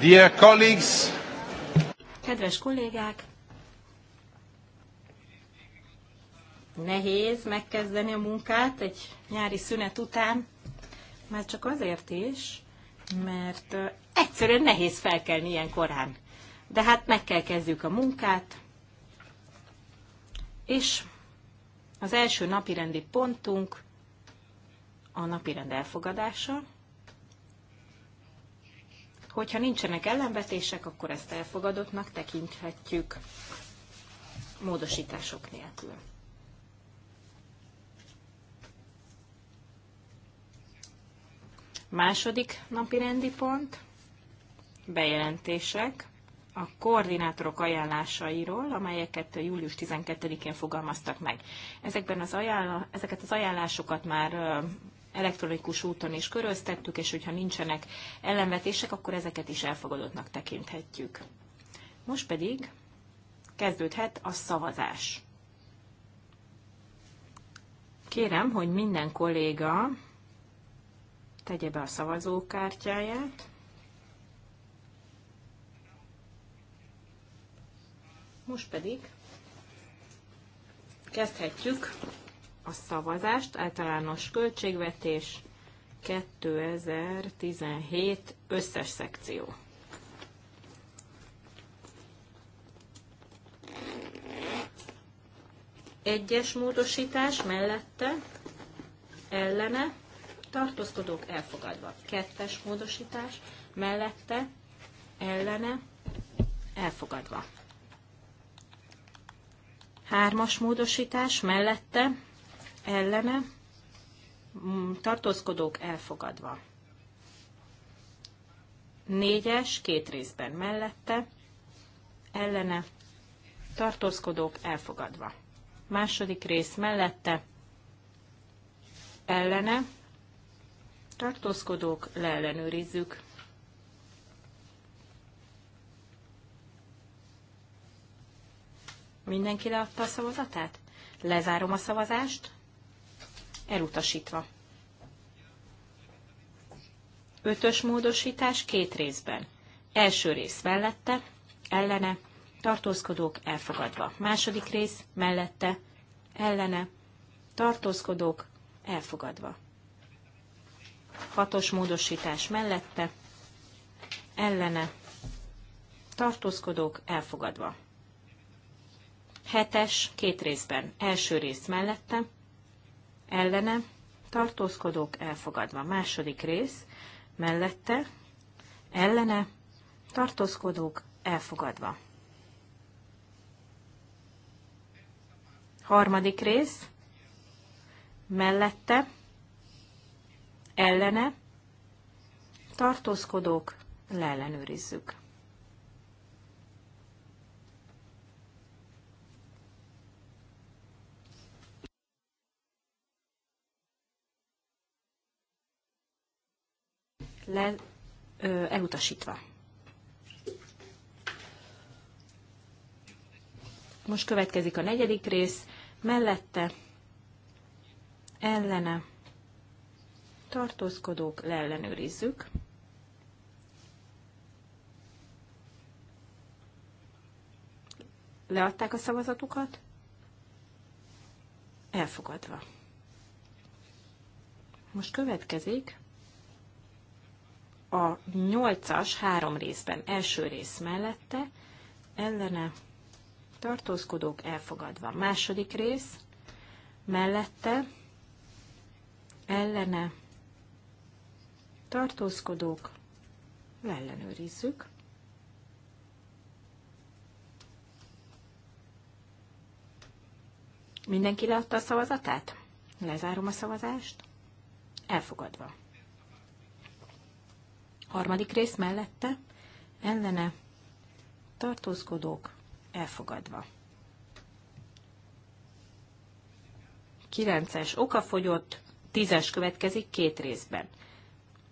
Dear colleagues, Kedves kollégák! Nehéz megkezdeni a munkát egy nyári szünet után, már csak azért is, mert egyszerűen nehéz felkelni ilyen korán. De hát meg kell kezdjük a munkát, és az első napirendi pontunk a napirend elfogadása. Hogyha nincsenek ellenvetések, akkor ezt elfogadottnak tekinthetjük módosítások nélkül. Második napi rendi pont, bejelentések a koordinátorok ajánlásairól, amelyeket július 12-én fogalmaztak meg. Ezekben az ajánl- ezeket az ajánlásokat már elektronikus úton is köröztettük, és hogyha nincsenek ellenvetések, akkor ezeket is elfogadottnak tekinthetjük. Most pedig kezdődhet a szavazás. Kérem, hogy minden kolléga tegye be a szavazókártyáját. Most pedig kezdhetjük a szavazást, általános költségvetés 2017 összes szekció. Egyes módosítás mellette, ellene, tartózkodók elfogadva. Kettes módosítás mellette, ellene, elfogadva. Hármas módosítás mellette, ellene, mm, tartózkodók elfogadva. Négyes, két részben mellette, ellene, tartózkodók elfogadva. Második rész mellette, ellene, tartózkodók leellenőrizzük. Mindenki leadta a szavazatát? Lezárom a szavazást elutasítva. Ötös módosítás két részben. Első rész mellette, ellene, tartózkodók elfogadva. Második rész mellette, ellene, tartózkodók elfogadva. Hatos módosítás mellette, ellene, tartózkodók elfogadva. Hetes, két részben. Első rész mellette, ellene, tartózkodók elfogadva. Második rész mellette, ellene, tartózkodók elfogadva. Harmadik rész mellette, ellene, tartózkodók leellenőrizzük. le, ö, elutasítva. Most következik a negyedik rész, mellette, ellene, tartózkodók, leellenőrizzük. Leadták a szavazatukat? Elfogadva. Most következik a nyolcas három részben első rész mellette, ellene tartózkodók elfogadva. Második rész mellette, ellene tartózkodók ellenőrizzük. Mindenki leadta a szavazatát? Lezárom a szavazást. Elfogadva. Harmadik rész mellette ellene tartózkodók elfogadva. 9-es okafogyott, 10-es következik két részben.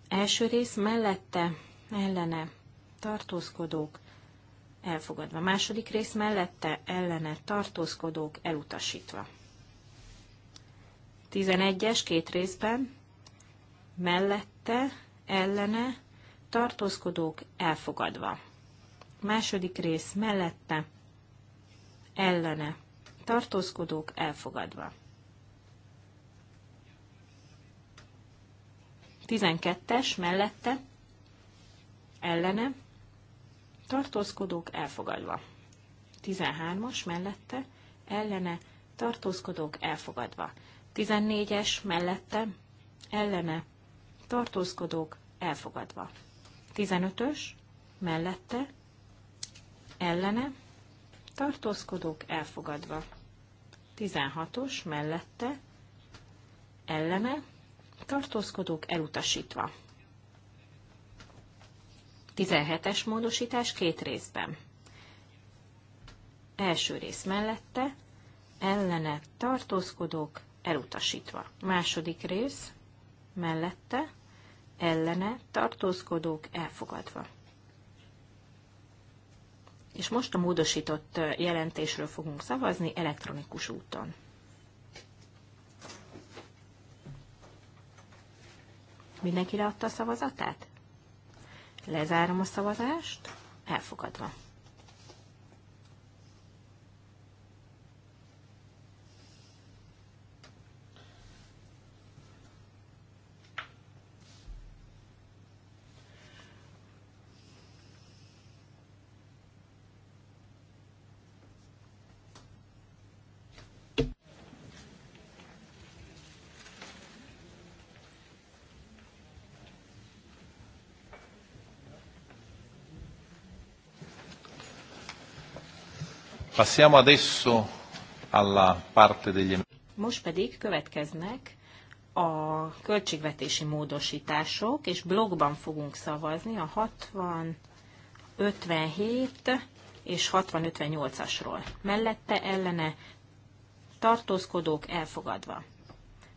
Első rész mellette ellene tartózkodók elfogadva. Második rész mellette ellene tartózkodók elutasítva. 11-es két részben mellette ellene tartózkodók elfogadva. Második rész mellette, ellene, tartózkodók elfogadva. 12-es mellette, ellene, tartózkodók elfogadva. 13-as mellette, ellene, tartózkodók elfogadva. 14-es mellette, ellene, tartózkodók elfogadva. 15-ös mellette ellene tartózkodók elfogadva. 16-os mellette ellene tartózkodók elutasítva. 17-es módosítás két részben. Első rész mellette ellene tartózkodók elutasítva. Második rész mellette ellene tartózkodók elfogadva. És most a módosított jelentésről fogunk szavazni elektronikus úton. Mindenki leadta a szavazatát? Lezárom a szavazást, elfogadva. Passiamo adesso alla parte degli Most pedig következnek a költségvetési módosítások, és blogban fogunk szavazni a 60, 57 és 60-58-asról. Mellette ellene tartózkodók elfogadva.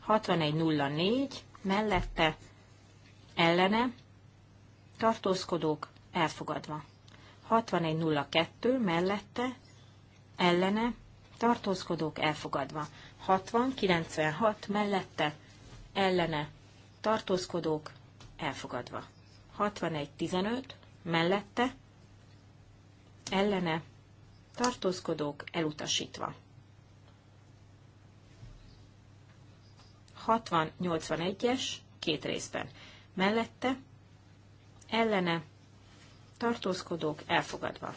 6104 mellette ellene tartózkodók elfogadva. 6102 mellette ellene, tartózkodók elfogadva. 60, 96 mellette, ellene, tartózkodók elfogadva. 61, 15 mellette, ellene, tartózkodók elutasítva. 60-81-es, két részben. Mellette, ellene, tartózkodók elfogadva.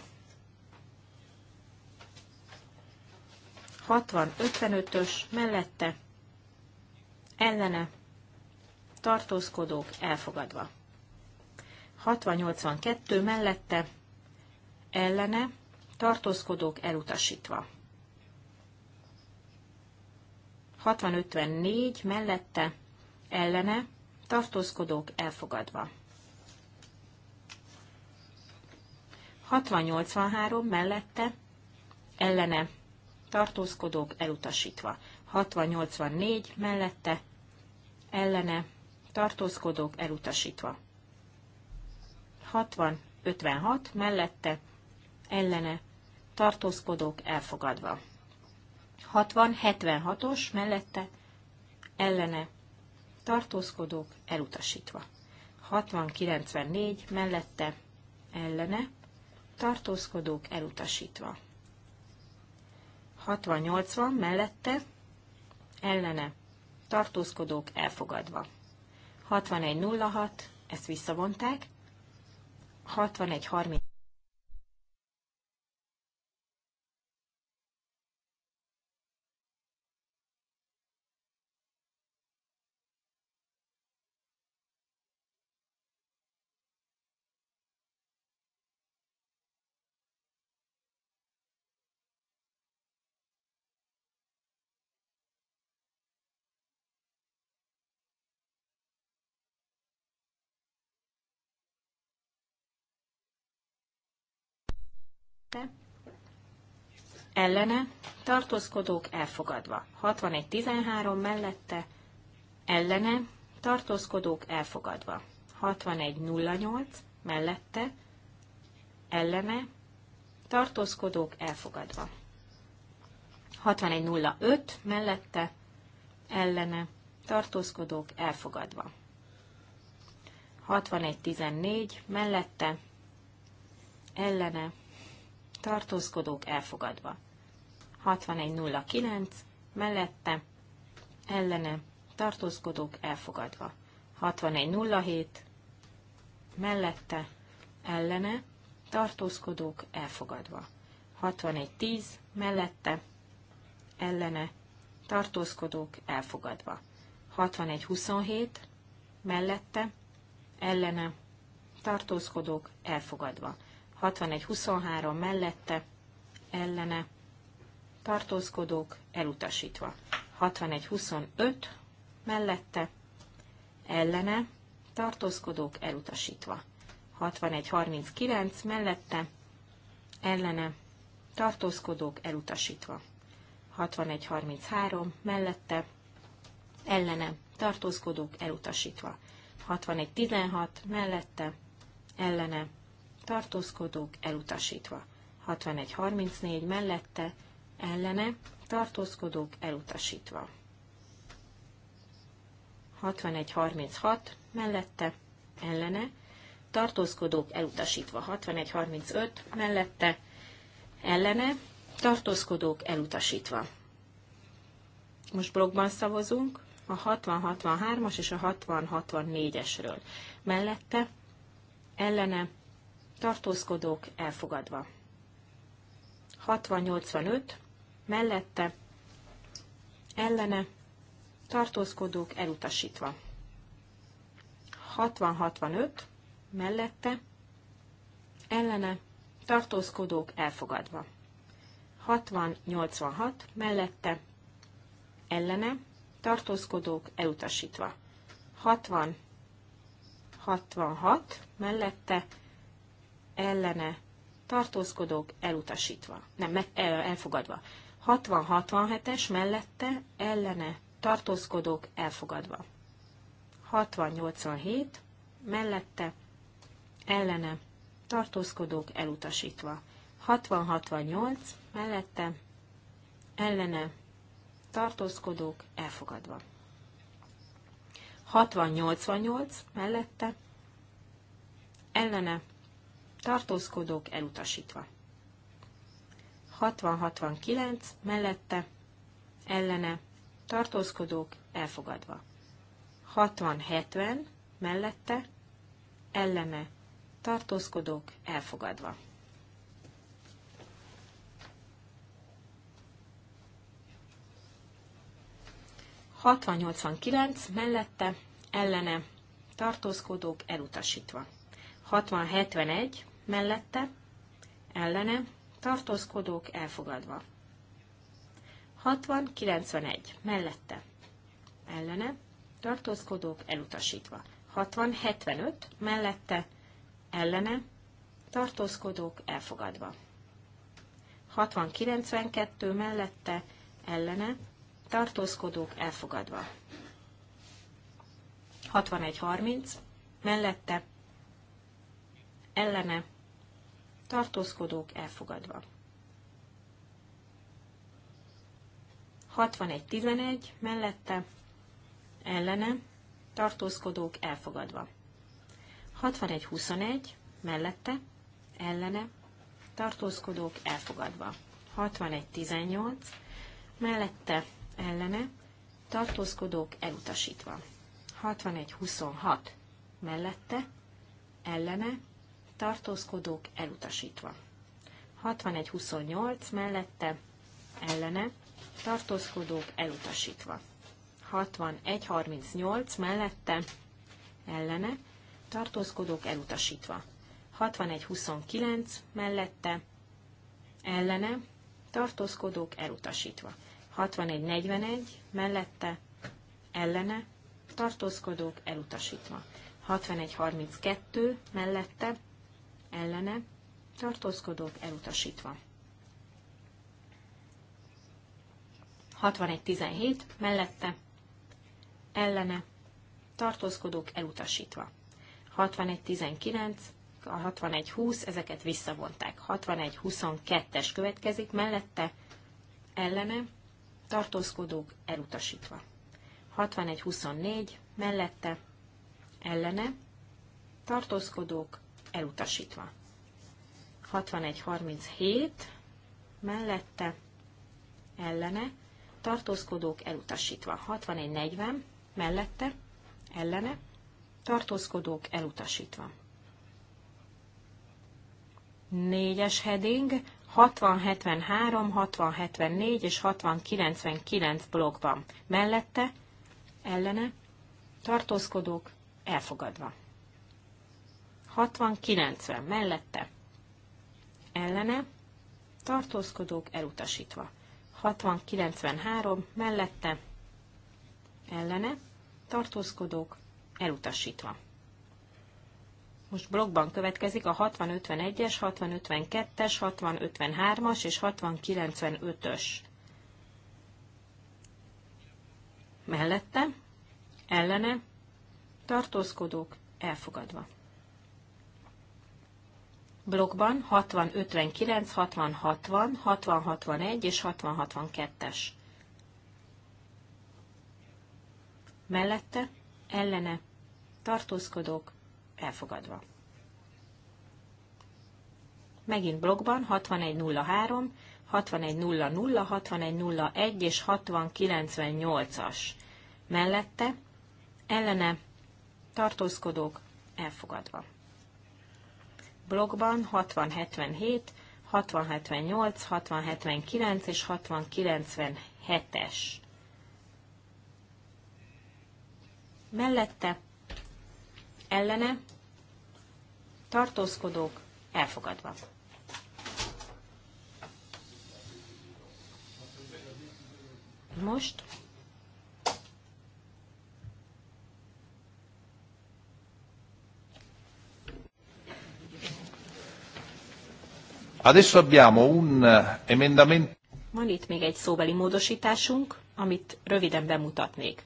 60-55-ös mellette ellene tartózkodók elfogadva. 60-82 mellette ellene tartózkodók elutasítva. 60-54 mellette ellene tartózkodók elfogadva. 60-83 mellette ellene tartózkodók elutasítva. 6084 mellette, ellene, tartózkodók elutasítva. 6056 mellette, ellene, tartózkodók elfogadva. 6076 os mellette, ellene, tartózkodók elutasítva. 6094 mellette, ellene, tartózkodók elutasítva. 60-80 mellette ellene tartózkodók elfogadva. 61-06, ezt visszavonták. 61-30 mellette, ellene, tartózkodók elfogadva. 61-13 mellette, ellene, tartózkodók elfogadva. 61-08 mellette, ellene, tartózkodók elfogadva. 6105 mellette, ellene, tartózkodók elfogadva. 6114 mellette, ellene, tartózkodók elfogadva. 6109 mellette, ellene, tartózkodók elfogadva. 6107 mellette, ellene, tartózkodók elfogadva. 6110 mellette, ellene, tartózkodók elfogadva. 6127 mellette, ellene, tartózkodók elfogadva. 61-23 mellette, ellene, tartózkodók elutasítva. 61-25 mellette, ellene, tartózkodók elutasítva. 61-39 mellette, ellene, tartózkodók elutasítva. 61-33 mellette, ellene, tartózkodók elutasítva. 61-16 mellette, ellene, tartózkodók elutasítva. 61.34 mellette, ellene, tartózkodók elutasítva. 61.36 mellette, ellene, tartózkodók elutasítva. 61.35 mellette, ellene, tartózkodók elutasítva. Most blogban szavazunk a 60-63-as és a 60-64-esről. Mellette, ellene, tartózkodók elfogadva. 60-85 mellette ellene tartózkodók elutasítva. 60-65 mellette ellene tartózkodók elfogadva. 60-86 mellette ellene tartózkodók elutasítva. 60-66 mellette ellene tartózkodók elutasítva, nem, elfogadva. 60-67-es mellette ellene tartózkodók elfogadva. 60-87 mellette ellene tartózkodók elutasítva. 60-68 mellette ellene tartózkodók elfogadva. 60-88 mellette ellene tartózkodók elutasítva. 60-69 mellette, ellene, tartózkodók elfogadva. 60-70 mellette, ellene, tartózkodók elfogadva. hatvan mellette, ellene, tartózkodók elutasítva. 60 mellette, ellene, tartózkodók elfogadva. 6091 mellette, ellene, tartózkodók elutasítva. 6075 mellette, ellene, tartózkodók elfogadva. 6092 mellette, ellene, tartózkodók elfogadva. 6130 mellette, ellene tartózkodók elfogadva. 61-11 mellette ellene tartózkodók elfogadva. 61-21 mellette ellene tartózkodók elfogadva. 61-18 mellette ellene tartózkodók elutasítva. 61-26 mellette ellene tartózkodók elutasítva. 61-28 mellette ellene tartózkodók elutasítva. 61-38 mellette ellene tartózkodók elutasítva. 61-29 mellette ellene tartózkodók elutasítva. 61-41 mellette ellene tartózkodók elutasítva. 61-32 mellette ellene tartózkodók elutasítva. 61.17. mellette ellene tartózkodók elutasítva. 61.19. a 61.20. ezeket visszavonták. 6122 es következik mellette ellene tartózkodók elutasítva. 6124 mellette ellene tartózkodók elutasítva. 61-37 mellette ellene tartózkodók elutasítva. 61-40 mellette ellene tartózkodók elutasítva. 4-es heading 6073, 6074 és 6099 blokkban. Mellette ellene tartózkodók elfogadva. 60-90 mellette ellene tartózkodók elutasítva. 60-93 mellette ellene tartózkodók elutasítva. Most blogban következik a 6051 es 6052 es 6053 as és 6095 ös Mellette ellene tartózkodók elfogadva blokkban 60-59, 60-60, 60-61 és 60-62-es. Mellette, ellene, tartózkodók, elfogadva. Megint blokkban 6103, 6100, 6101 és 6098-as. Mellette, ellene, tartózkodók, elfogadva blogban 6077, 6078, 6079 és 6097-es. Mellette ellene tartózkodók elfogadva. Most Adesso abbiamo un eh, emendamento. Van itt még egy szóbeli módosításunk, amit röviden bemutatnék.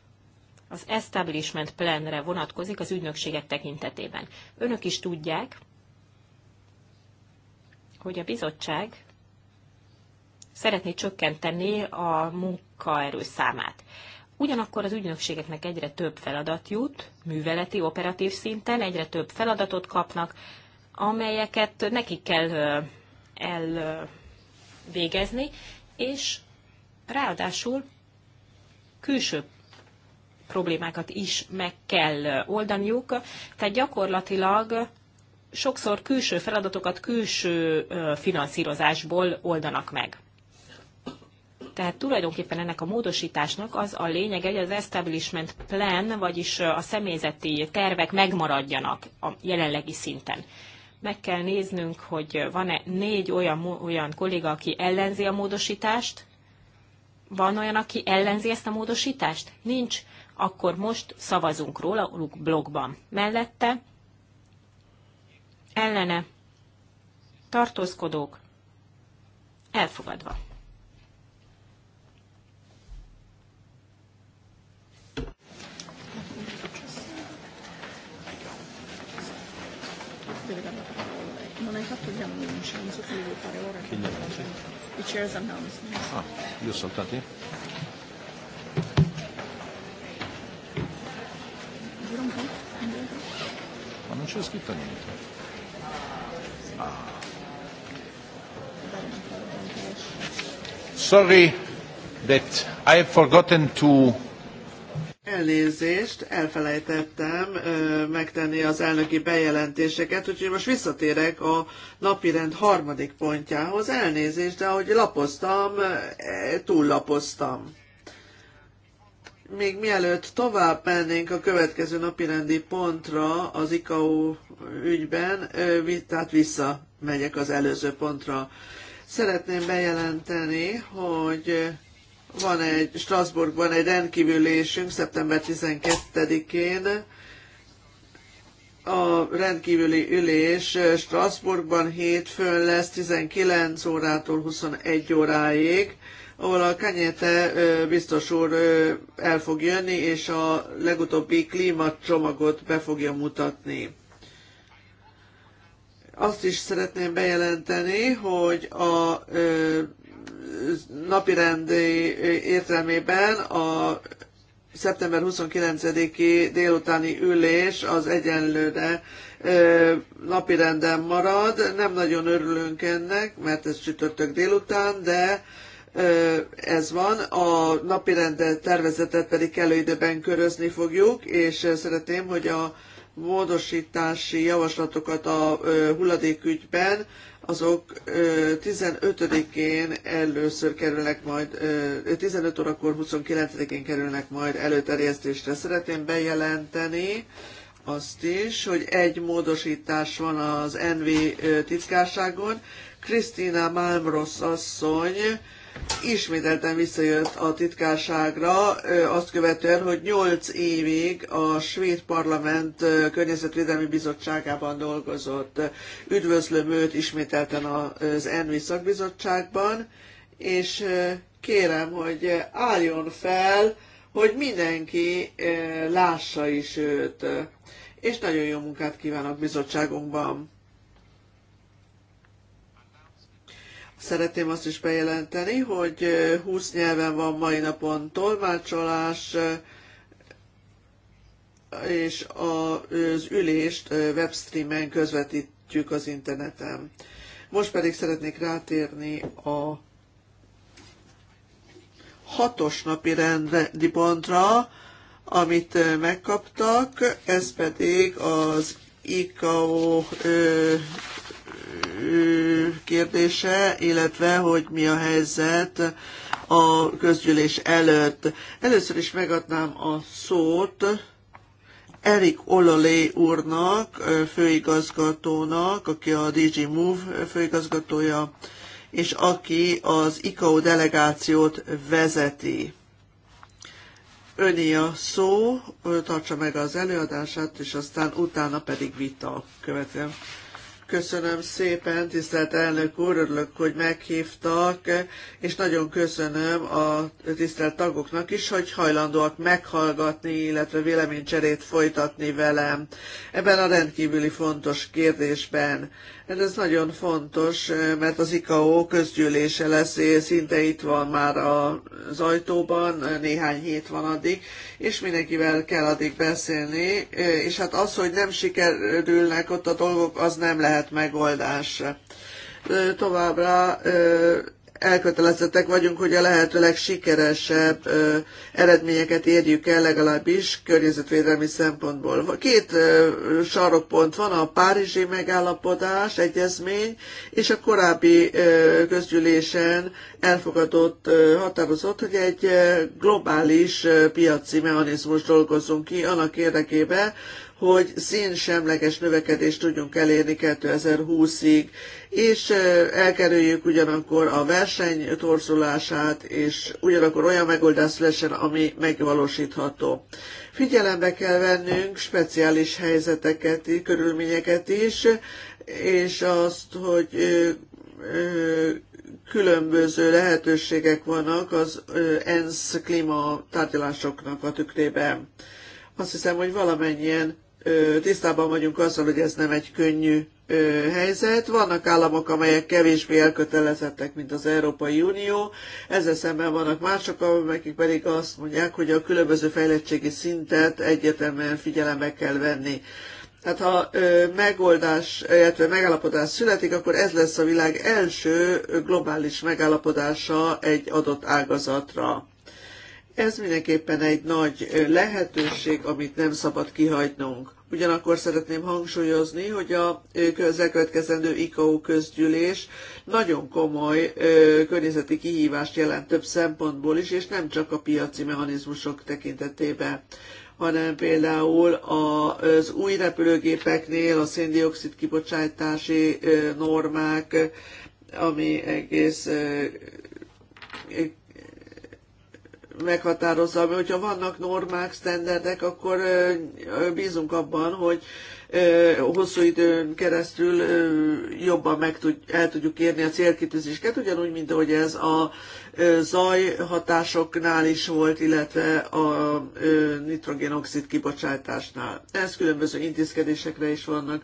Az Establishment Planre vonatkozik az ügynökségek tekintetében. Önök is tudják, hogy a bizottság szeretné csökkenteni a munkaerő számát. Ugyanakkor az ügynökségeknek egyre több feladat jut, műveleti, operatív szinten egyre több feladatot kapnak, amelyeket nekik kell elvégezni, és ráadásul külső problémákat is meg kell oldaniuk, tehát gyakorlatilag sokszor külső feladatokat külső finanszírozásból oldanak meg. Tehát tulajdonképpen ennek a módosításnak az a lényege, hogy az establishment plan, vagyis a személyzeti tervek megmaradjanak a jelenlegi szinten meg kell néznünk, hogy van-e négy olyan, olyan kolléga, aki ellenzi a módosítást, van olyan, aki ellenzi ezt a módosítást? Nincs. Akkor most szavazunk róla a blogban. Mellette ellene tartózkodók elfogadva. Tényleg fatto gli annunci, non so se li fare ora. Che gli annunci? I chairs announcements. Ah, io soltanto io. Dura un po', indietro. Ma non c'è scritto niente. Ah. Sorry that I have forgotten to Elnézést, elfelejtettem ö, megtenni az elnöki bejelentéseket, úgyhogy most visszatérek a napirend harmadik pontjához. Elnézést, de ahogy lapoztam, túllapoztam. Még mielőtt tovább mennénk a következő napirendi pontra az ICAO ügyben, ö, tehát visszamegyek az előző pontra. Szeretném bejelenteni, hogy van egy, Strasbourgban egy rendkívülésünk szeptember 12-én, a rendkívüli ülés Strasbourgban hétfőn lesz 19 órától 21 óráig, ahol a Kanyete biztos úr el fog jönni, és a legutóbbi klímacsomagot be fogja mutatni. Azt is szeretném bejelenteni, hogy a napirendi értelmében a szeptember 29-i délutáni ülés az egyenlőre napirenden marad. Nem nagyon örülünk ennek, mert ez csütörtök délután, de ez van. A napirende tervezetet pedig előidőben körözni fogjuk, és szeretném, hogy a módosítási javaslatokat a hulladékügyben, azok 15-én először kerülnek majd, 15 órakor 29-én kerülnek majd előterjesztésre. Szeretném bejelenteni azt is, hogy egy módosítás van az NV titkárságon. Krisztina Malmrosz asszony ismételten visszajött a titkárságra, azt követően, hogy 8 évig a Svéd Parlament Környezetvédelmi Bizottságában dolgozott. Üdvözlöm őt ismételten az ENVI szakbizottságban, és kérem, hogy álljon fel, hogy mindenki lássa is őt. És nagyon jó munkát kívánok bizottságunkban! Szeretném azt is bejelenteni, hogy 20 nyelven van mai napon tolmácsolás, és az ülést webstreamen közvetítjük az interneten. Most pedig szeretnék rátérni a hatos napi rendi pontra, amit megkaptak, ez pedig az ICAO kérdése, illetve hogy mi a helyzet a közgyűlés előtt. Először is megadnám a szót Erik Olalé úrnak, főigazgatónak, aki a DG Move főigazgatója, és aki az ICAO delegációt vezeti. Öné a szó, tartsa meg az előadását, és aztán utána pedig vita követően. Köszönöm szépen, tisztelt elnök úr, örülök, hogy meghívtak, és nagyon köszönöm a tisztelt tagoknak is, hogy hajlandóak meghallgatni, illetve véleménycserét folytatni velem ebben a rendkívüli fontos kérdésben. Hát ez nagyon fontos, eh, mert az ICAO közgyűlése lesz, eh, szinte itt van már az ajtóban, eh, néhány hét van addig, és mindenkivel kell addig beszélni, és hát az, hogy nem sikerülnek ott a dolgok, az nem lehet megoldás. Továbbra elkötelezettek vagyunk, hogy a lehető legsikeresebb eredményeket érjük el legalábbis környezetvédelmi szempontból. Két sarokpont van, a Párizsi megállapodás, egyezmény, és a korábbi közgyűlésen elfogadott határozott, hogy egy globális piaci mechanizmus dolgozunk ki annak érdekében, hogy szénsemleges növekedést tudjunk elérni 2020-ig, és elkerüljük ugyanakkor a verseny torzulását, és ugyanakkor olyan megoldás szülessen, ami megvalósítható. Figyelembe kell vennünk speciális helyzeteket, körülményeket is, és azt, hogy különböző lehetőségek vannak az ENSZ klíma tárgyalásoknak a tükrében. Azt hiszem, hogy valamennyien tisztában vagyunk azzal, hogy ez nem egy könnyű helyzet. Vannak államok, amelyek kevésbé elkötelezettek, mint az Európai Unió. Ezzel szemben vannak mások, amelyek pedig azt mondják, hogy a különböző fejlettségi szintet egyetemen figyelembe kell venni. Tehát ha megoldás, illetve megállapodás születik, akkor ez lesz a világ első globális megállapodása egy adott ágazatra. Ez mindenképpen egy nagy lehetőség, amit nem szabad kihagynunk. Ugyanakkor szeretném hangsúlyozni, hogy a közelkövetkezendő ICAO közgyűlés nagyon komoly környezeti kihívást jelent több szempontból is, és nem csak a piaci mechanizmusok tekintetében hanem például az új repülőgépeknél a széndiokszid kibocsátási normák, ami egész meghatározza, ami hogyha vannak normák, standardek, akkor bízunk abban, hogy hosszú időn keresztül jobban meg tud, el tudjuk érni a célkitűzéseket, ugyanúgy, mint ahogy ez a zaj hatásoknál is volt, illetve a nitrogénoxid kibocsátásnál. Ez különböző intézkedésekre is vannak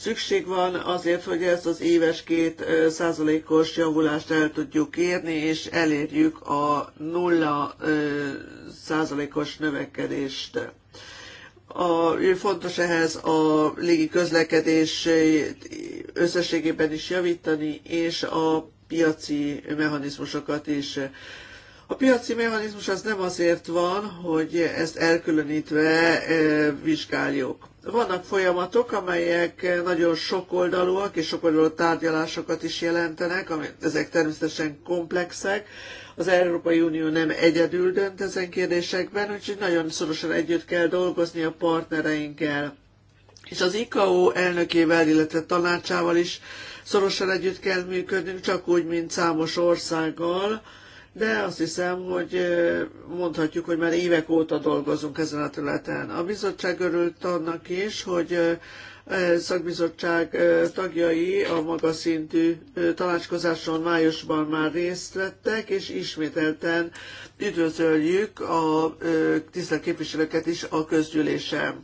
Szükség van azért, hogy ezt az éves két százalékos javulást el tudjuk érni, és elérjük a nulla százalékos növekedést. A, fontos ehhez a légi közlekedés összességében is javítani, és a piaci mechanizmusokat is. A piaci mechanizmus az nem azért van, hogy ezt elkülönítve vizsgáljuk. Vannak folyamatok, amelyek nagyon sokoldalúak és sokoldalú tárgyalásokat is jelentenek, ezek természetesen komplexek. Az Európai Unió nem egyedül dönt ezen kérdésekben, úgyhogy nagyon szorosan együtt kell dolgozni a partnereinkkel. És az ICAO elnökével, illetve tanácsával is szorosan együtt kell működnünk, csak úgy, mint számos országgal, de azt hiszem, hogy mondhatjuk, hogy már évek óta dolgozunk ezen a területen. A bizottság örült annak is, hogy szakbizottság tagjai a magas szintű tanácskozáson májusban már részt vettek, és ismételten üdvözöljük a tisztelt képviselőket is a közgyűlésen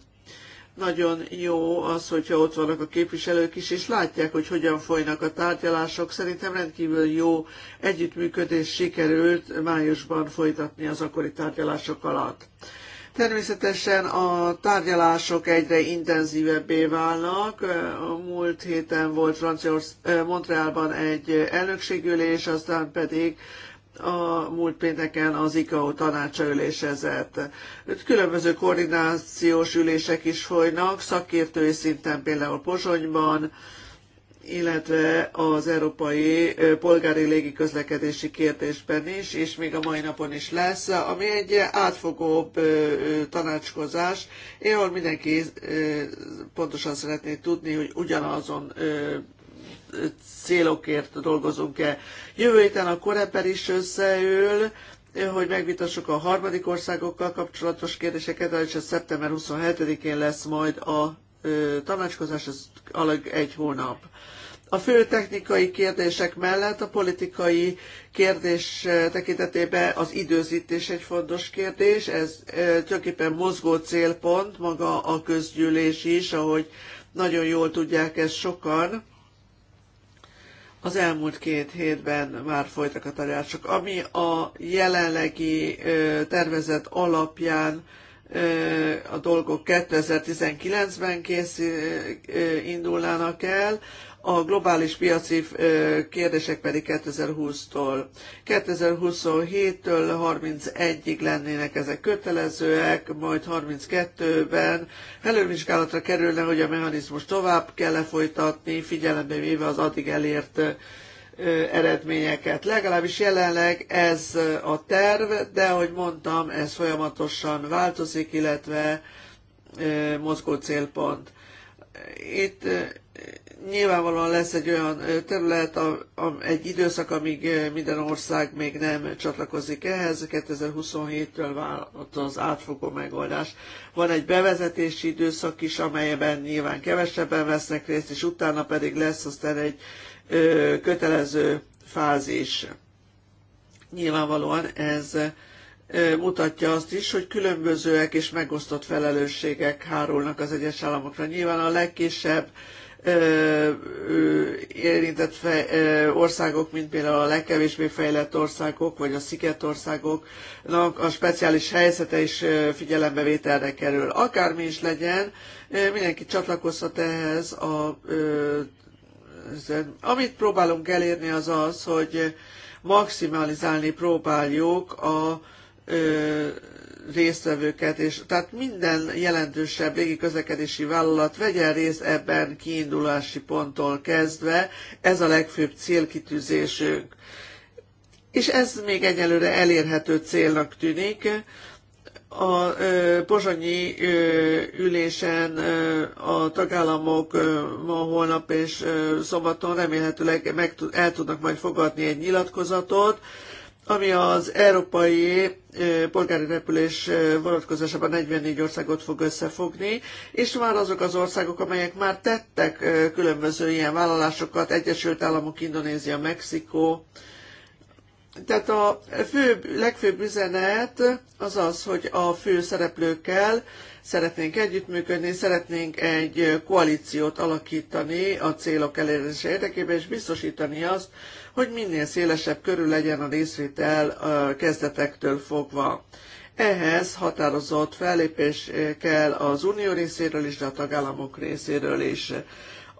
nagyon jó az, hogyha ott vannak a képviselők is, és látják, hogy hogyan folynak a tárgyalások. Szerintem rendkívül jó együttműködés sikerült májusban folytatni az akkori tárgyalások alatt. Természetesen a tárgyalások egyre intenzívebbé válnak. A múlt héten volt Franciaország, Montrealban egy elnökségülés, aztán pedig a múlt pénteken az ICAO tanácsa ülésezett. Különböző koordinációs ülések is folynak, szakértői szinten például Pozsonyban, illetve az európai polgári légiközlekedési kérdésben is, és még a mai napon is lesz, ami egy átfogóbb tanácskozás, ahol mindenki pontosan szeretné tudni, hogy ugyanazon célokért dolgozunk-e. Jövő héten a Koreper is összeül, hogy megvitassuk a harmadik országokkal kapcsolatos kérdéseket, és ez szeptember 27-én lesz majd a tanácskozás, ez alig egy hónap. A fő technikai kérdések mellett a politikai kérdés tekintetében az időzítés egy fontos kérdés, ez tulajdonképpen mozgó célpont, maga a közgyűlés is, ahogy nagyon jól tudják ezt sokan az elmúlt két hétben már folytak a tárgyalások. Ami a jelenlegi tervezet alapján a dolgok 2019-ben kész indulnának el, a globális piaci kérdések pedig 2020-tól. 2027-től 31-ig lennének ezek kötelezőek, majd 32-ben elővizsgálatra kerülne, hogy a mechanizmus tovább kell -e folytatni, figyelembe véve az addig elért eredményeket. Legalábbis jelenleg ez a terv, de ahogy mondtam, ez folyamatosan változik, illetve mozgó célpont. Itt nyilvánvalóan lesz egy olyan terület, a, a, egy időszak, amíg minden ország még nem csatlakozik ehhez, 2027-től vált az átfogó megoldás. Van egy bevezetési időszak is, amelyben nyilván kevesebben vesznek részt, és utána pedig lesz aztán egy ö, kötelező fázis. Nyilvánvalóan ez mutatja azt is, hogy különbözőek és megosztott felelősségek hárulnak az egyes államokra. Nyilván a legkisebb érintett országok, mint például a legkevésbé fejlett országok, vagy a szigetországoknak a speciális helyzete is figyelembevételre kerül. Akármi is legyen, mindenki csatlakozhat ehhez a amit próbálunk elérni az az, hogy maximalizálni próbáljuk a résztvevőket, és tehát minden jelentősebb légiközlekedési vállalat vegyen részt ebben kiindulási ponttól kezdve, ez a legfőbb célkitűzésünk. És ez még egyelőre elérhető célnak tűnik. A ö, pozsonyi ülésen a tagállamok ma, holnap és szombaton remélhetőleg meg, el tudnak majd fogadni egy nyilatkozatot, ami az európai polgári repülés vonatkozásában 44 országot fog összefogni, és már azok az országok, amelyek már tettek különböző ilyen vállalásokat, Egyesült Államok, Indonézia, Mexikó, tehát a fő, legfőbb üzenet az az, hogy a fő szereplőkkel szeretnénk együttműködni, szeretnénk egy koalíciót alakítani a célok elérése érdekében, és biztosítani azt, hogy minél szélesebb körül legyen a részvétel a kezdetektől fogva. Ehhez határozott fellépés kell az unió részéről is, de a tagállamok részéről is.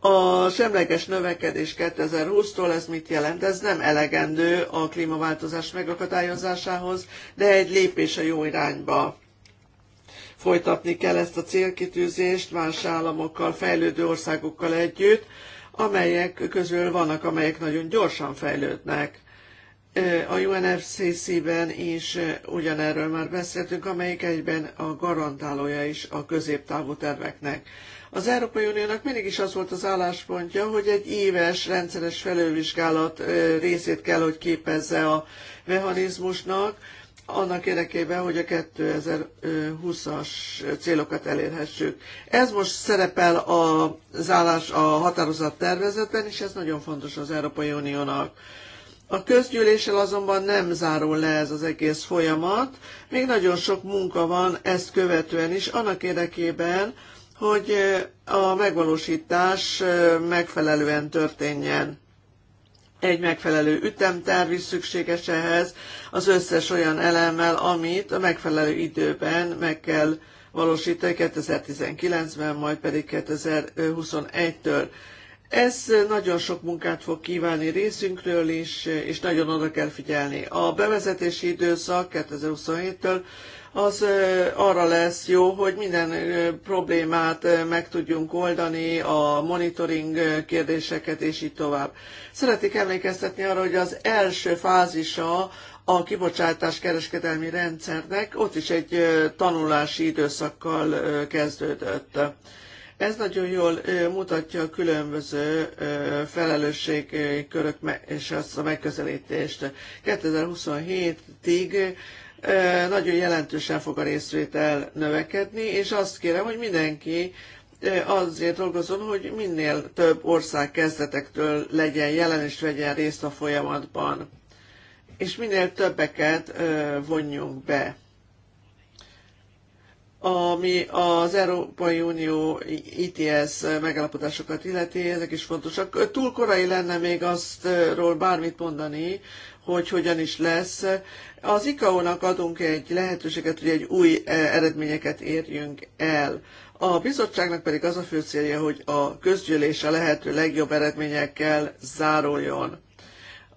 A semleges növekedés 2020-tól ez mit jelent? Ez nem elegendő a klímaváltozás megakadályozásához, de egy lépés a jó irányba. Folytatni kell ezt a célkitűzést más államokkal, fejlődő országokkal együtt, amelyek közül vannak, amelyek nagyon gyorsan fejlődnek. A UNFCC-ben is ugyanerről már beszéltünk, amelyik egyben a garantálója is a középtávú terveknek. Az Európai Uniónak mindig is az volt az álláspontja, hogy egy éves rendszeres felülvizsgálat részét kell, hogy képezze a mechanizmusnak, annak érdekében, hogy a 2020-as célokat elérhessük. Ez most szerepel az állás a határozat tervezetben, és ez nagyon fontos az Európai Uniónak. A közgyűléssel azonban nem zárul le ez az egész folyamat, még nagyon sok munka van ezt követően is, annak érdekében, hogy a megvalósítás megfelelően történjen. Egy megfelelő ütemterv is szükséges ehhez, az összes olyan elemmel, amit a megfelelő időben meg kell valósítani 2019-ben, majd pedig 2021-től. Ez nagyon sok munkát fog kívánni részünkről is, és nagyon oda kell figyelni. A bevezetési időszak 2027-től az arra lesz jó, hogy minden problémát meg tudjunk oldani, a monitoring kérdéseket és így tovább. Szeretnék emlékeztetni arra, hogy az első fázisa a kibocsátás kereskedelmi rendszernek ott is egy tanulási időszakkal kezdődött. Ez nagyon jól mutatja a különböző felelősségkörök és azt a megközelítést. 2027-ig nagyon jelentősen fog a részvétel növekedni, és azt kérem, hogy mindenki azért dolgozom, hogy minél több ország kezdetektől legyen jelen és vegyen részt a folyamatban, és minél többeket vonjunk be. Ami az Európai Unió ITS megállapodásokat illeti, ezek is fontosak. Túl korai lenne még aztról bármit mondani, hogy hogyan is lesz. Az ICAO-nak adunk egy lehetőséget, hogy egy új eh, eredményeket érjünk el. A bizottságnak pedig az a fő célja, hogy a közgyűlés a lehető legjobb eredményekkel záruljon.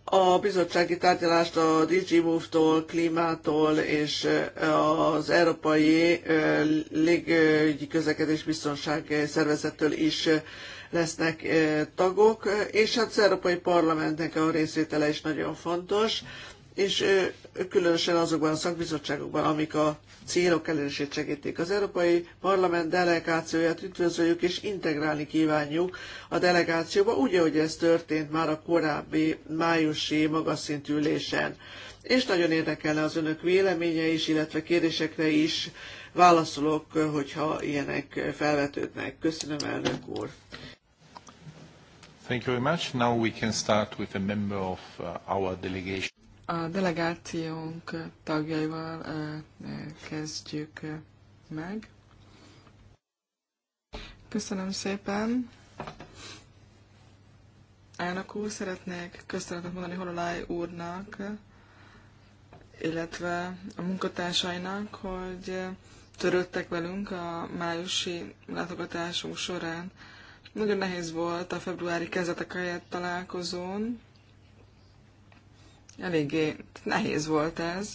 A bizottsági tárgyalást a DG Move-tól, klímától és eh, az Európai eh, Légügyi Közlekedés Biztonság Szervezettől is lesznek tagok, és hát az Európai Parlamentnek a részvétele is nagyon fontos, és különösen azokban a szakbizottságokban, amik a célok elérését segítik. Az Európai Parlament delegációját üdvözöljük és integrálni kívánjuk a delegációba, úgy, ahogy ez történt már a korábbi májusi magas szintű ülésen. És nagyon érdekelne az önök véleménye is, illetve kérdésekre is válaszolok, hogyha ilyenek felvetődnek. Köszönöm, elnök úr! Thank you very much. Now we can start with a member of uh, our delegation. A delegációnk tagjaival uh, kezdjük uh, meg. Köszönöm szépen. Elnök úr, szeretnék köszönetet mondani Hololáj úrnak, illetve a munkatársainak, hogy törődtek velünk a májusi látogatásunk során. Nagyon nehéz volt a februári kezdetek helyett találkozón. Eléggé nehéz volt ez,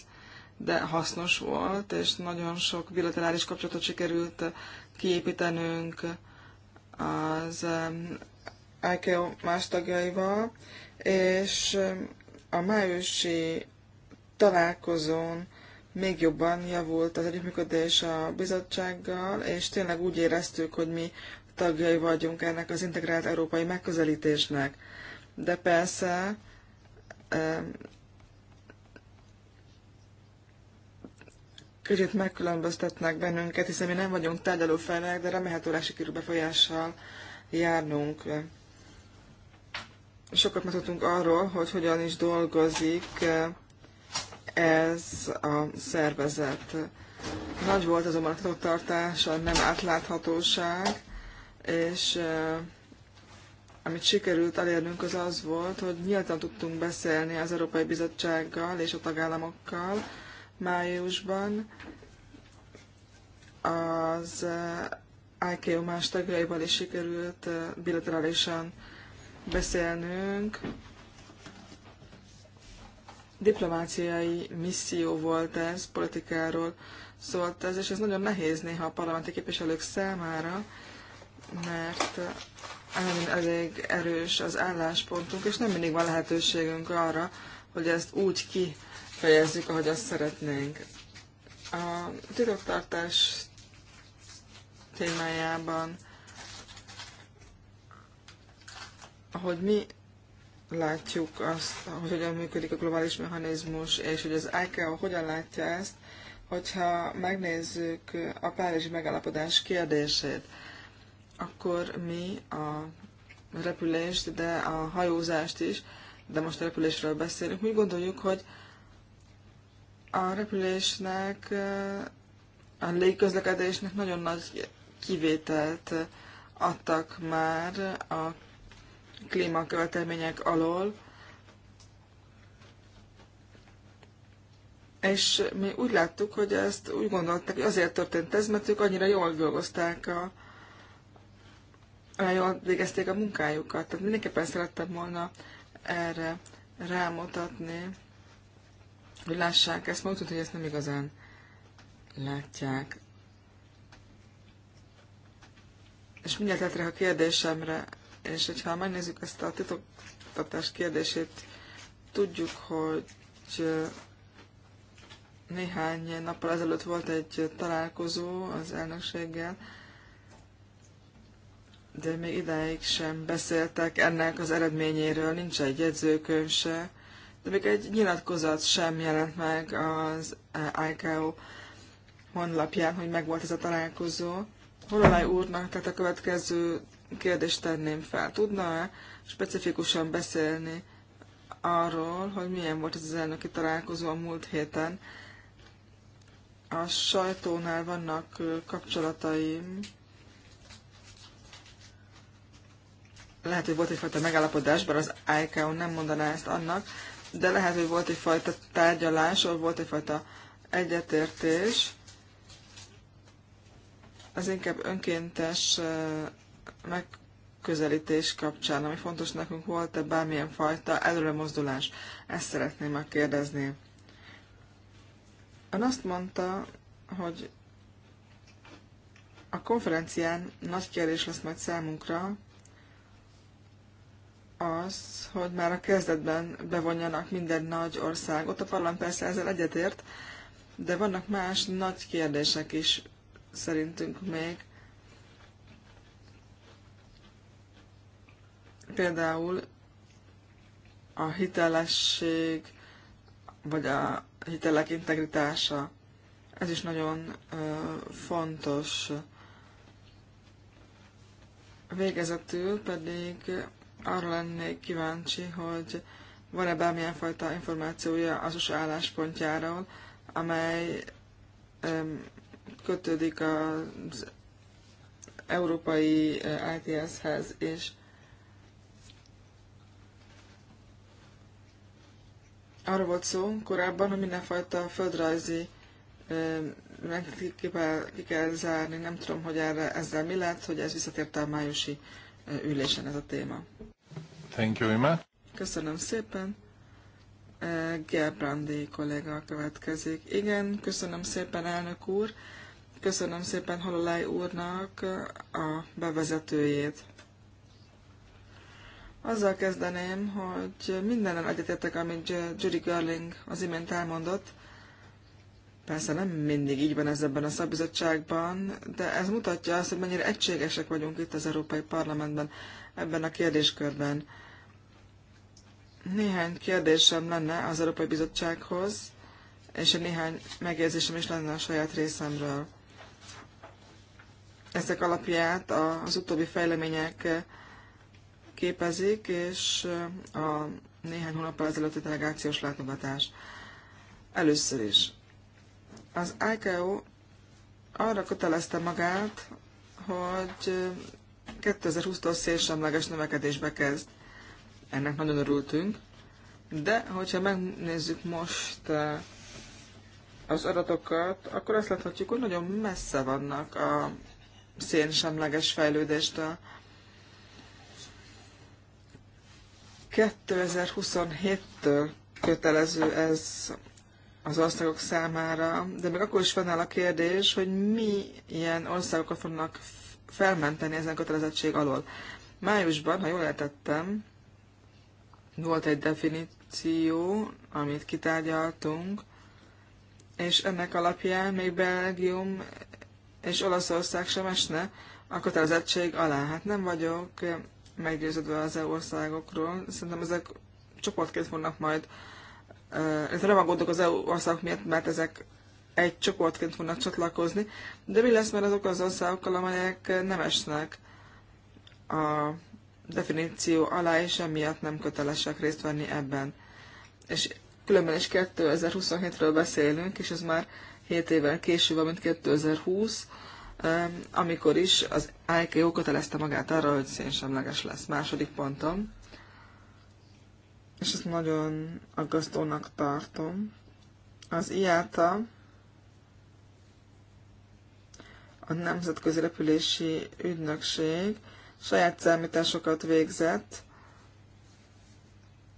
de hasznos volt, és nagyon sok bilaterális kapcsolatot sikerült kiépítenünk az IKEA más tagjaival, és a májusi találkozón még jobban javult az együttműködés a bizottsággal, és tényleg úgy éreztük, hogy mi tagjai vagyunk ennek az integrált európai megközelítésnek. De persze kicsit megkülönböztetnek bennünket, hiszen mi nem vagyunk tárgyalófelek, de remélhetőleg sikerül befolyással járnunk. Sokat megtudtunk arról, hogy hogyan is dolgozik ez a szervezet. Nagy volt azonban a tartása, nem átláthatóság, és amit sikerült elérnünk, az az volt, hogy nyíltan tudtunk beszélni az Európai Bizottsággal és a tagállamokkal májusban, az IKEA más tagjaival is sikerült bilaterálisan beszélnünk. Diplomáciai misszió volt ez, politikáról szólt ez, és ez nagyon nehéz néha a parlamenti képviselők számára, mert eh, nem elég erős az álláspontunk, és nem mindig van lehetőségünk arra, hogy ezt úgy kifejezzük, ahogy azt szeretnénk. A titoktartás témájában, hogy mi látjuk azt, hogy hogyan működik a globális mechanizmus, és hogy az ICAO hogyan látja ezt, hogyha megnézzük a Párizsi megállapodás kérdését akkor mi a repülést, de a hajózást is, de most a repülésről beszélünk, úgy gondoljuk, hogy a repülésnek, a légközlekedésnek nagyon nagy kivételt adtak már a klímakövetelmények alól, és mi úgy láttuk, hogy ezt úgy gondolták, hogy azért történt ez, mert ők annyira jól dolgozták a olyan jól végezték a munkájukat. Tehát mindenképpen szerettem volna erre rámutatni, hogy lássák ezt, mondtuk, hogy ezt nem igazán látják. És mindjárt letre a kérdésemre, és hogyha megnézzük ezt a titoktatás kérdését, tudjuk, hogy néhány nappal ezelőtt volt egy találkozó az elnökséggel, de még ideig sem beszéltek ennek az eredményéről, nincs egy jegyzőkönyv se, de még egy nyilatkozat sem jelent meg az ICAO honlapján, hogy megvolt ez a találkozó. Hololaj úrnak tehát a következő kérdést tenném fel. Tudna-e specifikusan beszélni arról, hogy milyen volt ez az elnöki találkozó a múlt héten? A sajtónál vannak kapcsolataim lehet, hogy volt egyfajta megállapodás, bár az ICAO nem mondaná ezt annak, de lehet, hogy volt egyfajta tárgyalás, vagy volt egyfajta egyetértés. Az inkább önkéntes megközelítés kapcsán, ami fontos nekünk volt-e bármilyen fajta előremozdulás. Ezt szeretném megkérdezni. Ön azt mondta, hogy a konferencián nagy kérdés lesz majd számunkra, az, hogy már a kezdetben bevonjanak minden nagy országot. A parlament persze ezzel egyetért, de vannak más nagy kérdések is szerintünk még. Például a hitelesség, vagy a hitelek integritása. Ez is nagyon fontos. Végezetül pedig arra lennék kíváncsi, hogy van-e bármilyen fajta információja az USA álláspontjáról, amely kötődik az európai ITS-hez, és arra volt szó korábban, hogy mindenfajta földrajzi ki ki kell zárni, nem tudom, hogy erre, ezzel mi lett, hogy ez visszatérte a májusi ülésen ez a téma. Thank you very much. Köszönöm szépen. E, Gerbrandi kolléga következik. Igen, köszönöm szépen, elnök úr. Köszönöm szépen Halolaj úrnak a bevezetőjét. Azzal kezdeném, hogy mindenen egyetértek, amit Judy Görling az imént elmondott. Persze nem mindig így van ez ebben a szabizottságban, de ez mutatja azt, hogy mennyire egységesek vagyunk itt az Európai Parlamentben ebben a kérdéskörben. Néhány kérdésem lenne az Európai Bizottsághoz, és néhány megjegyzésem is lenne a saját részemről. Ezek alapját az utóbbi fejlemények képezik, és a néhány hónap ezelőtti delegációs látogatás. Először is. Az ICAO arra kötelezte magát, hogy 2020-tól szélsemleges növekedésbe kezd ennek nagyon örültünk, de hogyha megnézzük most eh, az adatokat, akkor azt láthatjuk, hogy nagyon messze vannak a szénsemleges fejlődéstől. 2027-től kötelező ez az országok számára, de még akkor is fennáll a kérdés, hogy milyen országokat fognak felmenteni ezen kötelezettség alól. Májusban, ha jól értettem, volt egy definíció, amit kitárgyaltunk, és ennek alapján még Belgium és Olaszország sem esne a kötelezettség alá. Hát nem vagyok meggyőződve az EU országokról. Szerintem ezek csoportként fognak majd, ez nem aggódok az EU országok miatt, mert ezek egy csoportként fognak csatlakozni, de mi lesz mert azok az országokkal, amelyek nem esnek a definíció alá, és emiatt nem kötelesek részt venni ebben. És különben is 2027-ről beszélünk, és ez már 7 évvel később, mint 2020, amikor is az ICAO kötelezte magát arra, hogy szénsemleges lesz. Második pontom, és ezt nagyon aggasztónak tartom, az IATA a Nemzetközi Repülési Ügynökség saját számításokat végzett.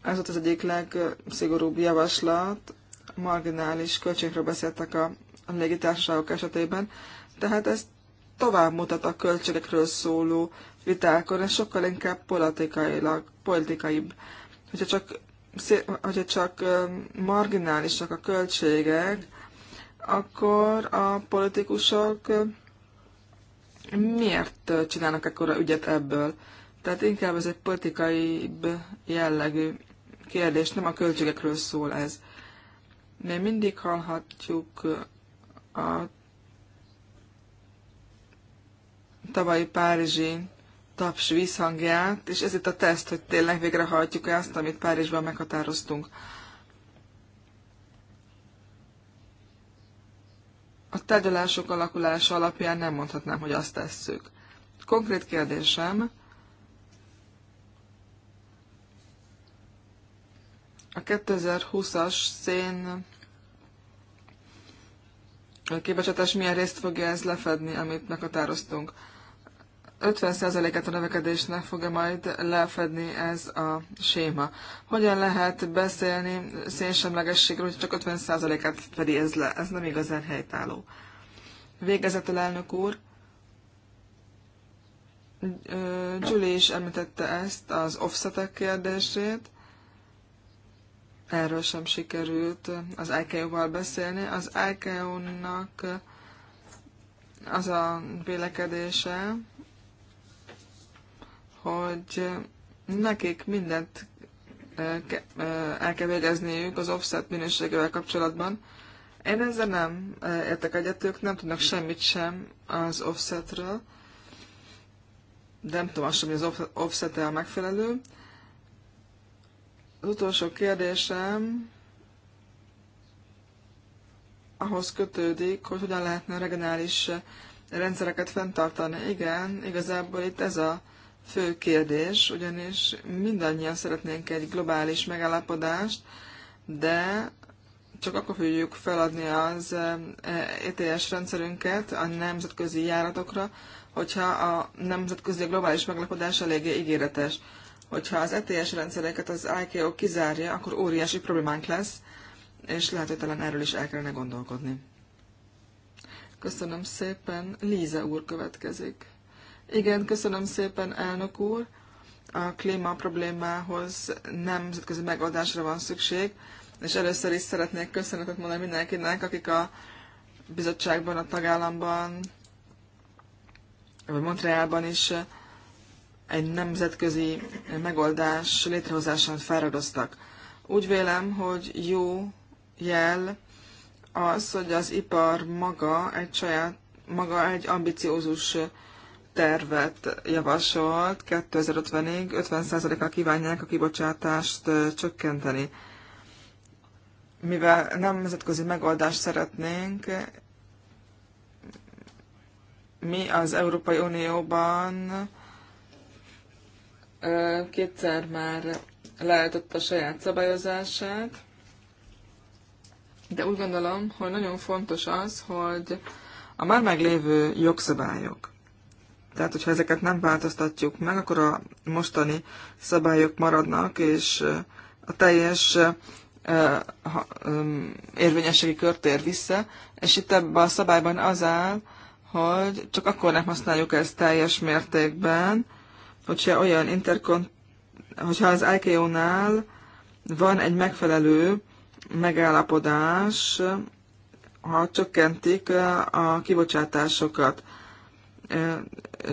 Ez volt az egyik legszigorúbb javaslat, marginális költségről beszéltek a légitársaságok esetében, tehát ez tovább mutat a költségekről szóló vitákon, ez sokkal inkább politikailag, politikaibb. Hogyha csak, hogyha csak marginálisak a költségek, akkor a politikusok miért csinálnak ekkora ügyet ebből? Tehát inkább ez egy politikai jellegű kérdés, nem a költségekről szól ez. Még mindig hallhatjuk a tavalyi párizsi taps vízhangját, és ez itt a teszt, hogy tényleg végrehajtjuk azt, amit Párizsban meghatároztunk. A tárgyalások alakulása alapján nem mondhatnám, hogy azt tesszük. Konkrét kérdésem, a 2020-as szén képesetes milyen részt fogja ez lefedni, amit meghatároztunk. 50%-át a növekedésnek fogja majd lefedni ez a séma. Hogyan lehet beszélni szénsemlegességről, hogy csak 50%-át fedi ez le? Ez nem igazán helytálló. Végezetül elnök úr, Julie is említette ezt, az offsetek kérdését. Erről sem sikerült az ICAO-val beszélni. Az ICAO-nak az a vélekedése, hogy nekik mindent el kell végezniük az offset minőségével kapcsolatban. Én ezzel nem értek egyet, ők nem tudnak semmit sem az offsetről, de nem tudom azt hogy az offset -e a megfelelő. Az utolsó kérdésem ahhoz kötődik, hogy hogyan lehetne regionális rendszereket fenntartani. Igen, igazából itt ez a fő kérdés, ugyanis mindannyian szeretnénk egy globális megállapodást, de csak akkor fogjuk feladni az ETS e rendszerünket a nemzetközi járatokra, hogyha a nemzetközi globális megállapodás eléggé ígéretes. Hogyha az ETS rendszereket az ICAO kizárja, akkor óriási problémánk lesz, és lehet, hogy talán erről is el kellene gondolkodni. Köszönöm szépen. Líze úr következik. Igen, köszönöm szépen, elnök úr. A klíma problémához nemzetközi megoldásra van szükség, és először is szeretnék köszönetet mondani mindenkinek, akik a bizottságban, a tagállamban, vagy Montrealban is egy nemzetközi megoldás létrehozásán fáradoztak. Úgy vélem, hogy jó jel az, hogy az ipar maga egy saját, maga egy ambiciózus tervet javasolt 2050-ig, 50%-kal kívánják a kibocsátást csökkenteni. Mivel nemzetközi megoldást szeretnénk, mi az Európai Unióban kétszer már lehetett a saját szabályozását, de úgy gondolom, hogy nagyon fontos az, hogy a már meglévő jogszabályok tehát, hogyha ezeket nem változtatjuk meg, akkor a mostani szabályok maradnak, és a teljes érvényességi kör tér vissza, és itt ebben a szabályban az áll, hogy csak akkor nem használjuk ezt teljes mértékben, hogyha olyan interkont, hogyha az ICAO-nál van egy megfelelő megállapodás, ha csökkentik a kibocsátásokat.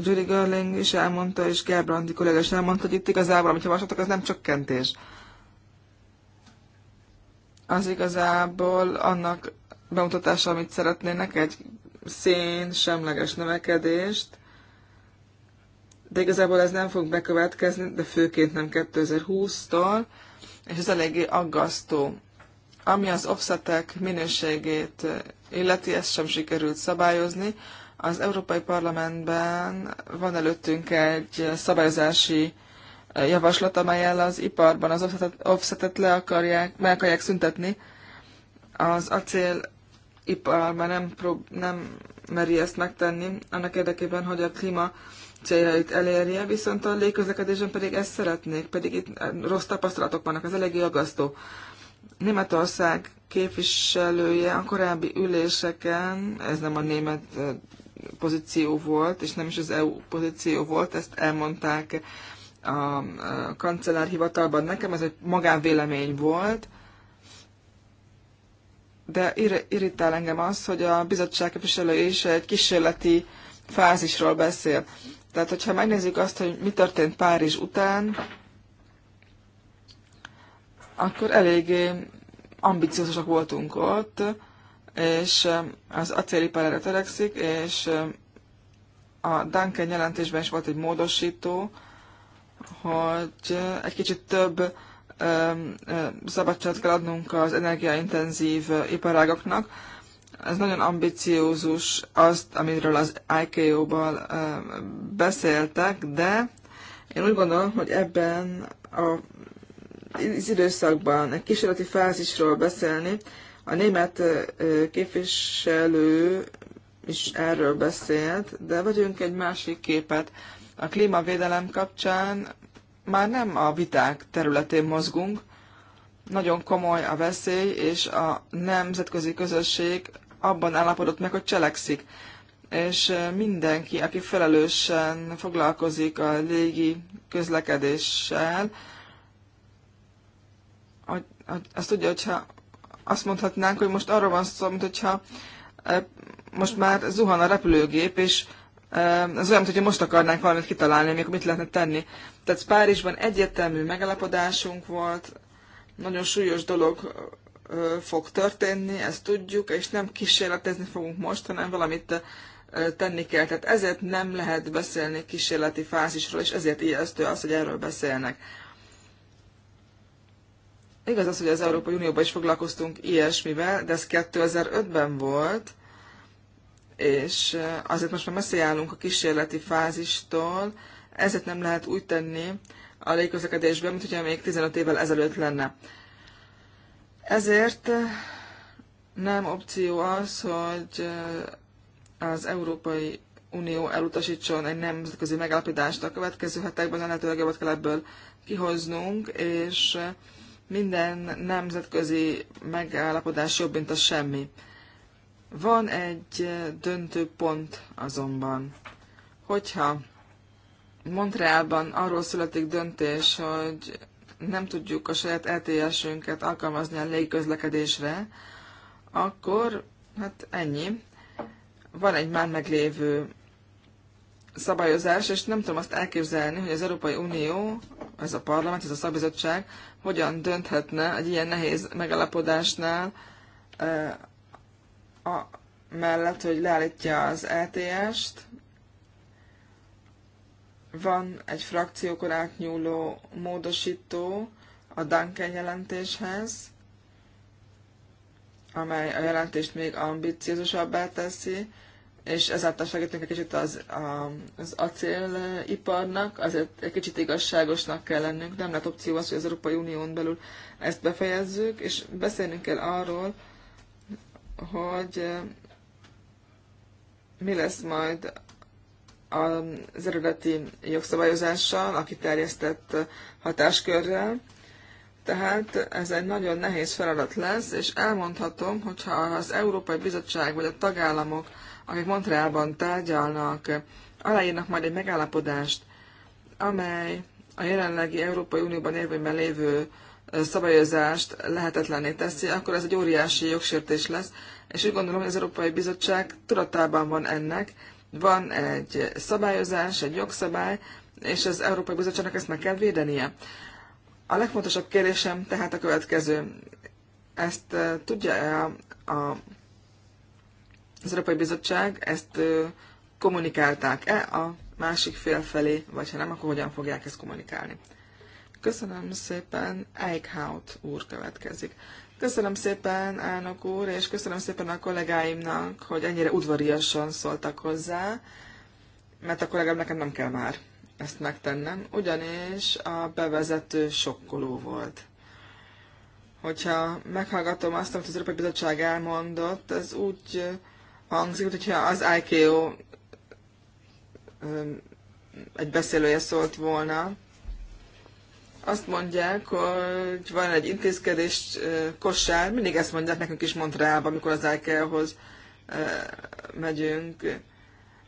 Judy Görling is elmondta, és Gerbrandi kollega is elmondta, hogy itt igazából, amit javasoltak, az nem csökkentés. Az igazából annak bemutatása, amit szeretnének, egy szén semleges növekedést, de igazából ez nem fog bekövetkezni, de főként nem 2020-tól, és ez eléggé aggasztó. Ami az offsetek minőségét illeti, ezt sem sikerült szabályozni, az Európai Parlamentben van előttünk egy szabályzási javaslat, amelyel az iparban az offsetet le akarják, meg akarják szüntetni. Az acél ipar már nem, prób- nem meri ezt megtenni, annak érdekében, hogy a klíma céljait elérje, viszont a légközlekedésben pedig ezt szeretnék, pedig itt rossz tapasztalatok vannak, ez eléggé aggasztó. Németország képviselője a korábbi üléseken, ez nem a német pozíció volt, és nem is az EU pozíció volt, ezt elmondták a kancellárhivatalban. Nekem ez egy magánvélemény volt, de irritál engem az, hogy a bizottság képviselő is egy kísérleti fázisról beszél. Tehát, hogyha megnézzük azt, hogy mi történt Párizs után, akkor eléggé ambiciózusak voltunk ott, és az acélipar törekszik, és a Duncan jelentésben is volt egy módosító, hogy egy kicsit több szabadságot kell adnunk az energiaintenzív iparágoknak. Ez nagyon ambiciózus azt, amiről az iko ból beszéltek, de én úgy gondolom, hogy ebben a, az időszakban egy kísérleti fázisról beszélni, a német képviselő is erről beszélt, de vagyunk egy másik képet. A klímavédelem kapcsán már nem a viták területén mozgunk, nagyon komoly a veszély, és a nemzetközi közösség abban állapodott meg, hogy cselekszik. És mindenki, aki felelősen foglalkozik a légi közlekedéssel, azt tudja, hogyha azt mondhatnánk, hogy most arról van szó, mint hogyha eh, most már zuhan a repülőgép, és eh, ez olyan, hogyha most akarnánk valamit kitalálni, amikor mit lehetne tenni. Tehát Párizsban egyértelmű megállapodásunk volt, nagyon súlyos dolog eh, fog történni, ezt tudjuk, és nem kísérletezni fogunk most, hanem valamit tenni kell. Tehát ezért nem lehet beszélni kísérleti fázisról, és ezért ijesztő az, hogy erről beszélnek. Igaz az, hogy az Európai Unióban is foglalkoztunk ilyesmivel, de ez 2005-ben volt, és eh, azért most már messze állunk a kísérleti fázistól, ezért nem lehet úgy tenni a légközlekedésben, mint hogyha még 15 évvel ezelőtt lenne. Ezért eh, nem opció az, hogy eh, az Európai Unió elutasítson egy nemzetközi megállapodást a következő hetekben, a lehető legjobbat kell ebből kihoznunk, és minden nemzetközi megállapodás jobb, mint a semmi. Van egy döntő pont azonban, hogyha Montrealban arról születik döntés, hogy nem tudjuk a saját LTS-ünket alkalmazni a légközlekedésre, akkor hát ennyi. Van egy már meglévő szabályozás, és nem tudom azt elképzelni, hogy az Európai Unió, ez a parlament, ez a szabizottság hogyan dönthetne egy ilyen nehéz megalapodásnál a mellett, hogy leállítja az ETS-t. Van egy frakciókon átnyúló módosító a Duncan jelentéshez, amely a jelentést még ambiciózusabbá teszi, és ezáltal segítünk egy kicsit az, a, az acéliparnak, azért egy kicsit igazságosnak kell lennünk, nem lehet opció az, hogy az Európai Unión belül ezt befejezzük, és beszélnünk kell arról, hogy eh, mi lesz majd az eredeti jogszabályozással, aki terjesztett hatáskörrel. Tehát ez egy nagyon nehéz feladat lesz, és elmondhatom, hogyha az Európai Bizottság vagy a tagállamok akik Montrealban tárgyalnak, aláírnak majd egy megállapodást, amely a jelenlegi Európai Unióban érvényben lévő szabályozást lehetetlenné teszi, akkor ez egy óriási jogsértés lesz, és úgy gondolom, hogy az Európai Bizottság tudatában van ennek, van egy szabályozás, egy jogszabály, és az Európai Bizottságnak ezt meg kell védenie. A legfontosabb kérdésem tehát a következő. Ezt tudja -e a az Európai Bizottság ezt kommunikálták-e a másik fél felé, vagy ha nem, akkor hogyan fogják ezt kommunikálni. Köszönöm szépen, Eichhout úr következik. Köszönöm szépen, elnök úr, és köszönöm szépen a kollégáimnak, hogy ennyire udvariasan szóltak hozzá, mert a kollégám nekem nem kell már ezt megtennem, ugyanis a bevezető sokkoló volt. Hogyha meghallgatom azt, amit az Európai Bizottság elmondott, ez úgy hangzik, hogyha az IKO egy beszélője szólt volna. Azt mondják, hogy van egy intézkedés kosár, mindig ezt mondják nekünk is Montreában, amikor az iko hoz megyünk.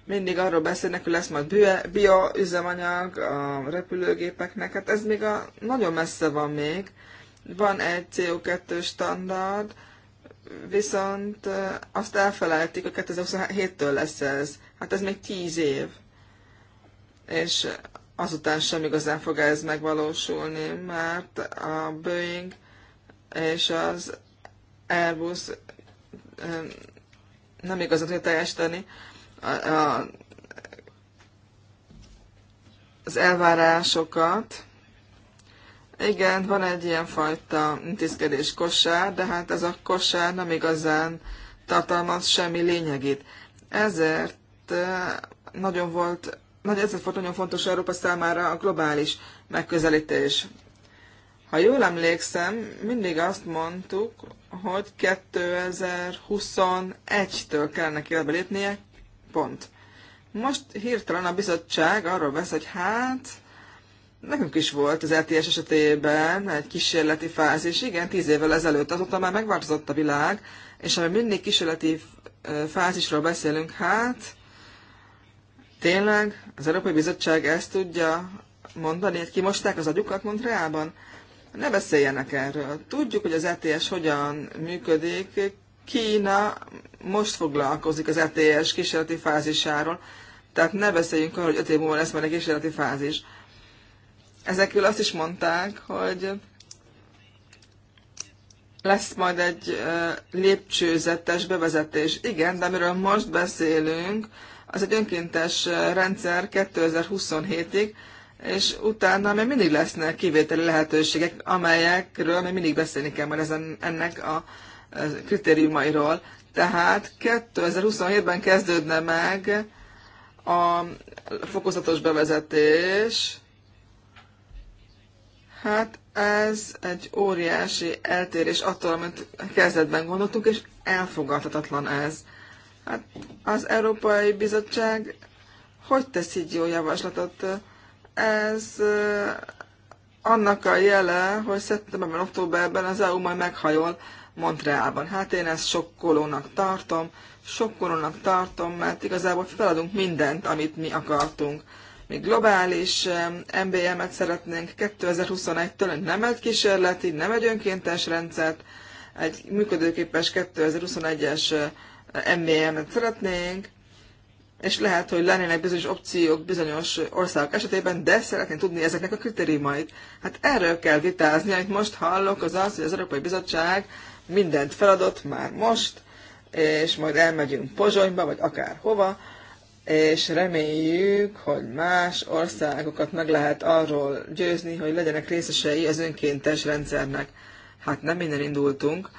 Mindig arról beszélnek, hogy lesz majd bioüzemanyag a repülőgépeknek, hát ez még a, nagyon messze van még. Van egy CO2 standard, viszont azt elfelejtik, hogy 2027-től lesz ez. Hát ez még tíz év. És azután sem igazán fog ez megvalósulni, mert a Boeing és az Airbus nem igazán tudja teljesíteni az elvárásokat, igen, van egy ilyen fajta intézkedés kosár, de hát ez a kosár nem igazán tartalmaz semmi lényegét. Ezért eh, nagyon volt, nagy, ezért volt nagyon fontos Európa számára a globális megközelítés. Ha jól emlékszem, mindig azt mondtuk, hogy 2021-től kellene kérdbe lépnie, pont. Most hirtelen a bizottság arról vesz, hogy hát Nekünk is volt az LTS e esetében egy kísérleti fázis, igen, tíz évvel ezelőtt, azóta már megváltozott a világ, és ha mindig kísérleti fázisról beszélünk, hát tényleg az Európai Bizottság ezt tudja mondani, hogy kimosták az agyukat Montreában? Ne beszéljenek erről. Tudjuk, hogy az ETS hogyan működik. Kína most foglalkozik az ETS kísérleti fázisáról, tehát ne beszéljünk arról, hogy öt év múlva lesz már egy kísérleti fázis. Ezekről azt is mondták, hogy lesz majd egy lépcsőzetes bevezetés. Igen, de amiről most beszélünk, az egy önkéntes rendszer 2027-ig, és utána még mindig lesznek kivételi lehetőségek, amelyekről még mindig beszélni kell majd ezen, ennek a kritériumairól. Tehát 2027-ben kezdődne meg a fokozatos bevezetés, Hát ez egy óriási eltérés attól, amit kezdetben gondoltuk, és elfogadhatatlan ez. Hát az Európai Bizottság hogy tesz így jó javaslatot? Ez annak a jele, hogy szeptemberben, októberben az EU majd meghajol Montreában. Hát én ezt sokkolónak tartom, sokkolónak tartom, mert igazából feladunk mindent, amit mi akartunk mi globális MBM-et szeretnénk 2021-től, egy nem egy kísérleti, nem egy önkéntes rendszert, egy működőképes 2021-es MBM-et szeretnénk, és lehet, hogy lennének bizonyos opciók bizonyos országok esetében, de szeretném tudni ezeknek a kritériumait. Hát erről kell vitázni, amit most hallok, az az, hogy az Európai Bizottság mindent feladott már most, és majd elmegyünk Pozsonyba, vagy akár hova, és reméljük, hogy más országokat meg lehet arról győzni, hogy legyenek részesei az önkéntes rendszernek. Hát nem innen indultunk,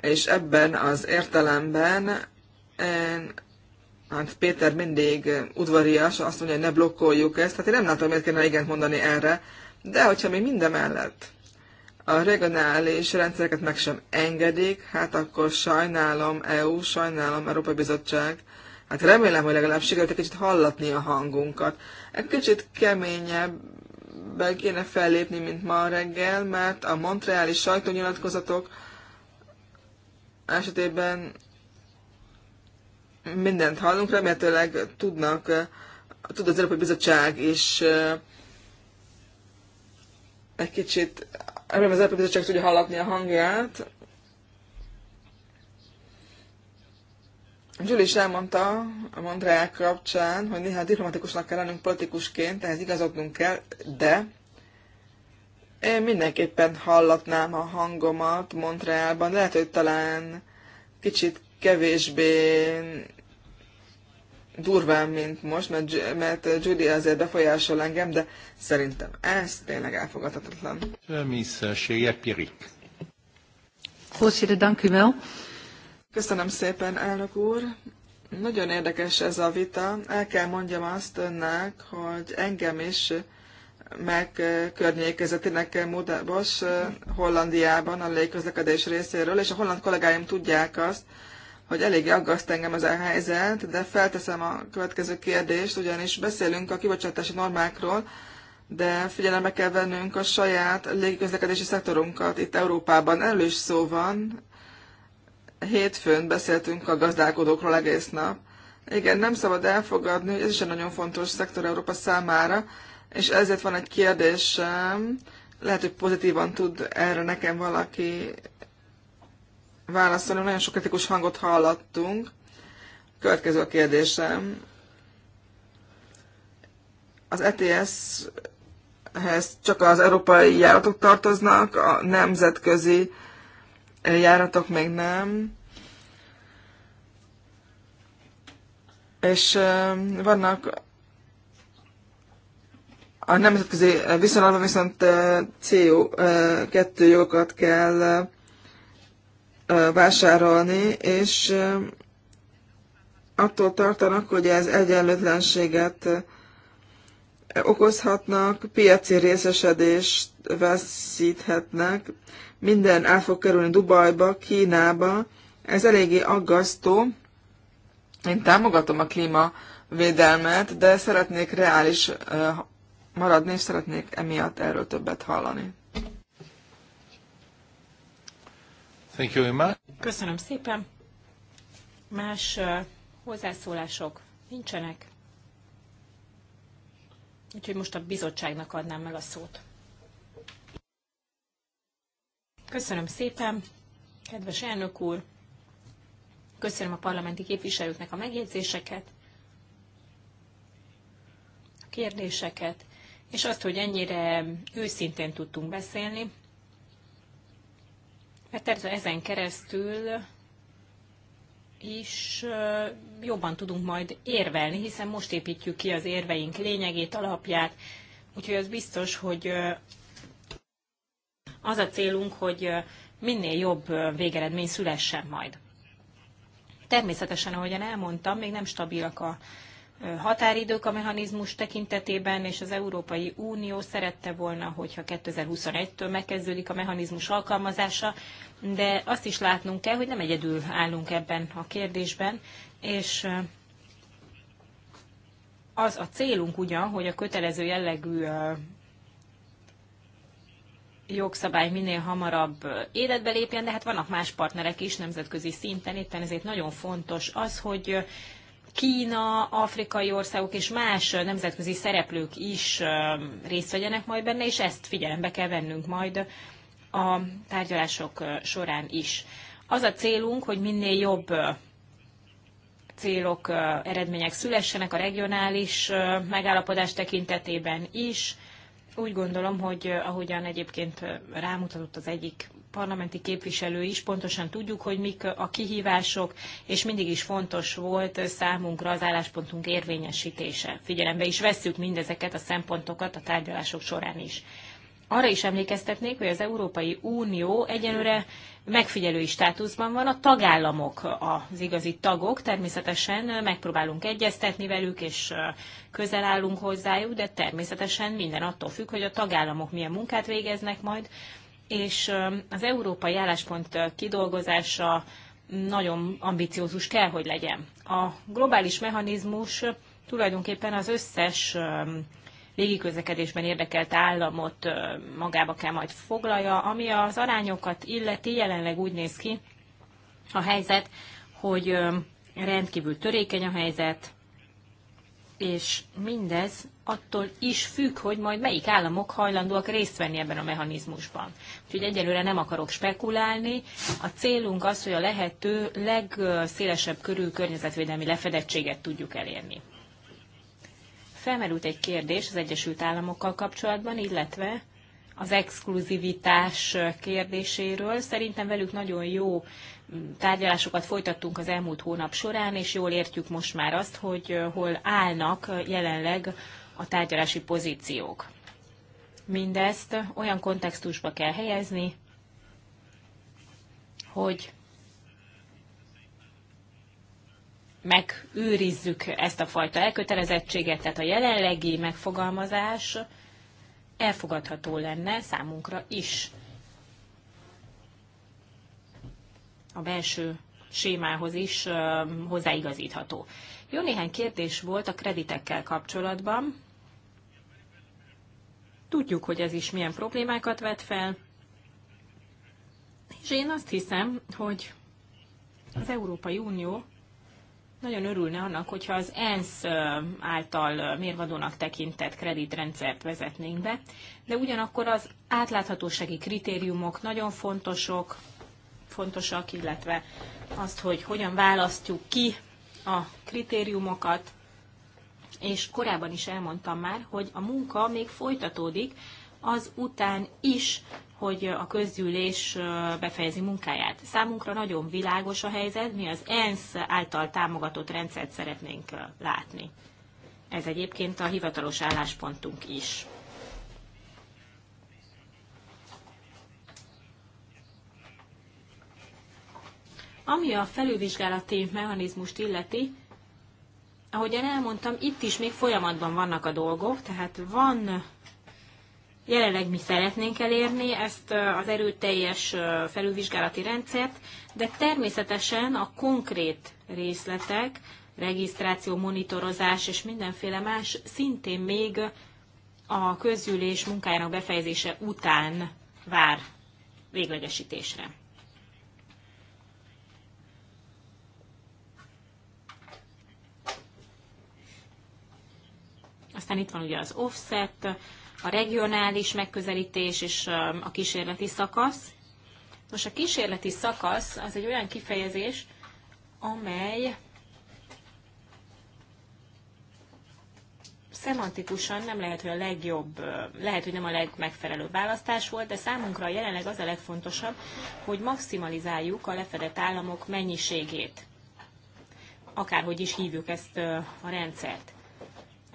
és ebben az értelemben én, hát Péter mindig udvarias, azt mondja, hogy ne blokkoljuk ezt, hát én nem látom, miért kellene igent mondani erre, de hogyha mi mindemellett a regionális rendszereket meg sem engedik, hát akkor sajnálom EU, sajnálom Európai Bizottság, hát remélem, hogy legalább sikerült egy kicsit hallatni a hangunkat. Egy kicsit keményebben kéne fellépni, mint ma reggel, mert a montreáli sajtónyilatkozatok esetében mindent hallunk, remélhetőleg tudnak, tud az Európai Bizottság is egy kicsit, remélem az Európai Bizottság tudja hallatni a hangját, Julie is elmondta a Montreal kapcsán, hogy néha diplomatikusnak kell lennünk politikusként, ehhez igazodnunk kell, de én mindenképpen hallatnám a hangomat Montrealban, lehet, hogy talán kicsit kevésbé durván, mint most, mert, mert Judy azért befolyásol engem, de szerintem ez tényleg elfogadhatatlan. Miss uh, Pirik. Köszönöm, dank Köszönöm szépen, elnök úr. Nagyon érdekes ez a vita. El kell mondjam azt önnek, hogy engem is megkörnyékezett nekem Mudabos eh, Hollandiában a légközlekedés részéről, és a holland kollégáim tudják azt, hogy eléggé aggaszt engem ez a helyzet, de felteszem a következő kérdést, ugyanis beszélünk a kibocsátási normákról, de figyelembe kell vennünk a saját légiközlekedési szektorunkat itt Európában. Erről is szó van, Hétfőn beszéltünk a gazdálkodókról egész nap. Igen, nem szabad elfogadni, hogy ez is egy nagyon fontos szektor Európa számára, és ezért van egy kérdésem, lehet, hogy pozitívan tud erre nekem valaki válaszolni, nagyon sok kritikus hangot hallattunk. Következő a kérdésem. Az ETS-hez csak az európai járatok tartoznak, a nemzetközi járatok még nem. És vannak a nemzetközi viszonylatban viszont CO2 jogokat kell vásárolni, és attól tartanak, hogy ez egyenlőtlenséget okozhatnak, piaci részesedést veszíthetnek, minden el fog kerülni Dubajba, Kínába. Ez eléggé aggasztó. Én támogatom a klímavédelmet, de szeretnék reális maradni, és szeretnék emiatt erről többet hallani. Thank you, Emma. Köszönöm szépen. Más hozzászólások nincsenek. Úgyhogy most a bizottságnak adnám meg a szót. Köszönöm szépen, kedves elnök úr! Köszönöm a parlamenti képviselőknek a megjegyzéseket, a kérdéseket, és azt, hogy ennyire őszintén tudtunk beszélni, mert ezen keresztül is jobban tudunk majd érvelni, hiszen most építjük ki az érveink lényegét, alapját, úgyhogy az biztos, hogy az a célunk, hogy minél jobb végeredmény szülessen majd. Természetesen, ahogyan elmondtam, még nem stabilak a határidők a mechanizmus tekintetében, és az Európai Unió szerette volna, hogyha 2021-től megkezdődik a mechanizmus alkalmazása, de azt is látnunk kell, hogy nem egyedül állunk ebben a kérdésben, és az a célunk ugyan, hogy a kötelező jellegű jogszabály minél hamarabb életbe lépjen, de hát vannak más partnerek is nemzetközi szinten, éppen ezért nagyon fontos az, hogy Kína, afrikai országok és más nemzetközi szereplők is részt vegyenek majd benne, és ezt figyelembe kell vennünk majd a tárgyalások során is. Az a célunk, hogy minél jobb célok, eredmények szülessenek a regionális megállapodás tekintetében is. Úgy gondolom, hogy ahogyan egyébként rámutatott az egyik parlamenti képviselő is pontosan tudjuk, hogy mik a kihívások, és mindig is fontos volt számunkra az álláspontunk érvényesítése. Figyelembe is vesszük mindezeket a szempontokat a tárgyalások során is. Arra is emlékeztetnék, hogy az Európai Unió egyenőre megfigyelői státuszban van, a tagállamok az igazi tagok, természetesen megpróbálunk egyeztetni velük, és közel állunk hozzájuk, de természetesen minden attól függ, hogy a tagállamok milyen munkát végeznek majd, és az európai álláspont kidolgozása nagyon ambiciózus kell, hogy legyen. A globális mechanizmus tulajdonképpen az összes légiközlekedésben érdekelt államot magába kell majd foglalja. Ami az arányokat illeti, jelenleg úgy néz ki a helyzet, hogy rendkívül törékeny a helyzet, és mindez attól is függ, hogy majd melyik államok hajlandóak részt venni ebben a mechanizmusban. Úgyhogy egyelőre nem akarok spekulálni. A célunk az, hogy a lehető legszélesebb körű környezetvédelmi lefedettséget tudjuk elérni. Felmerült egy kérdés az Egyesült Államokkal kapcsolatban, illetve az exkluzivitás kérdéséről. Szerintem velük nagyon jó tárgyalásokat folytattunk az elmúlt hónap során, és jól értjük most már azt, hogy hol állnak jelenleg a tárgyalási pozíciók. Mindezt olyan kontextusba kell helyezni, hogy megőrizzük ezt a fajta elkötelezettséget, tehát a jelenlegi megfogalmazás elfogadható lenne számunkra is. a belső sémához is hozzáigazítható. Jó néhány kérdés volt a kreditekkel kapcsolatban. Tudjuk, hogy ez is milyen problémákat vet fel, és én azt hiszem, hogy az Európai Unió nagyon örülne annak, hogyha az ENSZ által mérvadónak tekintett kreditrendszert vezetnénk be, de ugyanakkor az átláthatósági kritériumok nagyon fontosok, fontosak, illetve azt, hogy hogyan választjuk ki a kritériumokat, és korábban is elmondtam már, hogy a munka még folytatódik, az után is, hogy a közgyűlés befejezi munkáját. Számunkra nagyon világos a helyzet, mi az ENSZ által támogatott rendszert szeretnénk látni. Ez egyébként a hivatalos álláspontunk is. Ami a felülvizsgálati mechanizmust illeti, ahogyan elmondtam, itt is még folyamatban vannak a dolgok, tehát van jelenleg mi szeretnénk elérni ezt az erőteljes felülvizsgálati rendszert, de természetesen a konkrét részletek, regisztráció, monitorozás és mindenféle más szintén még a közgyűlés munkájának befejezése után vár véglegesítésre. Aztán itt van ugye az offset, a regionális megközelítés és um, a kísérleti szakasz. Most a kísérleti szakasz az egy olyan kifejezés, amely szemantikusan nem lehet, hogy a legjobb, uh, lehet, hogy nem a legmegfelelőbb választás volt, de számunkra jelenleg az a legfontosabb, hogy maximalizáljuk a lefedett államok mennyiségét, akárhogy is hívjuk ezt uh, a rendszert.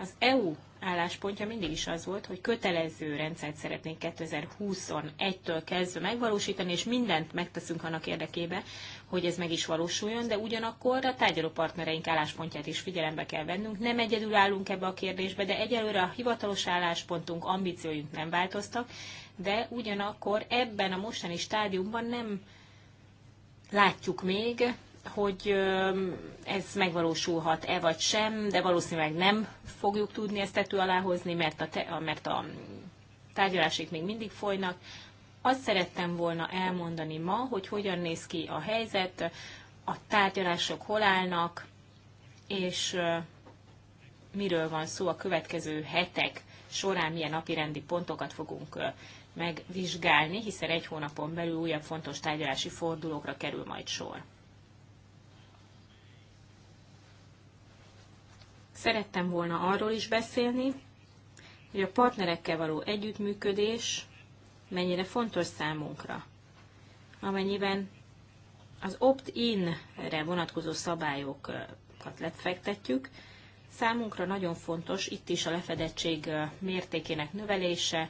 Az EU álláspontja mindig is az volt, hogy kötelező rendszert szeretnénk 2021-től kezdve megvalósítani, és mindent megteszünk annak érdekébe, hogy ez meg is valósuljon, de ugyanakkor a partnereink álláspontját is figyelembe kell vennünk. Nem egyedül állunk ebbe a kérdésbe, de egyelőre a hivatalos álláspontunk, ambícióink nem változtak, de ugyanakkor ebben a mostani stádiumban nem látjuk még hogy ez megvalósulhat-e vagy sem, de valószínűleg nem fogjuk tudni ezt tető alá hozni, mert a, te, mert a tárgyalások még mindig folynak. Azt szerettem volna elmondani ma, hogy hogyan néz ki a helyzet, a tárgyalások hol állnak, és miről van szó a következő hetek során, milyen napirendi pontokat fogunk megvizsgálni, hiszen egy hónapon belül újabb fontos tárgyalási fordulókra kerül majd sor. Szerettem volna arról is beszélni, hogy a partnerekkel való együttműködés mennyire fontos számunkra. Amennyiben az opt-in-re vonatkozó szabályokat lefektetjük, számunkra nagyon fontos itt is a lefedettség mértékének növelése,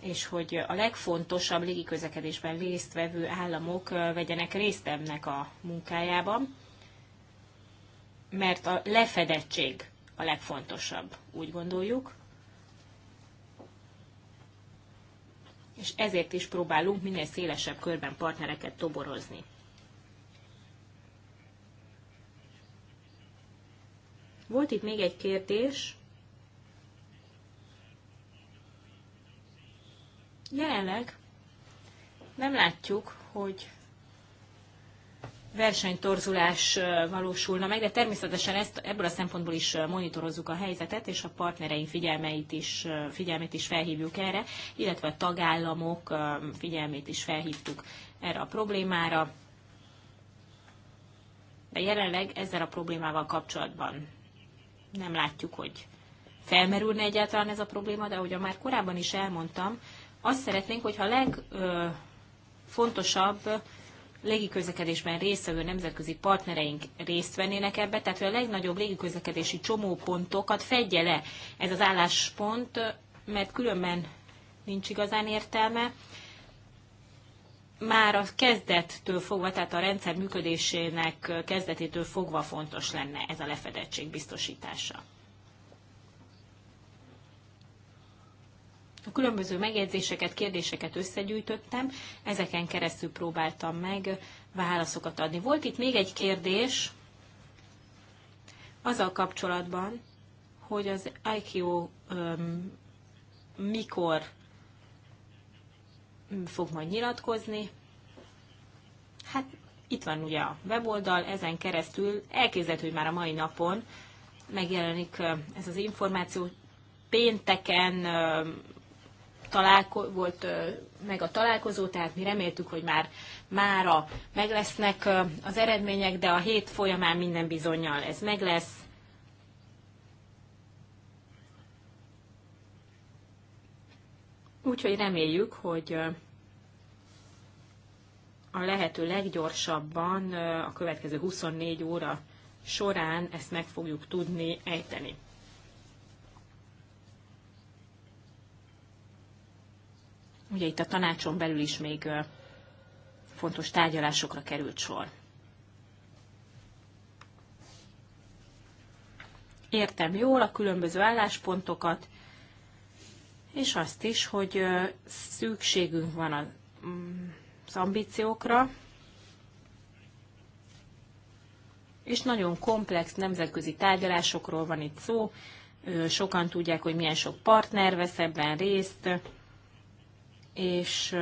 és hogy a legfontosabb légiközlekedésben résztvevő államok vegyenek részt ennek a munkájában, mert a lefedettség a legfontosabb, úgy gondoljuk. És ezért is próbálunk minél szélesebb körben partnereket toborozni. Volt itt még egy kérdés. Jelenleg nem látjuk, hogy versenytorzulás valósulna meg, de természetesen ezt, ebből a szempontból is monitorozzuk a helyzetet, és a partnereink figyelmeit is, figyelmét is felhívjuk erre, illetve a tagállamok figyelmét is felhívtuk erre a problémára. De jelenleg ezzel a problémával kapcsolatban nem látjuk, hogy felmerülne egyáltalán ez a probléma, de ahogy már korábban is elmondtam, azt szeretnénk, hogyha a legfontosabb légiközlekedésben résztvevő nemzetközi partnereink részt vennének ebbe, tehát hogy a legnagyobb légiközlekedési csomópontokat fedje le ez az álláspont, mert különben nincs igazán értelme. Már a kezdettől fogva, tehát a rendszer működésének kezdetétől fogva fontos lenne ez a lefedettség biztosítása. A különböző megjegyzéseket, kérdéseket összegyűjtöttem, ezeken keresztül próbáltam meg válaszokat adni. Volt itt még egy kérdés azzal kapcsolatban, hogy az IQ um, mikor fog majd nyilatkozni. Hát itt van ugye a weboldal, ezen keresztül elképzelhető, hogy már a mai napon megjelenik ez az információ. Pénteken találko- volt meg a találkozó, tehát mi reméltük, hogy már mára meg lesznek az eredmények, de a hét folyamán minden bizonyal ez meg lesz. Úgyhogy reméljük, hogy a lehető leggyorsabban a következő 24 óra során ezt meg fogjuk tudni ejteni. Ugye itt a tanácson belül is még fontos tárgyalásokra került sor. Értem jól a különböző álláspontokat, és azt is, hogy szükségünk van mm, az ambíciókra, és nagyon komplex nemzetközi tárgyalásokról van itt szó. Sokan tudják, hogy milyen sok partner vesz ebben részt, és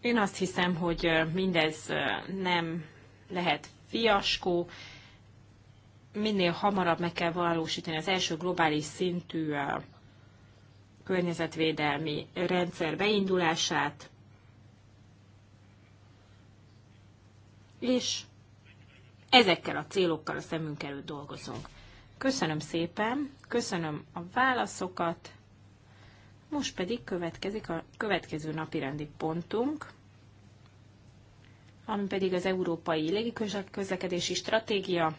én azt hiszem, hogy mindez nem lehet fiaskó, minél hamarabb meg kell valósítani az első globális szintű környezetvédelmi rendszer beindulását, és ezekkel a célokkal a szemünk előtt dolgozunk. Köszönöm szépen, köszönöm a válaszokat, most pedig következik a következő napi rendi pontunk, ami pedig az Európai Légiközlekedési Stratégia.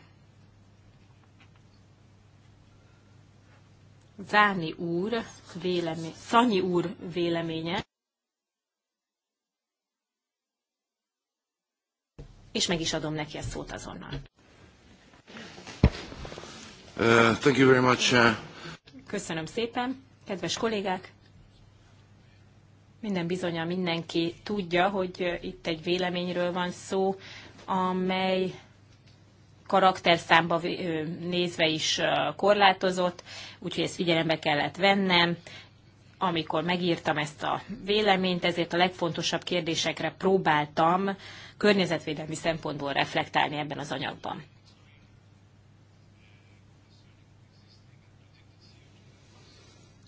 Záni úr vélemény, Szanyi úr véleménye. És meg is adom neki a szót azonnal. Uh, thank you very much. Uh, Köszönöm szépen, kedves kollégák! Minden bizonyal mindenki tudja, hogy itt egy véleményről van szó, amely karakterszámba nézve is korlátozott, úgyhogy ezt figyelembe kellett vennem, amikor megírtam ezt a véleményt, ezért a legfontosabb kérdésekre próbáltam környezetvédelmi szempontból reflektálni ebben az anyagban.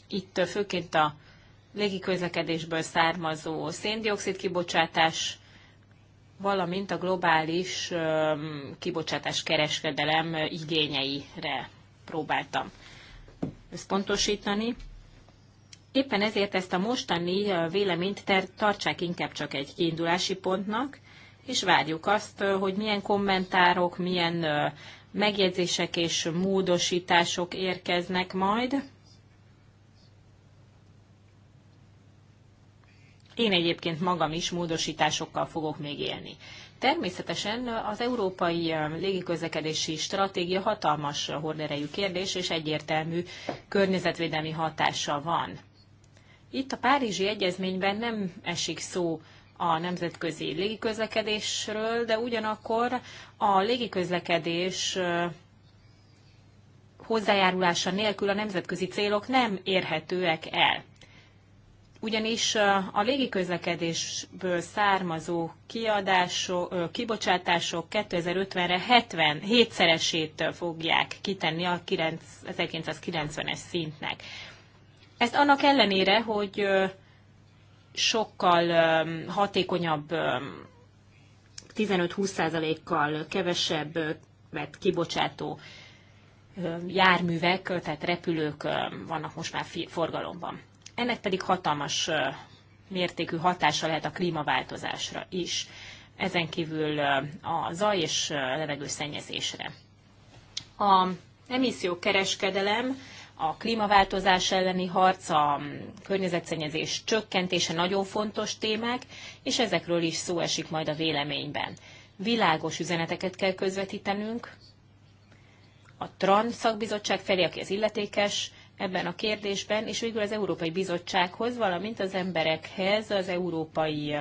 Itt főként a légiközlekedésből származó széndiokszid kibocsátás, valamint a globális kibocsátás kereskedelem igényeire próbáltam összpontosítani. Éppen ezért ezt a mostani véleményt tartsák inkább csak egy kiindulási pontnak, és várjuk azt, hogy milyen kommentárok, milyen megjegyzések és módosítások érkeznek majd. Én egyébként magam is módosításokkal fogok még élni. Természetesen az európai légiközlekedési stratégia hatalmas horderejű kérdés, és egyértelmű környezetvédelmi hatása van. Itt a Párizsi Egyezményben nem esik szó a nemzetközi légiközlekedésről, de ugyanakkor a légiközlekedés hozzájárulása nélkül a nemzetközi célok nem érhetőek el ugyanis a légiközlekedésből származó kiadások, kibocsátások 2050-re 77 szeresét fogják kitenni a 1990-es szintnek. Ezt annak ellenére, hogy sokkal hatékonyabb 15-20%-kal kevesebb, vett kibocsátó járművek, tehát repülők vannak most már forgalomban ennek pedig hatalmas mértékű hatása lehet a klímaváltozásra is, ezen kívül a zaj és levegő szennyezésre. A emissziókereskedelem, a klímaváltozás elleni harc, a környezetszennyezés csökkentése nagyon fontos témák, és ezekről is szó esik majd a véleményben. Világos üzeneteket kell közvetítenünk a TRAN szakbizottság felé, aki az illetékes, ebben a kérdésben, és végül az Európai Bizottsághoz, valamint az emberekhez, az európai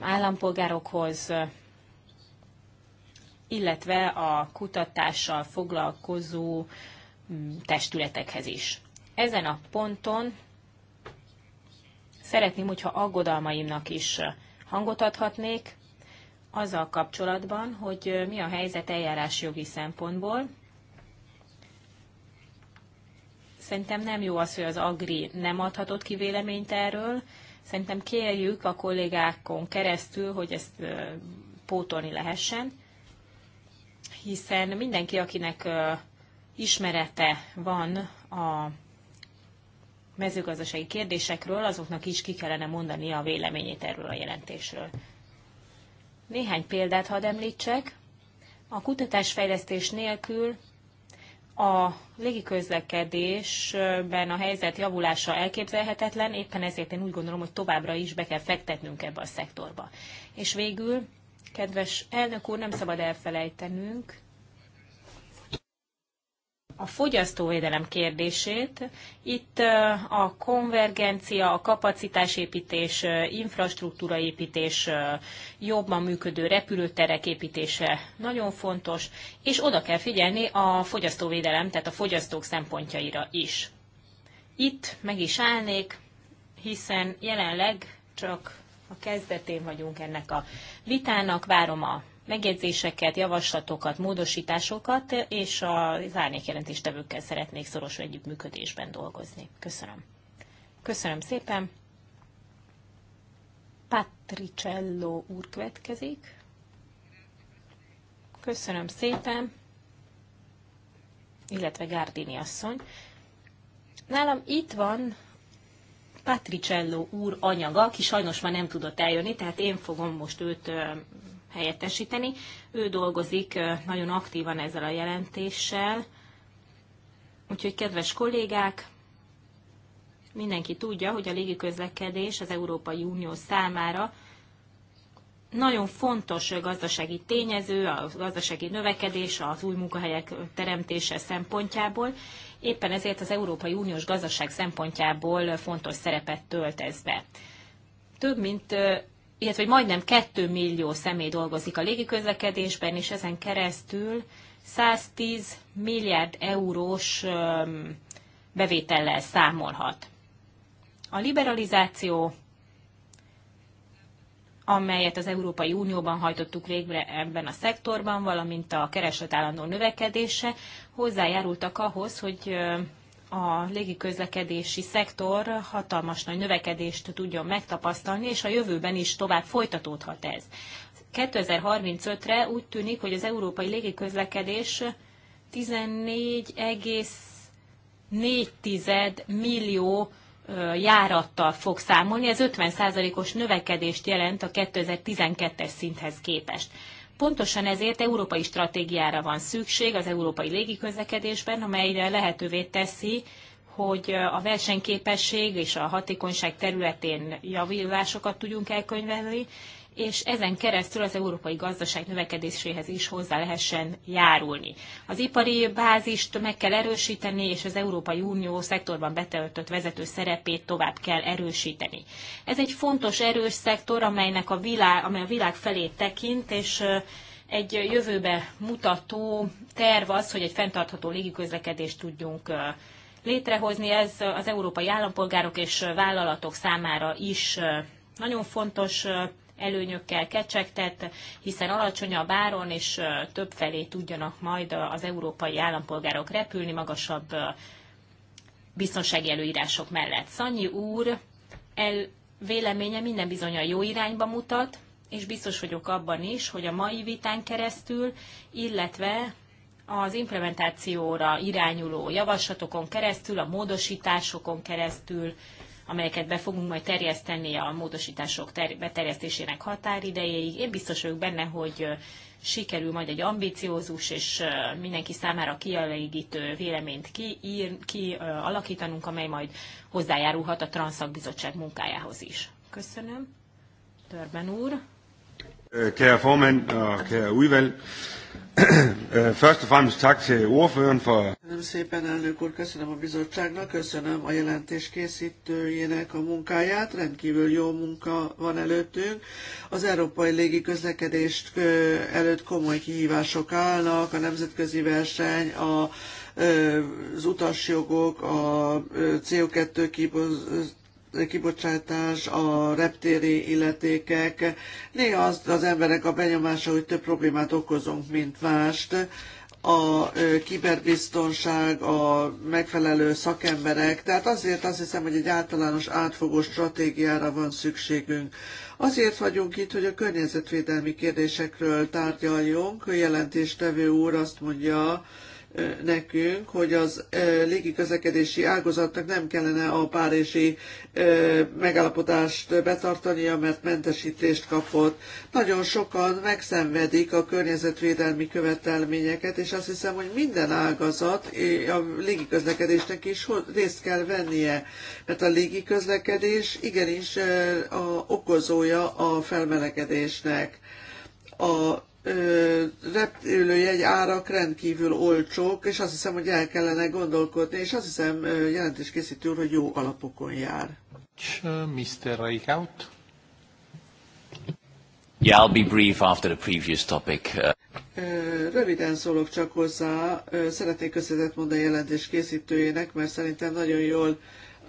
állampolgárokhoz, illetve a kutatással foglalkozó hm, testületekhez is. Ezen a ponton szeretném, hogyha aggodalmaimnak is hangot adhatnék, azzal kapcsolatban, hogy mi a helyzet eljárásjogi szempontból, Szerintem nem jó az, hogy az Agri nem adhatott ki véleményt erről. Szerintem kérjük a kollégákon keresztül, hogy ezt pótolni lehessen, hiszen mindenki, akinek ismerete van a mezőgazdasági kérdésekről, azoknak is ki kellene mondani a véleményét erről a jelentésről. Néhány példát hadd említsek. A kutatásfejlesztés nélkül a légiközlekedésben a helyzet javulása elképzelhetetlen, éppen ezért én úgy gondolom, hogy továbbra is be kell fektetnünk ebbe a szektorba. És végül, kedves elnök úr, nem szabad elfelejtenünk a fogyasztóvédelem kérdését. Itt a konvergencia, a kapacitásépítés, infrastruktúraépítés, jobban működő repülőterek építése nagyon fontos, és oda kell figyelni a fogyasztóvédelem, tehát a fogyasztók szempontjaira is. Itt meg is állnék, hiszen jelenleg csak a kezdetén vagyunk ennek a vitának, várom a megjegyzéseket, javaslatokat, módosításokat, és a árnyékjelentéstevőkkel szeretnék szoros együttműködésben dolgozni. Köszönöm. Köszönöm szépen. Patricello úr következik. Köszönöm szépen, illetve Gárdini asszony. Nálam itt van Patricello úr anyaga, aki sajnos már nem tudott eljönni, tehát én fogom most őt helyettesíteni. Ő dolgozik nagyon aktívan ezzel a jelentéssel. Úgyhogy kedves kollégák, mindenki tudja, hogy a légiközlekedés az Európai Unió számára nagyon fontos gazdasági tényező, a gazdasági növekedés, az új munkahelyek teremtése szempontjából. Éppen ezért az Európai Uniós gazdaság szempontjából fontos szerepet tölt ez be. Több mint illetve hogy majdnem 2 millió személy dolgozik a légiközlekedésben, és ezen keresztül 110 milliárd eurós bevétellel számolhat. A liberalizáció, amelyet az Európai Unióban hajtottuk végre ebben a szektorban, valamint a kereslet állandó növekedése hozzájárultak ahhoz, hogy a légiközlekedési szektor hatalmas nagy növekedést tudjon megtapasztalni, és a jövőben is tovább folytatódhat ez. 2035-re úgy tűnik, hogy az európai légiközlekedés 14,4 millió járattal fog számolni, ez 50%-os növekedést jelent a 2012-es szinthez képest. Pontosan ezért európai stratégiára van szükség az európai légiközlekedésben, amelyre lehetővé teszi, hogy a versenyképesség és a hatékonyság területén javulásokat tudjunk elkönyvelni, és ezen keresztül az európai gazdaság növekedéséhez is hozzá lehessen járulni. Az ipari bázist meg kell erősíteni, és az Európai Unió szektorban betöltött vezető szerepét tovább kell erősíteni. Ez egy fontos erős szektor, amelynek a világ, amely a világ felé tekint, és egy jövőbe mutató terv az, hogy egy fenntartható légiközlekedést tudjunk létrehozni. Ez az európai állampolgárok és vállalatok számára is nagyon fontos előnyökkel kecsegtet, hiszen alacsonyabb áron és több felé tudjanak majd az európai állampolgárok repülni magasabb biztonsági előírások mellett. Szanyi úr el véleménye minden bizony a jó irányba mutat, és biztos vagyok abban is, hogy a mai vitán keresztül, illetve az implementációra irányuló javaslatokon keresztül, a módosításokon keresztül amelyeket be fogunk majd terjeszteni a módosítások ter- beterjesztésének határidejéig. Én biztos vagyok benne, hogy sikerül majd egy ambiciózus és mindenki számára kielégítő véleményt kialakítanunk, ki, amely majd hozzájárulhat a Transzakbizottság munkájához is. Köszönöm. Törben úr. Kære formand og kære udvalg, Først og fremmest tak til ordføreren for... Köszönöm szépen, elnök úr, köszönöm a bizottságnak, köszönöm a jelentés készítőjének a munkáját, rendkívül jó munka van előttünk. Az európai légi közlekedést előtt komoly kihívások állnak, a nemzetközi verseny, a, az utasjogok, a CO2 kibocsátás, a reptéri illetékek. Néha az, az emberek a benyomása, hogy több problémát okozunk, mint mást. A kiberbiztonság, a megfelelő szakemberek, tehát azért azt hiszem, hogy egy általános átfogó stratégiára van szükségünk. Azért vagyunk itt, hogy a környezetvédelmi kérdésekről tárgyaljunk. A jelentéstevő úr azt mondja, nekünk, hogy az légiközlekedési ágazatnak nem kellene a párizsi megállapodást betartania, mert mentesítést kapott. Nagyon sokan megszenvedik a környezetvédelmi követelményeket, és azt hiszem, hogy minden ágazat a közlekedésnek is részt kell vennie, mert a légiközlekedés igenis a okozója a felmelegedésnek. A repülőjegy árak rendkívül olcsók, és azt hiszem, hogy el kellene gondolkodni, és azt hiszem jelentés készítő úr, hogy jó alapokon jár. Mr. Reichaut. Yeah, I'll be brief after the previous topic. Uh, röviden szólok csak hozzá. Szeretnék köszönetet mondani a jelentés készítőjének, mert szerintem nagyon jól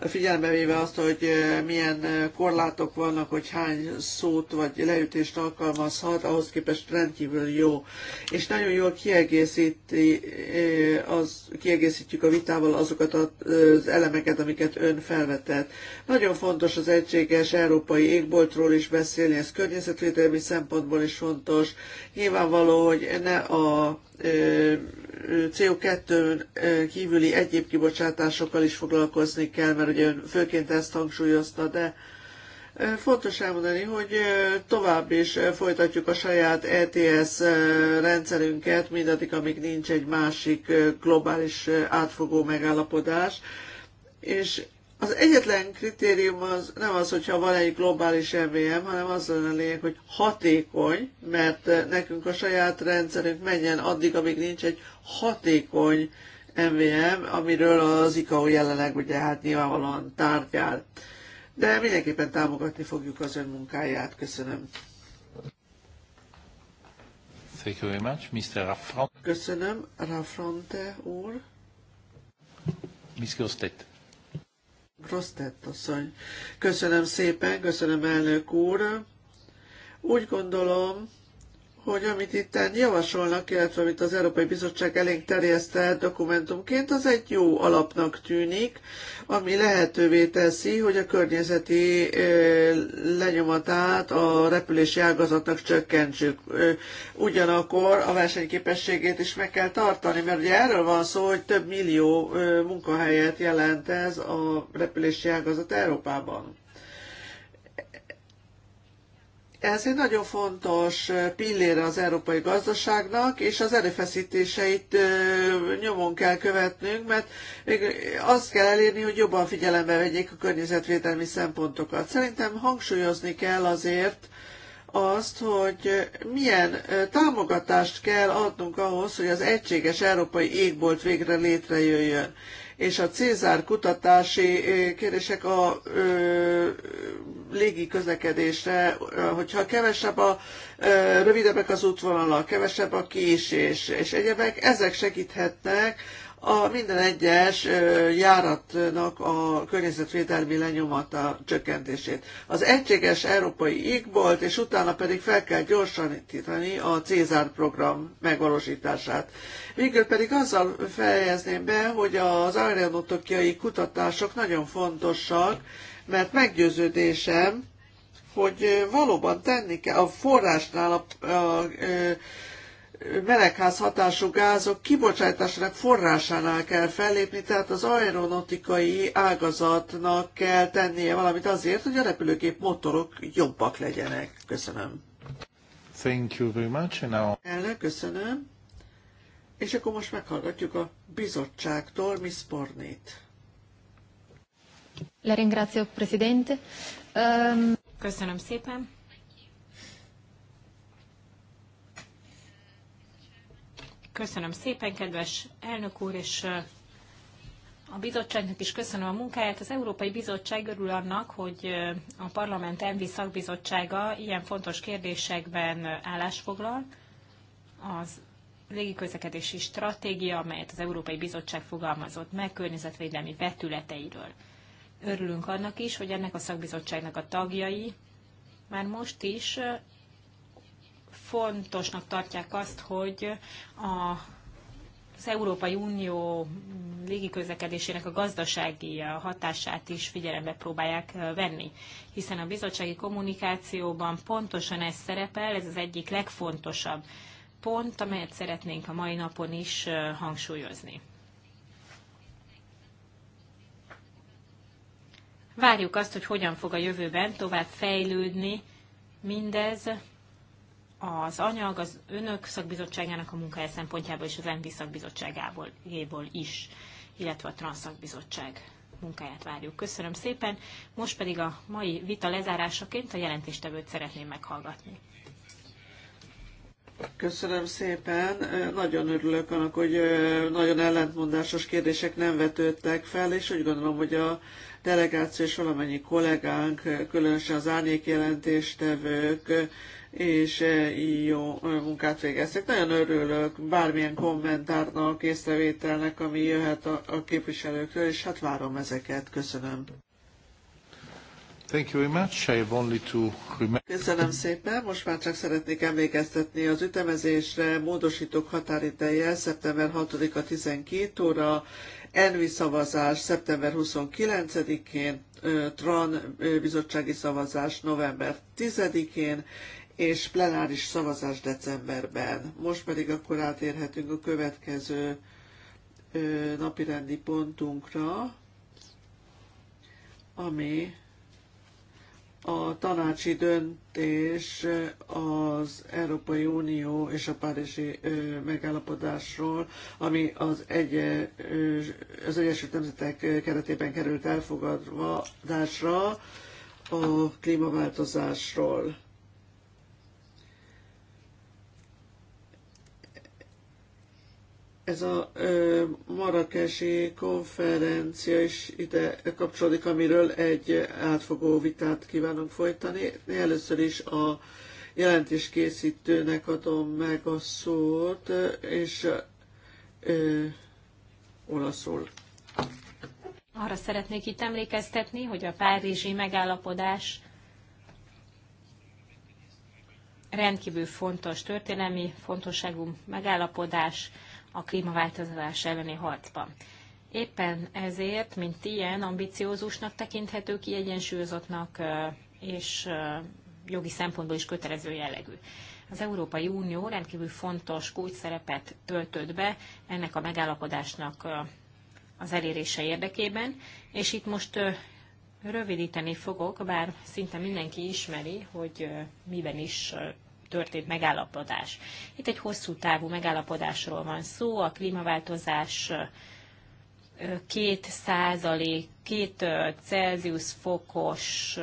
figyelembe véve azt, hogy eh, milyen eh, korlátok vannak, hogy hány szót vagy leütést alkalmazhat, ahhoz képest rendkívül jó. És nagyon jól kiegészíti, eh, az, kiegészítjük a vitával azokat az elemeket, amiket ön felvetett. Nagyon fontos az egységes európai égboltról is beszélni, ez környezetvédelmi szempontból is fontos. Nyilvánvaló, hogy ne a CO2 kívüli egyéb kibocsátásokkal is foglalkozni kell, mert ugye főként ezt hangsúlyozta, de Fontos elmondani, hogy tovább is folytatjuk a saját ETS rendszerünket, mindaddig, amíg nincs egy másik globális átfogó megállapodás, és az egyetlen kritérium az nem az, hogyha van egy globális MVM, hanem az a lényeg, hogy hatékony, mert eh, nekünk a saját rendszerünk menjen addig, amíg nincs egy hatékony MVM, amiről az ICAO jelenleg ugye hát nyilvánvalóan tárgyál. De mindenképpen támogatni fogjuk az ön munkáját. Köszönöm. Thank you very much, Mr. Raffronte. Köszönöm, Raffronte úr. Miss Gostet. Rostett asszony. Köszönöm szépen, köszönöm elnök úr. Úgy gondolom, hogy amit itt javasolnak, illetve amit az Európai Bizottság elénk terjesztett dokumentumként, az egy jó alapnak tűnik, ami lehetővé teszi, hogy a környezeti lenyomatát a repülési ágazatnak csökkentsük. Ugyanakkor a versenyképességét is meg kell tartani, mert ugye erről van szó, hogy több millió munkahelyet jelent ez a repülési ágazat Európában. Ez egy nagyon fontos pillére az európai gazdaságnak, és az erőfeszítéseit nyomon kell követnünk, mert azt kell elérni, hogy jobban figyelembe vegyék a környezetvédelmi szempontokat. Szerintem hangsúlyozni kell azért, azt, hogy milyen támogatást kell adnunk ahhoz, hogy az egységes európai égbolt végre létrejöjjön és a Cézár kutatási kérdések a ö, légi közlekedésre, hogyha kevesebb a ö, rövidebbek az útvonalak, kevesebb a késés és egyebek, ezek segíthetnek a minden egyes járatnak a környezetvédelmi lenyomata csökkentését. Az egységes európai ígbolt és utána pedig fel kell gyorsanítani a Cézár program megvalósítását. Végül pedig azzal fejezném be, hogy az aeronautokiai kutatások nagyon fontosak, mert meggyőződésem, hogy valóban tenni kell a forrásnál a, a, a melegház hatású gázok kibocsátásának forrásánál kell fellépni, tehát az aeronautikai ágazatnak kell tennie valamit azért, hogy a repülőgép motorok jobbak legyenek. Köszönöm. Thank you very much. Now... Elnök, köszönöm. És akkor most meghallgatjuk a bizottságtól Miss Pornét. La ringrazio, Presidente. Um... Köszönöm szépen. Köszönöm szépen, kedves elnök úr, és a bizottságnak is köszönöm a munkáját. Az Európai Bizottság örül annak, hogy a Parlament Envi szakbizottsága ilyen fontos kérdésekben állásfoglal. Az légiközlekedési stratégia, amelyet az Európai Bizottság fogalmazott meg környezetvédelmi vetületeiről. Örülünk annak is, hogy ennek a szakbizottságnak a tagjai már most is fontosnak tartják azt, hogy a az Európai Unió légiközlekedésének a gazdasági hatását is figyelembe próbálják venni, hiszen a bizottsági kommunikációban pontosan ez szerepel, ez az egyik legfontosabb pont, amelyet szeretnénk a mai napon is hangsúlyozni. Várjuk azt, hogy hogyan fog a jövőben tovább fejlődni mindez, az anyag az önök szakbizottságának a munkája szempontjából és az ENVI szakbizottságából is, illetve a Transzakbizottság munkáját várjuk. Köszönöm szépen. Most pedig a mai vita lezárásaként a jelentéstevőt szeretném meghallgatni. Köszönöm szépen. Nagyon örülök annak, hogy nagyon ellentmondásos kérdések nem vetődtek fel, és úgy gondolom, hogy a delegáció és valamennyi kollégánk, különösen az jelentéstevők és eh, jó eh, munkát végeztek. Nagyon örülök bármilyen kommentárnak, észrevételnek, ami jöhet a, a képviselőktől, és hát várom ezeket. Köszönöm. Thank you very much. I have only to Köszönöm szépen. Most már csak szeretnék emlékeztetni az ütemezésre. Módosítók határideje szeptember 6-a 12 óra, Envi szavazás szeptember 29-én, Tran bizottsági szavazás november 10-én, és plenáris szavazás decemberben. Most pedig akkor átérhetünk a következő napirendi pontunkra, ami a tanácsi döntés az Európai Unió és a Párizsi megállapodásról, ami az, egy, az Egyesült Nemzetek keretében került dásra a klímaváltozásról. ez a marakesi konferencia is ide kapcsolódik, amiről egy átfogó vitát kívánunk folytani. Először is a jelentés készítőnek adom meg a szót, és ö, olaszul. Arra szeretnék itt emlékeztetni, hogy a párizsi megállapodás rendkívül fontos történelmi fontosságú megállapodás, a klímaváltozás elleni harcban. Éppen ezért, mint ilyen, ambiciózusnak tekinthető, kiegyensúlyozottnak és jogi szempontból is kötelező jellegű. Az Európai Unió rendkívül fontos kulcsszerepet töltött be ennek a megállapodásnak az elérése érdekében, és itt most rövidíteni fogok, bár szinte mindenki ismeri, hogy miben is történt megállapodás. Itt egy hosszú távú megállapodásról van szó, a klímaváltozás két százalék, két Celsius fokos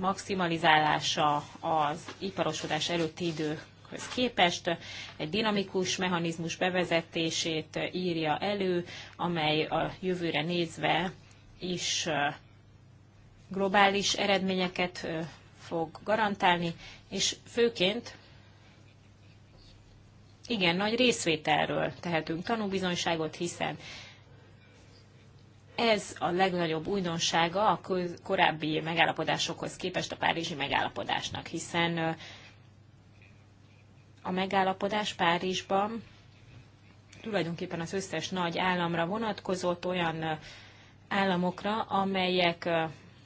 maximalizálása az iparosodás előtti időhöz képest egy dinamikus mechanizmus bevezetését írja elő, amely a jövőre nézve is globális eredményeket fog garantálni, és főként igen nagy részvételről tehetünk tanúbizonyságot, hiszen ez a legnagyobb újdonsága a korábbi megállapodásokhoz képest a párizsi megállapodásnak, hiszen a megállapodás Párizsban tulajdonképpen az összes nagy államra vonatkozott olyan államokra, amelyek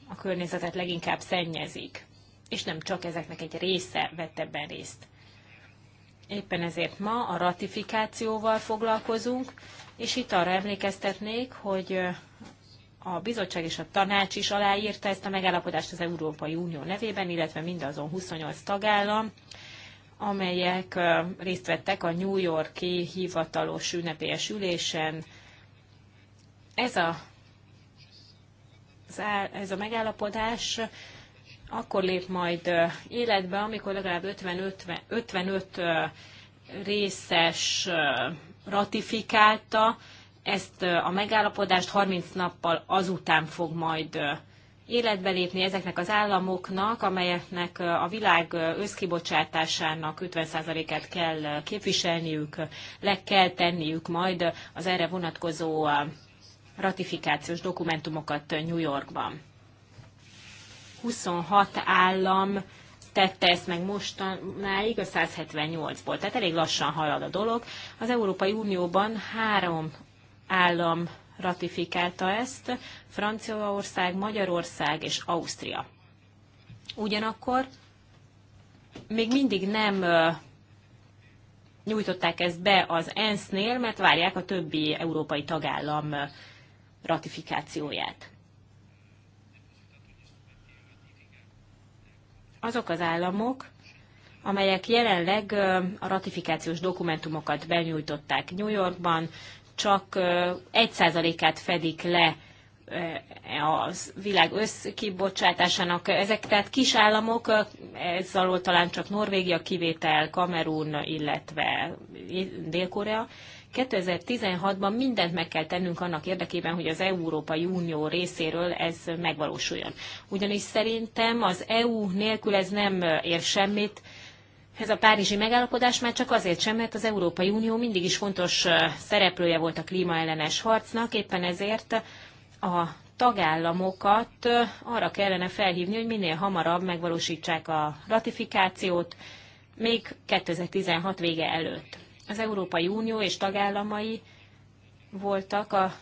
a környezetet leginkább szennyezik. És nem csak ezeknek egy része vett ebben részt. Éppen ezért ma a ratifikációval foglalkozunk, és itt arra emlékeztetnék, hogy a bizottság és a tanács is aláírta ezt a megállapodást az Európai Unió nevében, illetve mindazon 28 tagállam, amelyek részt vettek a New Yorki hivatalos ünnepélyes ülésen. Ez a, ez a megállapodás akkor lép majd életbe, amikor legalább 50-55 részes ratifikálta, ezt a megállapodást 30 nappal azután fog majd életbe lépni ezeknek az államoknak, amelyeknek a világ összkibocsátásának 50%-át kell képviselniük, le kell tenniük majd az erre vonatkozó ratifikációs dokumentumokat New Yorkban. 26 állam tette ezt meg mostanáig a 178-ból. Tehát elég lassan halad a dolog. Az Európai Unióban három állam ratifikálta ezt, Franciaország, Magyarország és Ausztria. Ugyanakkor még mindig nem nyújtották ezt be az ENSZ-nél, mert várják a többi európai tagállam ratifikációját. azok az államok, amelyek jelenleg a ratifikációs dokumentumokat benyújtották New Yorkban, csak 1%-át fedik le a világ összkibocsátásának. Ezek tehát kis államok, ez alól talán csak Norvégia kivétel, Kamerun, illetve Dél-Korea, 2016-ban mindent meg kell tennünk annak érdekében, hogy az Európai Unió részéről ez megvalósuljon. Ugyanis szerintem az EU nélkül ez nem ér semmit, ez a párizsi megállapodás már csak azért sem, mert az Európai Unió mindig is fontos szereplője volt a klímaellenes harcnak, éppen ezért a tagállamokat arra kellene felhívni, hogy minél hamarabb megvalósítsák a ratifikációt, még 2016 vége előtt az Európai Unió és tagállamai voltak a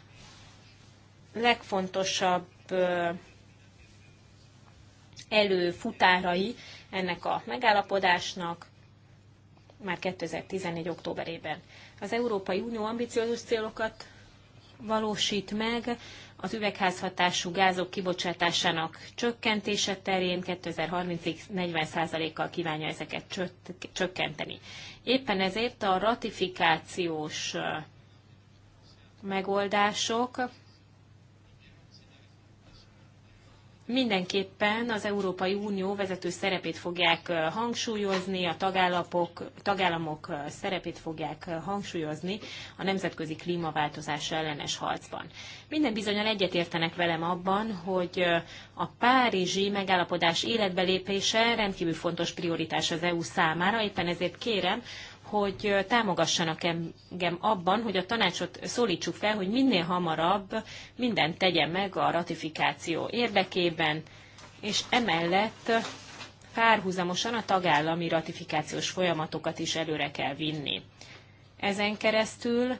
legfontosabb előfutárai ennek a megállapodásnak már 2014. októberében. Az Európai Unió ambiciózus célokat valósít meg az üvegházhatású gázok kibocsátásának csökkentése terén 2030-ig 40%-kal kívánja ezeket csökkenteni. Éppen ezért a ratifikációs megoldások mindenképpen az Európai Unió vezető szerepét fogják hangsúlyozni, a tagállamok, tagállamok szerepét fogják hangsúlyozni a nemzetközi klímaváltozás ellenes harcban. Minden bizonyal egyetértenek velem abban, hogy a párizsi megállapodás életbelépése rendkívül fontos prioritás az EU számára, éppen ezért kérem, hogy támogassanak engem abban, hogy a tanácsot szólítsuk fel, hogy minél hamarabb mindent tegyen meg a ratifikáció érdekében, és emellett párhuzamosan a tagállami ratifikációs folyamatokat is előre kell vinni. Ezen keresztül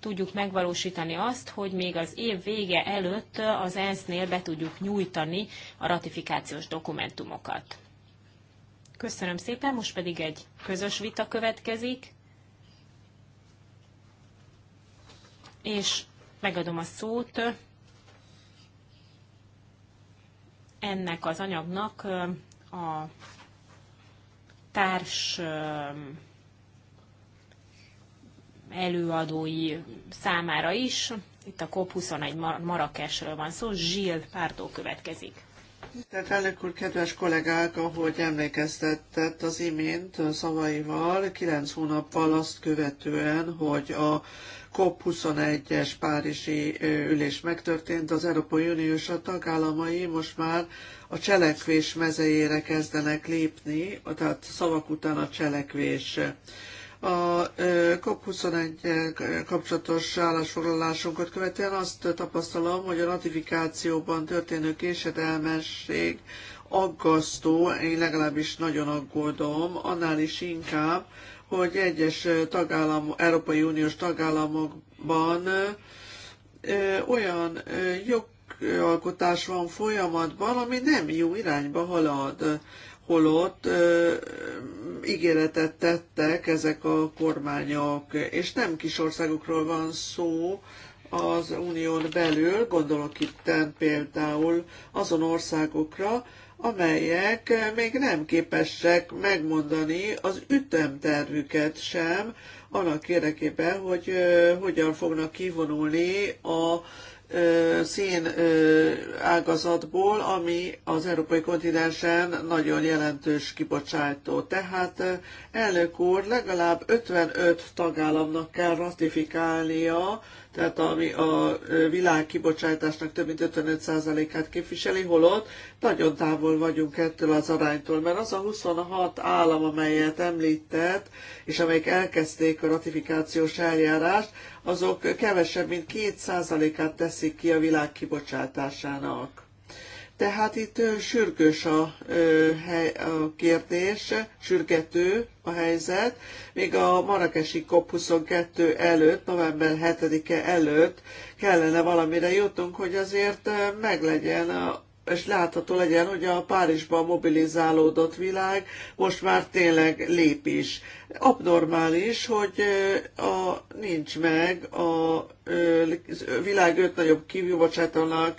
tudjuk megvalósítani azt, hogy még az év vége előtt az ENSZ-nél be tudjuk nyújtani a ratifikációs dokumentumokat. Köszönöm szépen, most pedig egy közös vita következik, és megadom a szót ennek az anyagnak a társ előadói számára is. Itt a COP21 Marrakesről van szó, Zsil Pártó következik. Tisztelt elnök úr, kedves kollégák, ahogy emlékeztetett az imént szavaival, kilenc hónappal azt követően, hogy a COP21-es Párizsi ülés megtörtént, az Európai Uniós a tagállamai most már a cselekvés mezejére kezdenek lépni, tehát szavak után a cselekvés. A COP21 kapcsolatos állásfoglalásunkat követően azt tapasztalom, hogy a ratifikációban történő késedelmesség aggasztó, én legalábbis nagyon aggódom, annál is inkább, hogy egyes tagállam, Európai Uniós tagállamokban olyan jogalkotás van folyamatban, ami nem jó irányba halad holott ö, ígéretet tettek ezek a kormányok, és nem kis országokról van szó az unión belül, gondolok itt például azon országokra, amelyek még nem képesek megmondani az ütemtervüket sem, annak érdekében, hogy hogyan fognak kivonulni a szén ágazatból, ami az európai kontinensen nagyon jelentős kibocsátó. Tehát elnök úr, legalább 55 tagállamnak kell ratifikálnia tehát ami a világ kibocsátásnak több mint 55%-át képviseli, holott nagyon távol vagyunk ettől az aránytól, mert az a 26 állam, amelyet említett, és amelyek elkezdték a ratifikációs eljárást, azok kevesebb, mint 2%-át teszik ki a világ kibocsátásának. Tehát itt sürgős a, a kérdés, sürgető a helyzet. Még a marakesi COP22 előtt, november 7-e előtt kellene valamire jutnunk, hogy azért meglegyen a és látható legyen, hogy a Párizsban mobilizálódott világ most már tényleg lép is. Abnormális, hogy a, nincs meg a, a világ öt nagyobb kibocsátónak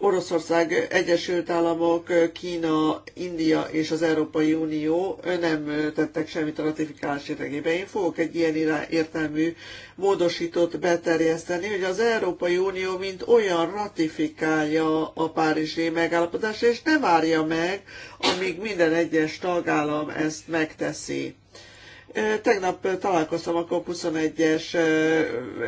Oroszország, Egyesült Államok, Kína, India és az Európai Unió nem tettek semmit a ratifikálás érdekében. Én fogok egy ilyen értelmű módosítót beterjeszteni, hogy az Európai Unió mint olyan ratifikálja a Párizsi megállapodást, és ne várja meg, amíg minden egyes tagállam ezt megteszi. Tegnap találkoztam a COP21-es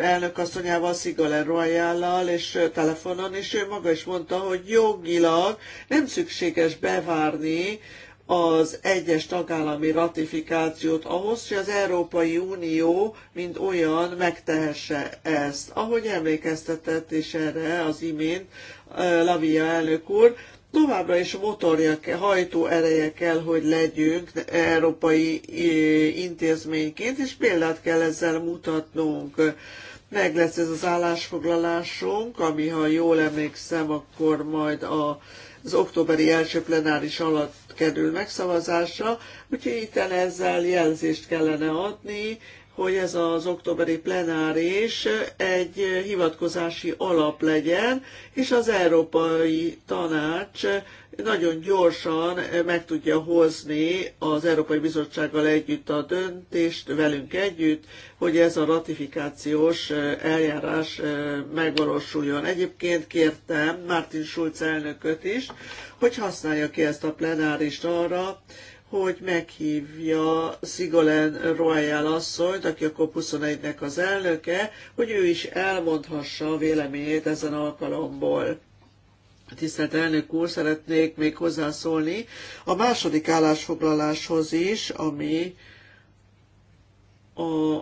elnökasszonyával, Szigalen Royallal, és telefonon, és ő maga is mondta, hogy jogilag nem szükséges bevárni az egyes tagállami ratifikációt ahhoz, hogy az Európai Unió, mint olyan, megtehesse ezt. Ahogy emlékeztetett is erre az imént Lavia elnök úr, Továbbra is motorja, hajtó ereje kell, hogy legyünk európai intézményként, és példát kell ezzel mutatnunk. Meg lesz ez az állásfoglalásunk, ami, ha jól emlékszem, akkor majd a, az októberi első plenáris alatt kerül megszavazásra, úgyhogy itt ezzel jelzést kellene adni, hogy ez az októberi plenáris egy hivatkozási alap legyen, és az Európai Tanács nagyon gyorsan meg tudja hozni az Európai Bizottsággal együtt a döntést, velünk együtt, hogy ez a ratifikációs eljárás megvalósuljon. Egyébként kértem Martin Schulz elnököt is, hogy használja ki ezt a plenárist arra, hogy meghívja Szigolen Royal asszonyt, aki a COP21-nek az elnöke, hogy ő is elmondhassa a véleményét ezen alkalomból. Tisztelt elnök úr, szeretnék még hozzászólni a második állásfoglaláshoz is, ami a,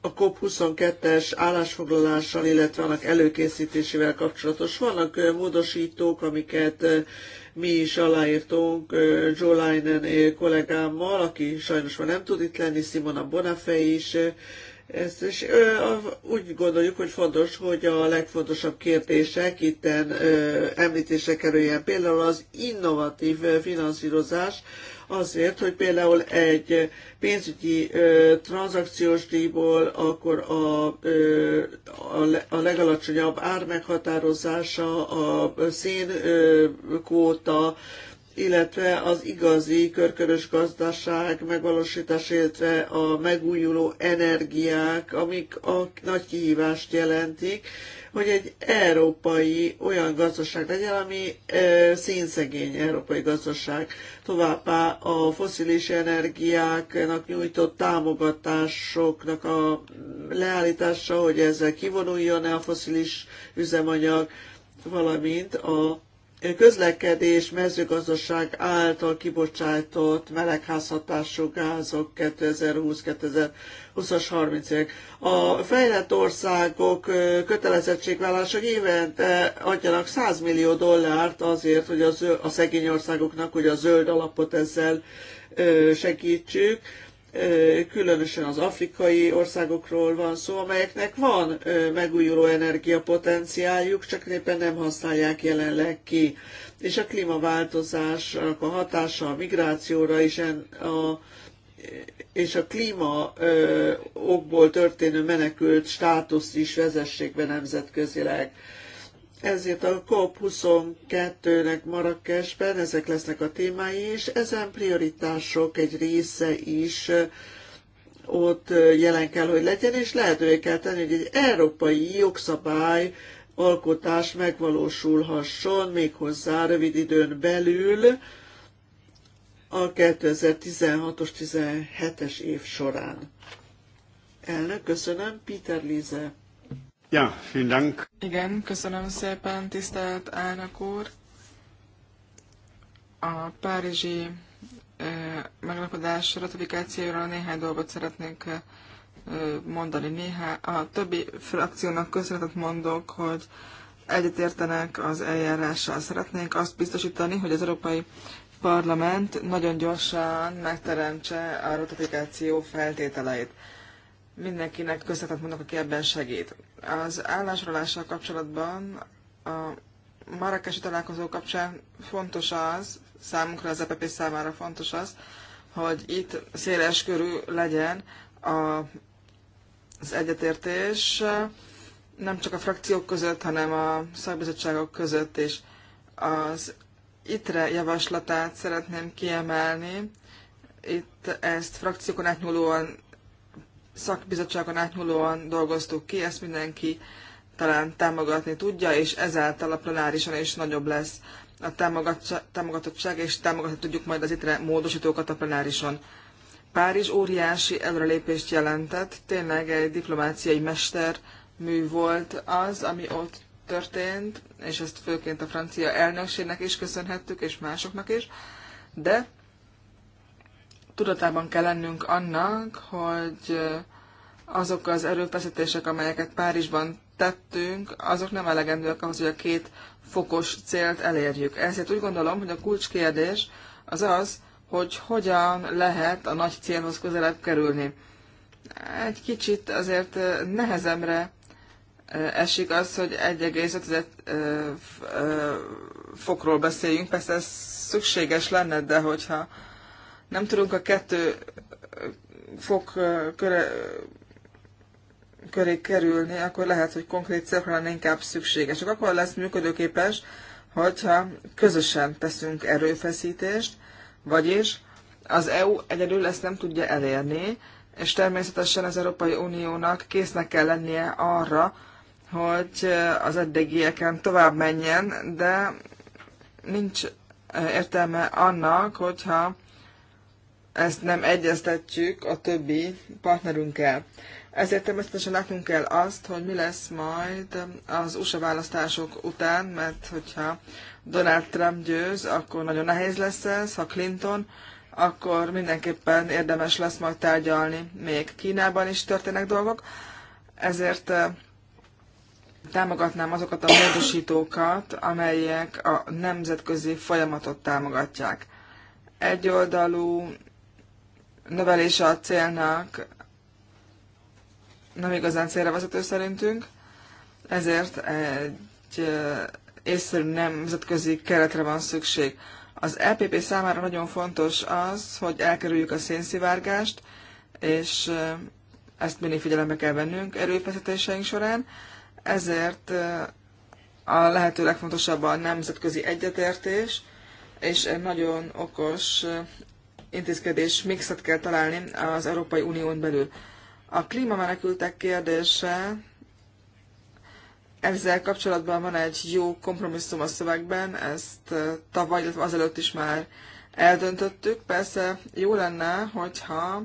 a COP22-es állásfoglalással, illetve annak előkészítésével kapcsolatos. Vannak módosítók, amiket mi is aláírtunk Joe Linen kollégámmal, aki sajnos már nem tud itt lenni, Simona Bonafé is, ezt is úgy gondoljuk, hogy fontos, hogy a legfontosabb kérdések itten említése kerüljen. Például az innovatív finanszírozás, azért, hogy például egy pénzügyi ö, tranzakciós díjból akkor a, ö, a, le, a legalacsonyabb ár meghatározása, a szénkóta, illetve az igazi körkörös gazdaság megvalósítás, illetve a megújuló energiák, amik a nagy kihívást jelentik, hogy egy európai olyan gazdaság legyen, ami színszegény európai gazdaság. Továbbá a foszilis energiáknak nyújtott támogatásoknak a leállítása, hogy ezzel kivonuljon-e a foszilis üzemanyag, valamint a közlekedés, mezőgazdaság által kibocsátott melegházhatású gázok 2020-2020-as 30 A fejlett országok kötelezettségvállalások évente adjanak 100 millió dollárt azért, hogy a, zöld, a szegény országoknak, hogy a zöld alapot ezzel segítsük különösen az afrikai országokról van szó, amelyeknek van megújuló energiapotenciáljuk, csak éppen nem használják jelenleg ki. És a klímaváltozás a hatása a migrációra is, a, és a klíma okból történő menekült státuszt is vezessék be nemzetközileg ezért a COP22-nek Marrakesben ezek lesznek a témái, és ezen prioritások egy része is ott jelen kell, hogy legyen, és lehetővé kell tenni, hogy egy európai jogszabály alkotás megvalósulhasson méghozzá rövid időn belül a 2016-os 17-es év során. Elnök, köszönöm, Peter Lize. Ja, vielen Dank. Igen, köszönöm szépen, tisztelt elnök úr. A párizsi megalapodás ratifikációra néhány dolgot szeretnénk mondani. Néhány, a többi frakciónak köszönetet mondok, hogy egyetértenek az eljárással. Szeretnénk azt biztosítani, hogy az Európai Parlament nagyon gyorsan megteremtse a ratifikáció feltételeit mindenkinek köszönetet mondok, aki ebben segít. Az állásrólással kapcsolatban a marakesi találkozó kapcsán fontos az, számunkra az EPP számára fontos az, hogy itt széles körű legyen a, az egyetértés, nem csak a frakciók között, hanem a szakbizottságok között is. Az ITRE javaslatát szeretném kiemelni. Itt ezt frakciókon átnyúlóan szakbizottságon átnyúlóan dolgoztuk ki, ezt mindenki talán támogatni tudja, és ezáltal a plenárisan is nagyobb lesz a támogatottság, és támogatni tudjuk majd az itre módosítókat a plenárison. Párizs óriási előrelépést jelentett, tényleg egy diplomáciai mester mű volt az, ami ott történt, és ezt főként a francia elnökségnek is köszönhettük, és másoknak is, de tudatában kell lennünk annak, hogy eh, azok az erőfeszítések, amelyeket Párizsban tettünk, azok nem elegendőek ahhoz, hogy a két fokos célt elérjük. Ezért úgy gondolom, hogy a kulcskérdés az az, hogy hogyan lehet a nagy célhoz közelebb kerülni. Egy kicsit azért eh, nehezemre eh, esik az, hogy 1,5 fokról beszéljünk, persze ez szükséges lenne, de hogyha nem tudunk a kettő fok köre, köré kerülni, akkor lehet, hogy konkrét célra lenne inkább szükséges. Csak akkor lesz működőképes, hogyha közösen teszünk erőfeszítést, vagyis az EU egyedül ezt nem tudja elérni, és természetesen az Európai Uniónak késznek kell lennie arra, hogy az eddigieken tovább menjen, de nincs értelme annak, hogyha ezt nem egyeztetjük a többi partnerünkkel. Ezért természetesen látnunk kell azt, hogy mi lesz majd az USA választások után, mert hogyha Donald Trump győz, akkor nagyon nehéz lesz ez, ha Clinton, akkor mindenképpen érdemes lesz majd tárgyalni. Még Kínában is történnek dolgok, ezért eh, támogatnám azokat a módosítókat, amelyek a nemzetközi folyamatot támogatják. Egyoldalú növelése a célnak nem igazán célra vezető szerintünk, ezért egy észszerű nemzetközi keretre van szükség. Az LPP e számára nagyon fontos az, hogy elkerüljük a szénszivárgást, és ezt mindig figyelembe kell vennünk erőfeszítéseink során, ezért a lehető legfontosabb a nemzetközi egyetértés, és egy nagyon okos intézkedés mixet kell találni az Európai Unión belül. A klímamenekültek kérdése ezzel kapcsolatban van egy jó kompromisszum a szövegben, ezt tavaly, illetve azelőtt is már eldöntöttük. Persze jó lenne, hogyha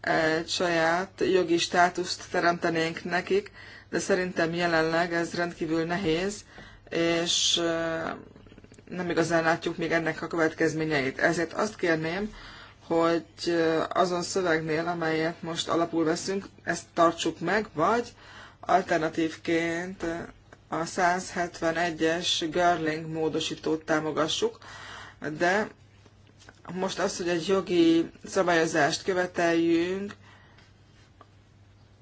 egy saját jogi státuszt teremtenénk nekik, de szerintem jelenleg ez rendkívül nehéz, és nem igazán látjuk még ennek a következményeit. Ezért azt kérném, hogy azon szövegnél, amelyet most alapul veszünk, ezt tartsuk meg, vagy alternatívként a 171-es Görling módosítót támogassuk, de most az, hogy egy jogi szabályozást követeljünk,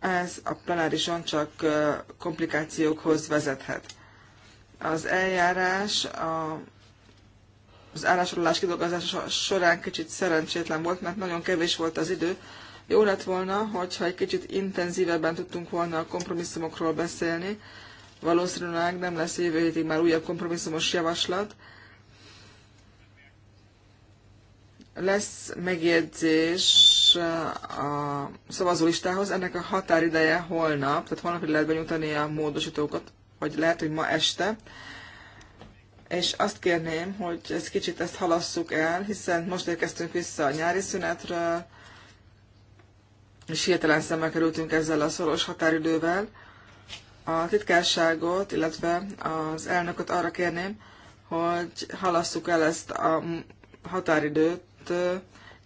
ez a plenárison csak komplikációkhoz vezethet. Az eljárás a az állásolás kidolgozása során kicsit szerencsétlen volt, mert nagyon kevés volt az idő. Jó lett volna, hogyha egy kicsit intenzívebben tudtunk volna a kompromisszumokról beszélni. Valószínűleg nem lesz jövő hétig már újabb kompromisszumos javaslat. Lesz megjegyzés a szavazólistához, ennek a határideje holnap, tehát holnap lehet benyújtani a módosítókat, vagy lehet, hogy ma este és azt kérném, hogy ez kicsit ezt halasszuk el, hiszen most érkeztünk vissza a nyári szünetről, és hirtelen szembe kerültünk ezzel a szoros határidővel. A titkárságot, illetve az elnököt arra kérném, hogy halasszuk el ezt a határidőt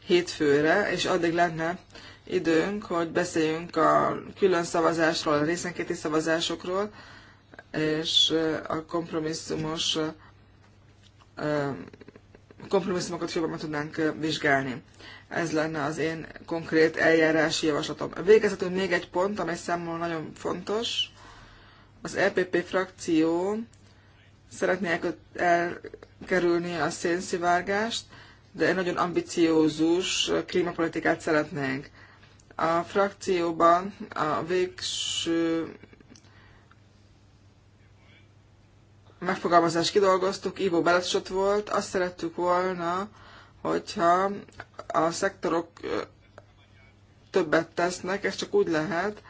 hétfőre, és addig lenne időnk, hogy beszéljünk a külön szavazásról, a részenkéti szavazásokról, és a kompromisszumos kompromisszumokat jobban meg tudnánk vizsgálni. Ez lenne az én konkrét eljárási javaslatom. Végezetül még egy pont, amely számomra nagyon fontos. Az EPP frakció szeretné elkerülni a szénszivárgást, de egy nagyon ambiciózus klímapolitikát szeretnénk. A frakcióban a végső megfogalmazást kidolgoztuk, Ivo Belecsot volt, azt szerettük volna, hogyha a szektorok többet tesznek, ez csak úgy lehet,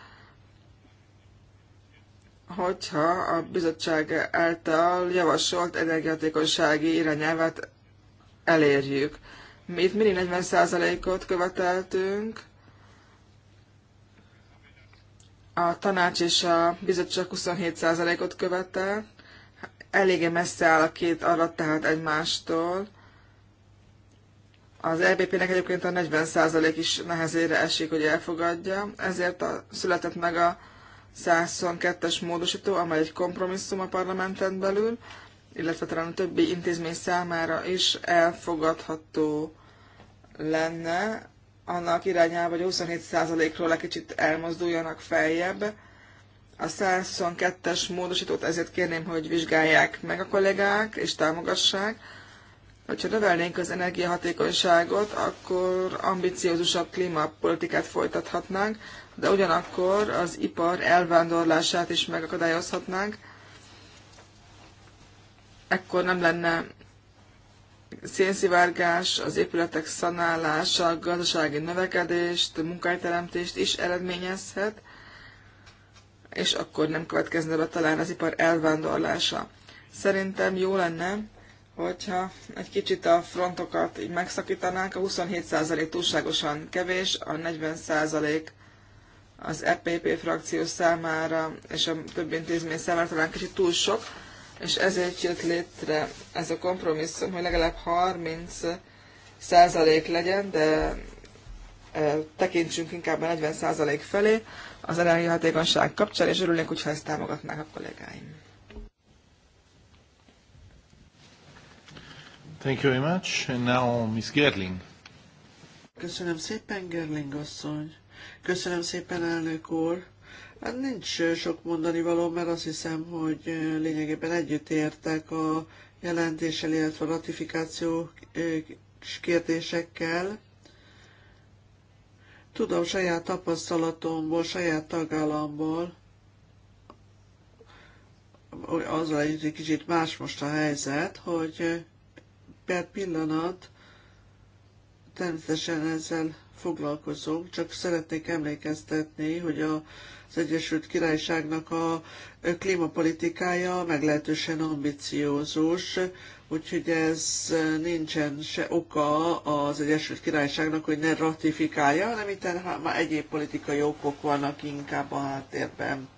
hogyha a bizottság által javasolt energiatékonysági irányelvet elérjük. Mi itt mini 40%-ot követeltünk, a tanács és a bizottság 27%-ot követel, eléggé messze áll a két adat tehát egymástól. Az ebp nek egyébként a 40% is nehezére esik, hogy elfogadja, ezért a, született meg a 122-es módosító, amely egy kompromisszum a parlamenten belül, illetve talán a többi intézmény számára is elfogadható lenne annak irányába, hogy 27%-ról egy kicsit elmozduljanak feljebb, a 122-es módosítót ezért kérném, hogy vizsgálják meg a kollégák, és támogassák. Hogyha növelnénk az energiahatékonyságot, akkor ambiciózusabb klímapolitikát folytathatnánk, de ugyanakkor az ipar elvándorlását is megakadályozhatnánk. Ekkor nem lenne szénszivárgás, az épületek szanálása, gazdasági növekedést, munkájteremtést is eredményezhet, és akkor nem következne be talán az ipar elvándorlása. Szerintem jó lenne, hogyha egy kicsit a frontokat így megszakítanák, a 27% túlságosan kevés, a 40% az EPP frakció számára és a több intézmény számára talán kicsit túl sok, és ezért jött létre ez a kompromisszum, hogy legalább 30 százalék legyen, de eh, tekintsünk inkább a 40 százalék felé, az energiahatékonyság kapcsán, és örülnék, hogyha ezt támogatnák a kollégáim. Thank you very much. And now Ms. Gerling. Köszönöm szépen, Gerling asszony. Köszönöm szépen, elnök úr. Hát nincs sok mondani való, mert azt hiszem, hogy lényegében együtt értek a jelentéssel, illetve a ratifikáció eh, kérdésekkel. Tudom saját tapasztalatomból, saját tagállamból, azzal együtt egy kicsit más most a helyzet, hogy per pillanat természetesen ezzel foglalkozunk, csak szeretnék emlékeztetni, hogy a, az Egyesült Királyságnak a klímapolitikája meglehetősen ambiciózus, úgyhogy ez nincsen se oka az Egyesült Királyságnak, hogy ne ratifikálja, hanem itt már egyéb politikai okok vannak inkább a háttérben.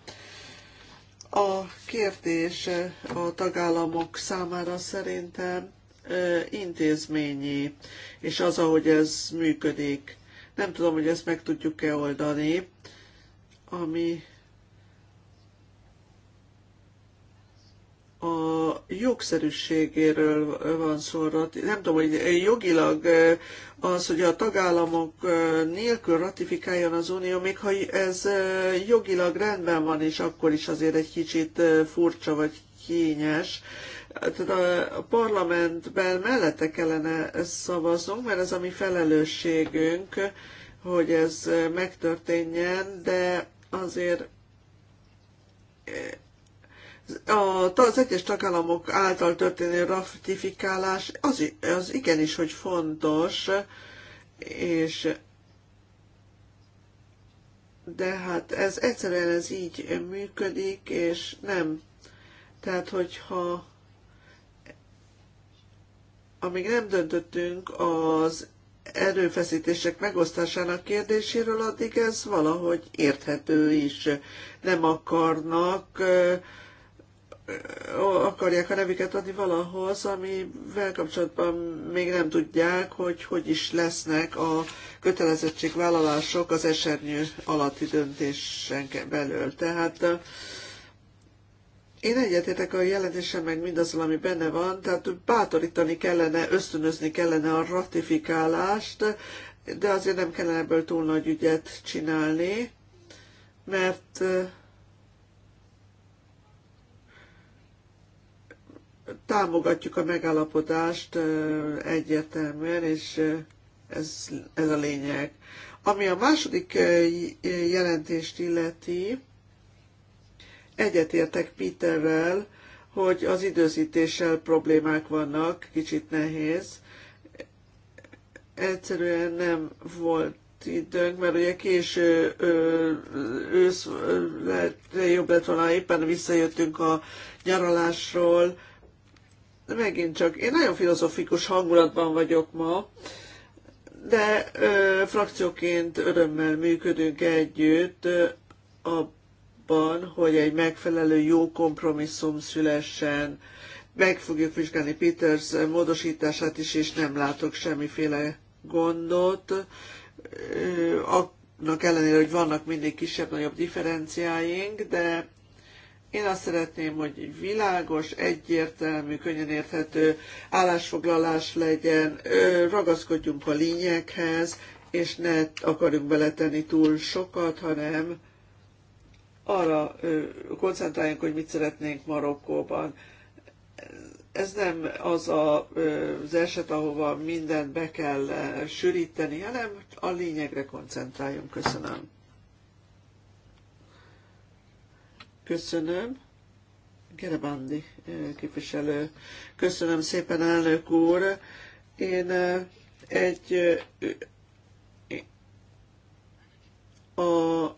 A kérdés a tagállamok számára szerintem intézményi, és az, ahogy ez működik. Nem tudom, hogy ezt meg tudjuk-e oldani, ami a jogszerűségéről van szó. Nem tudom, hogy jogilag eh, az, hogy a tagállamok eh, nélkül ratifikáljon az Unió, még ha ez eh, jogilag rendben van, és akkor is azért egy kicsit furcsa vagy kényes. Tehát a parlamentben mellette kellene szavaznunk, mert ez a mi felelősségünk, hogy ez megtörténjen, de azért az egyes tagállamok által történő ratifikálás az, az igenis, hogy fontos, és de hát ez egyszerűen ez így működik, és nem. Tehát, hogyha amíg nem döntöttünk az erőfeszítések megosztásának kérdéséről, addig ez valahogy érthető is. Nem akarnak akarják a nevüket adni valahoz, amivel kapcsolatban még nem tudják, hogy hogy is lesznek a kötelezettségvállalások az esernyő alatti döntésen belül. Tehát én egyetértek a jelentésem meg mindazzal, ami benne van, tehát bátorítani kellene, ösztönözni kellene a ratifikálást, de azért nem kellene ebből túl nagy ügyet csinálni, mert támogatjuk a megállapodást egyértelműen, és ez, ez a lényeg. Ami a második jelentést illeti, egyetértek Peterrel, hogy az időzítéssel problémák vannak, kicsit nehéz. Egyszerűen nem volt időnk, mert ugye késő ősz lett, jobb lett volna, éppen visszajöttünk a nyaralásról, megint csak, én nagyon filozofikus hangulatban vagyok ma, de ö, frakcióként örömmel működünk együtt ö, abban, hogy egy megfelelő jó kompromisszum szülessen. Meg fogjuk vizsgálni Peters módosítását is, és nem látok semmiféle gondot. Ö, annak ellenére, hogy vannak mindig kisebb-nagyobb differenciáink, de én azt szeretném, hogy egy világos, egyértelmű, könnyen érthető állásfoglalás legyen, ragaszkodjunk a lényekhez, és ne akarjuk beletenni túl sokat, hanem arra koncentráljunk, hogy mit szeretnénk Marokkóban. Ez nem az a, az eset, ahova mindent be kell sűríteni, hanem a lényegre koncentráljunk. Köszönöm. Köszönöm. Gerebandi eh, képviselő. Köszönöm szépen, elnök úr. Én eh, egy eh, a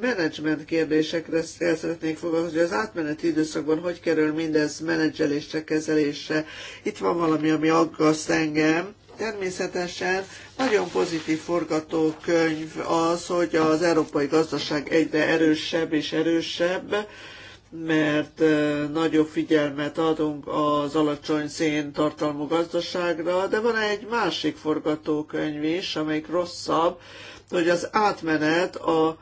menedzsment kérdésekre el szeretnék fogalmazni, hogy az átmeneti időszakban hogy kerül mindez menedzselésre, kezelésre. Itt van valami, ami aggaszt engem. Természetesen nagyon pozitív forgatókönyv az, hogy az európai gazdaság egyre erősebb és erősebb, mert nagyobb figyelmet adunk az alacsony szén tartalmú gazdaságra, de van egy másik forgatókönyv is, amelyik rosszabb, hogy az átmenet a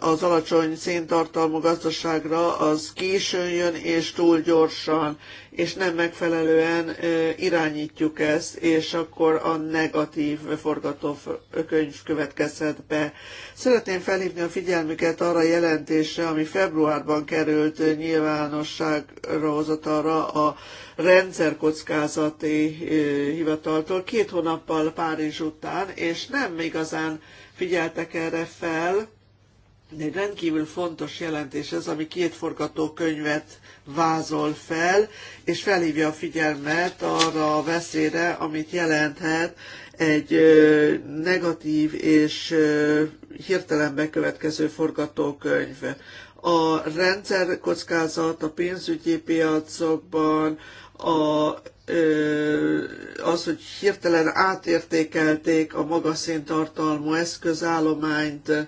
az alacsony széntartalmú gazdaságra az későn jön és túl gyorsan, és nem megfelelően irányítjuk ezt, és akkor a negatív forgatókönyv következhet be. Szeretném felhívni a figyelmüket arra a jelentésre, ami februárban került nyilvánosságra hozatalra a rendszerkockázati hivataltól két hónappal Párizs után, és nem igazán figyeltek erre fel. De egy rendkívül fontos jelentés ez, ami két forgatókönyvet vázol fel, és felhívja a figyelmet arra a veszélyre, amit jelenthet egy negatív és hirtelen bekövetkező forgatókönyv. A rendszerkockázat a pénzügyi piacokban, a az, hogy hirtelen átértékelték a magas tartalmú eszközállományt,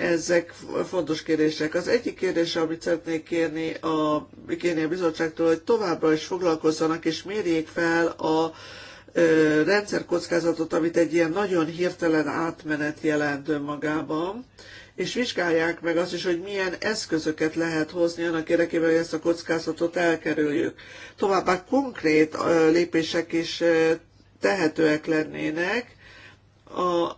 ezek fontos kérdések. Az egyik kérdés, amit szeretnék kérni a, kérni a bizottságtól, hogy továbbra is foglalkozzanak és mérjék fel a ö, rendszerkockázatot, amit egy ilyen nagyon hirtelen átmenet jelent önmagában és vizsgálják meg azt is, hogy milyen eszközöket lehet hozni annak érdekében, hogy ezt a kockázatot elkerüljük. Továbbá konkrét lépések is tehetőek lennének, a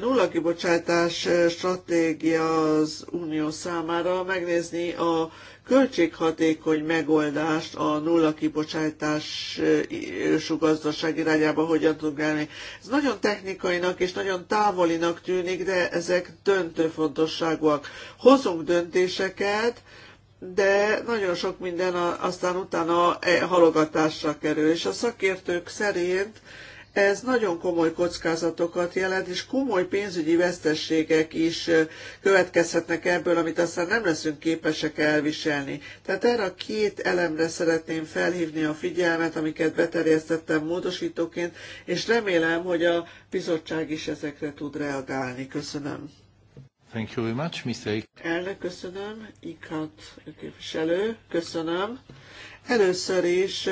nulla kibocsátás stratégia az Unió számára megnézni a költséghatékony megoldást a nulla kibocsátású gazdaság irányába hogyan tudunk elni. Ez nagyon technikainak és nagyon távolinak tűnik, de ezek döntő fontosságúak. Hozunk döntéseket, de nagyon sok minden aztán utána e, halogatásra kerül, és a szakértők szerint ez nagyon komoly kockázatokat jelent, és komoly pénzügyi vesztességek is következhetnek ebből, amit aztán nem leszünk képesek elviselni. Tehát erre a két elemre szeretném felhívni a figyelmet, amiket beterjesztettem módosítóként, és remélem, hogy a bizottság is ezekre tud reagálni. Köszönöm. Thank you very much, Mr. Elnök, köszönöm. Ikat képviselő, köszönöm. Először is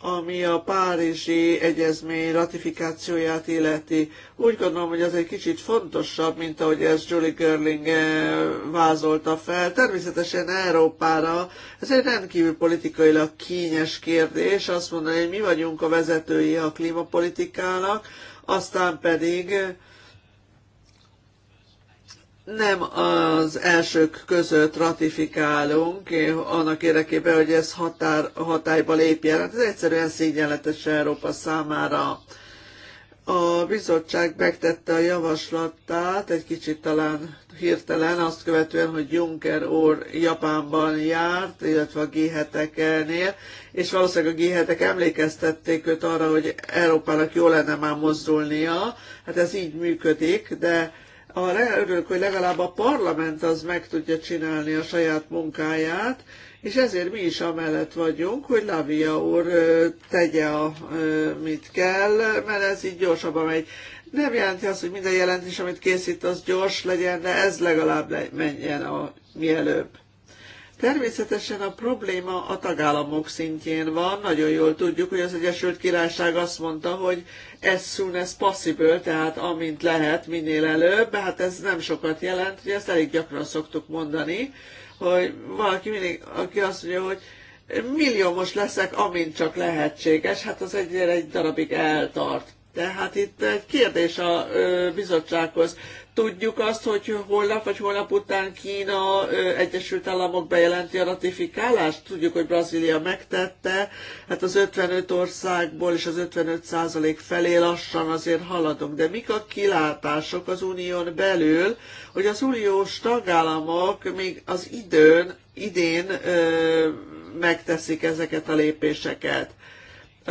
ami a Párizsi Egyezmény ratifikációját illeti. Úgy gondolom, hogy ez egy kicsit fontosabb, mint ahogy ezt Julie Görling eh, vázolta fel. Természetesen Európára ez egy rendkívül politikailag kényes kérdés, azt mondani, hogy mi vagyunk a vezetői a klímapolitikának, aztán pedig nem az elsők között ratifikálunk annak érdekében, hogy ez határ, hatályba lépjen. Hát ez egyszerűen szégyenletes Európa számára. A bizottság megtette a javaslatát, egy kicsit talán hirtelen, azt követően, hogy Juncker úr Japánban járt, illetve a g és valószínűleg a g emlékeztették őt arra, hogy Európának jó lenne már mozdulnia. Hát ez így működik, de arra örülök, hogy legalább a parlament az meg tudja csinálni a saját munkáját, és ezért mi is amellett vagyunk, hogy Lavia úr tegye, a, mit kell, mert ez így gyorsabban megy. Nem jelenti azt, hogy minden jelentés, amit készít, az gyors legyen, de ez legalább menjen a mielőbb. Természetesen a probléma a tagállamok szintjén van. Nagyon jól tudjuk, hogy az Egyesült Királyság azt mondta, hogy ez soon as possible, tehát amint lehet, minél előbb. Hát ez nem sokat jelent, hogy ezt elég gyakran szoktuk mondani, hogy valaki mindig, aki azt mondja, hogy milliómos leszek, amint csak lehetséges, hát az egyre egy darabig eltart. Tehát itt egy kérdés a bizottsághoz. Tudjuk azt, hogy holnap vagy holnap után Kína, Egyesült Államok bejelenti a ratifikálást? Tudjuk, hogy Brazília megtette. Hát az 55 országból és az 55 százalék felé lassan azért haladunk. De mik a kilátások az unión belül, hogy az uniós tagállamok még az időn, idén ö, megteszik ezeket a lépéseket?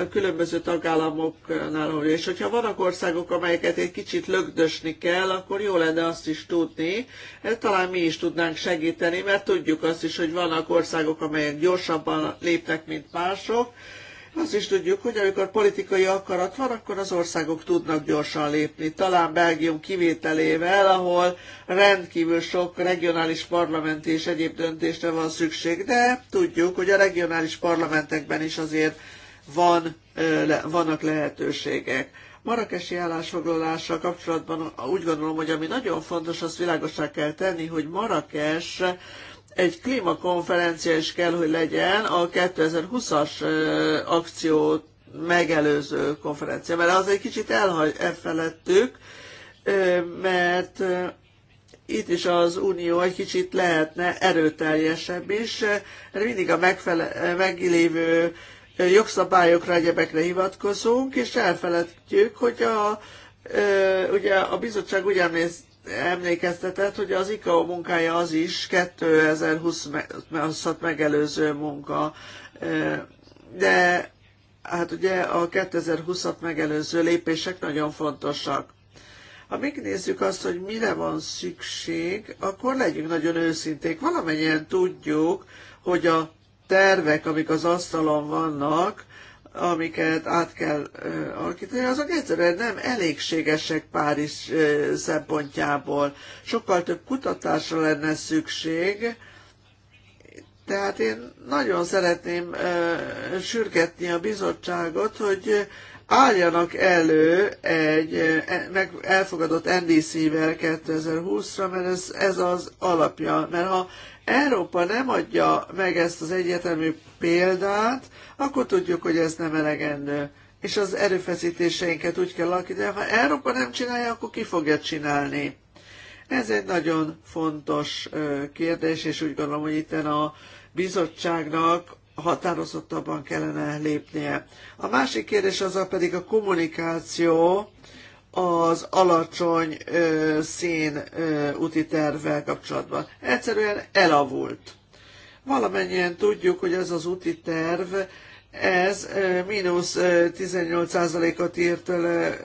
különböző tagállamoknál, és hogyha vannak országok, amelyeket egy kicsit lögdösni kell, akkor jó lenne azt is tudni. Eh, talán mi is tudnánk segíteni, mert tudjuk azt is, hogy vannak országok, amelyek gyorsabban léptek mint mások. Azt is tudjuk, hogy amikor politikai akarat van, akkor az országok tudnak gyorsan lépni. Talán Belgium kivételével, ahol rendkívül sok regionális parlament és egyéb döntésre van szükség, de tudjuk, hogy a regionális parlamentekben is azért van, vannak lehetőségek. Marakesi állásfoglalással kapcsolatban úgy gondolom, hogy ami nagyon fontos, azt világosá kell tenni, hogy Marakes egy klímakonferencia is kell, hogy legyen a 2020-as akciót megelőző konferencia, mert az egy kicsit elhagy, elfeledtük, mert itt is az unió egy kicsit lehetne erőteljesebb is, mert mindig a megfele- meglévő jogszabályokra, egyebekre hivatkozunk, és elfeledjük, hogy a, ugye a bizottság úgy emlékeztetett, hogy az ICAO munkája az is 2026 megelőző munka, de hát ugye a 2020-at megelőző lépések nagyon fontosak. Ha megnézzük azt, hogy mire van szükség, akkor legyünk nagyon őszinték. Valamennyien tudjuk, hogy a tervek, amik az asztalon vannak, amiket át kell alakítani, azok egyszerűen nem elégségesek Párizs szempontjából. Sokkal több kutatásra lenne szükség, tehát én nagyon szeretném sürgetni a bizottságot, hogy álljanak elő egy e, meg elfogadott NDC-vel 2020-ra, mert ez, ez az alapja. Mert ha Európa nem adja meg ezt az egyetemű példát, akkor tudjuk, hogy ez nem elegendő. És az erőfeszítéseinket úgy kell alakítani, ha Európa nem csinálja, akkor ki fogja csinálni. Ez egy nagyon fontos kérdés, és úgy gondolom, hogy itt a bizottságnak határozottabban kellene lépnie. A másik kérdés az a pedig a kommunikáció az alacsony ö, szén ö, úti tervvel kapcsolatban. Egyszerűen elavult. Valamennyien tudjuk, hogy ez az úti terv ez mínusz 18%-ot írt le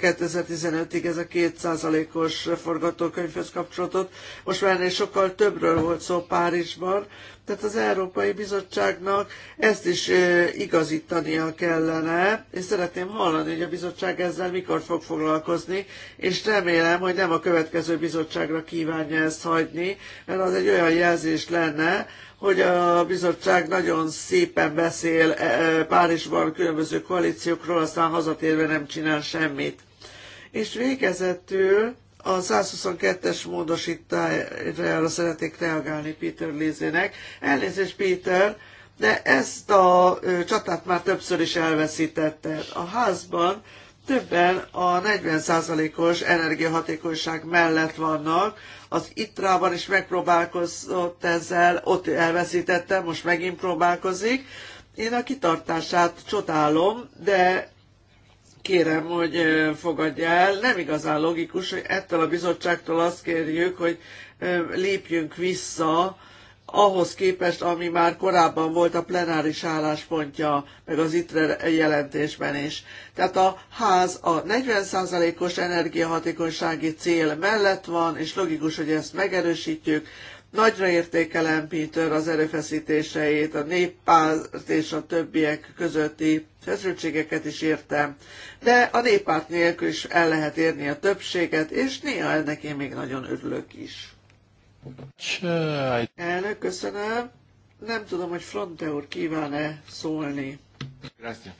2015-ig, ez a 2%-os forgatókönyvhöz kapcsolatot. Most már ennél sokkal többről volt szó Párizsban, tehát az Európai Bizottságnak ezt is igazítania kellene, és szeretném hallani, hogy a bizottság ezzel mikor fog foglalkozni, és remélem, hogy nem a következő bizottságra kívánja ezt hagyni, mert az egy olyan jelzés lenne, hogy a bizottság nagyon szépen beszél e, e, Párizsban különböző koalíciókról, aztán hazatérve nem csinál semmit. És végezetül a 122-es módosítására szeretnék reagálni Peter Lézének. Elnézést Peter, de ezt a csatát már többször is elveszítette. A házban többen a 40%-os energiahatékonyság mellett vannak, az itra is megpróbálkozott ezzel, ott elveszítette, most megint próbálkozik. Én a kitartását csodálom, de kérem, hogy fogadja el. Nem igazán logikus, hogy ettől a bizottságtól azt kérjük, hogy lépjünk vissza ahhoz képest, ami már korábban volt a plenáris álláspontja, meg az itt jelentésben is. Tehát a ház a 40%-os energiahatékonysági cél mellett van, és logikus, hogy ezt megerősítjük. Nagyra értékelem Peter az erőfeszítéseit, a néppárt és a többiek közötti feszültségeket is értem, de a néppárt nélkül is el lehet érni a többséget, és néha ennek én még nagyon örülök is. Csaj. Elnök, köszönöm. Nem tudom, hogy Fronte úr kíván-e szólni. Grazie.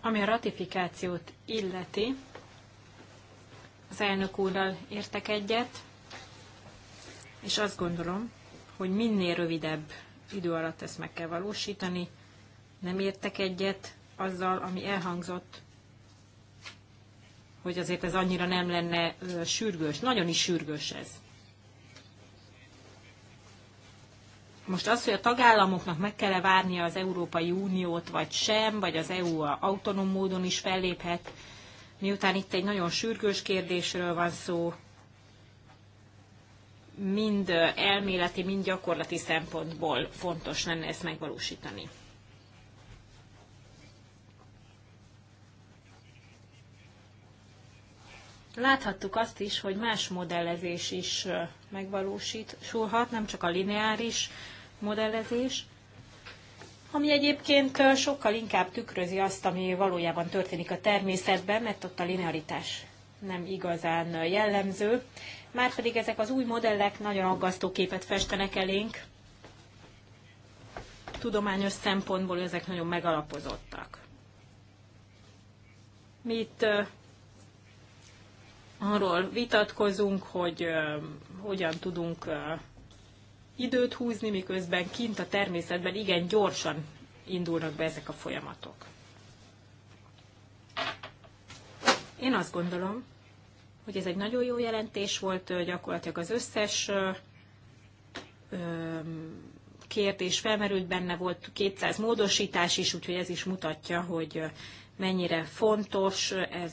Ami a ratifikációt illeti, az elnök úrral értek egyet, és azt gondolom, hogy minél rövidebb idő alatt ezt meg kell valósítani. Nem értek egyet azzal, ami elhangzott hogy azért ez annyira nem lenne sürgős. Nagyon is sürgős ez. Most az, hogy a tagállamoknak meg kell -e várnia az Európai Uniót, vagy sem, vagy az EU a autonóm módon is felléphet, miután itt egy nagyon sürgős kérdésről van szó, mind elméleti, mind gyakorlati szempontból fontos lenne ezt megvalósítani. Láthattuk azt is, hogy más modellezés is megvalósulhat, nem csak a lineáris modellezés, ami egyébként sokkal inkább tükrözi azt, ami valójában történik a természetben, mert ott a linearitás nem igazán jellemző. Márpedig ezek az új modellek nagyon aggasztó képet festenek elénk. Tudományos szempontból ezek nagyon megalapozottak. Mi itt arról vitatkozunk, hogy hogyan tudunk időt húzni, miközben kint a természetben igen gyorsan indulnak be ezek a folyamatok. Én azt gondolom, hogy ez egy nagyon jó jelentés volt, gyakorlatilag az összes kérdés felmerült benne, volt 200 módosítás is, úgyhogy ez is mutatja, hogy mennyire fontos ez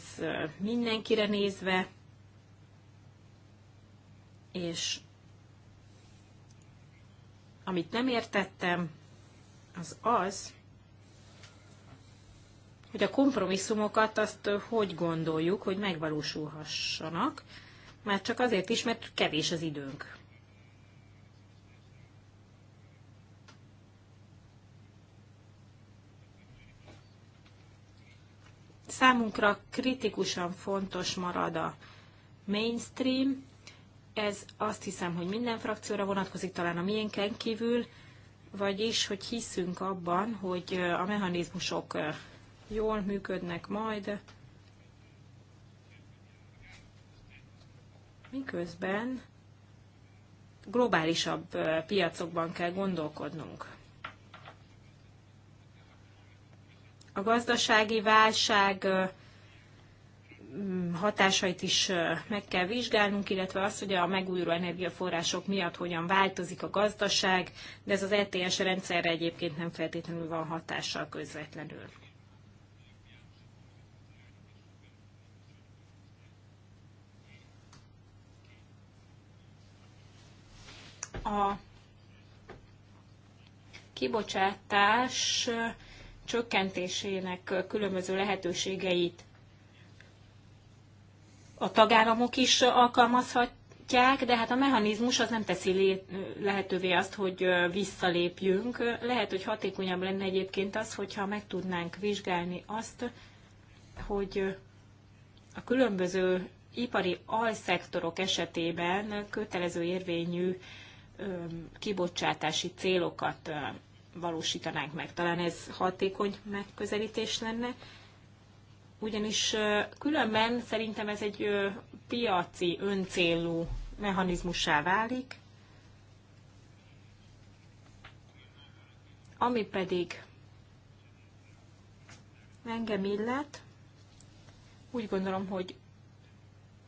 mindenkire nézve és amit nem értettem, az az, hogy a kompromisszumokat azt hogy gondoljuk, hogy megvalósulhassanak, már csak azért is, mert kevés az időnk. Számunkra kritikusan fontos marad a mainstream, ez azt hiszem, hogy minden frakcióra vonatkozik, talán a miénken kívül, vagyis, hogy hiszünk abban, hogy a mechanizmusok jól működnek majd, miközben globálisabb piacokban kell gondolkodnunk. A gazdasági válság hatásait is meg kell vizsgálnunk, illetve az, hogy a megújuló energiaforrások miatt hogyan változik a gazdaság, de ez az ETS rendszerre egyébként nem feltétlenül van hatással közvetlenül. a kibocsátás csökkentésének különböző lehetőségeit a tagállamok is alkalmazhatják, de hát a mechanizmus az nem teszi lehetővé azt, hogy visszalépjünk. Lehet, hogy hatékonyabb lenne egyébként az, hogyha meg tudnánk vizsgálni azt, hogy a különböző ipari alszektorok esetében kötelező érvényű kibocsátási célokat valósítanánk meg. Talán ez hatékony megközelítés lenne ugyanis különben szerintem ez egy piaci, öncélú mechanizmussá válik, ami pedig engem illet, úgy gondolom, hogy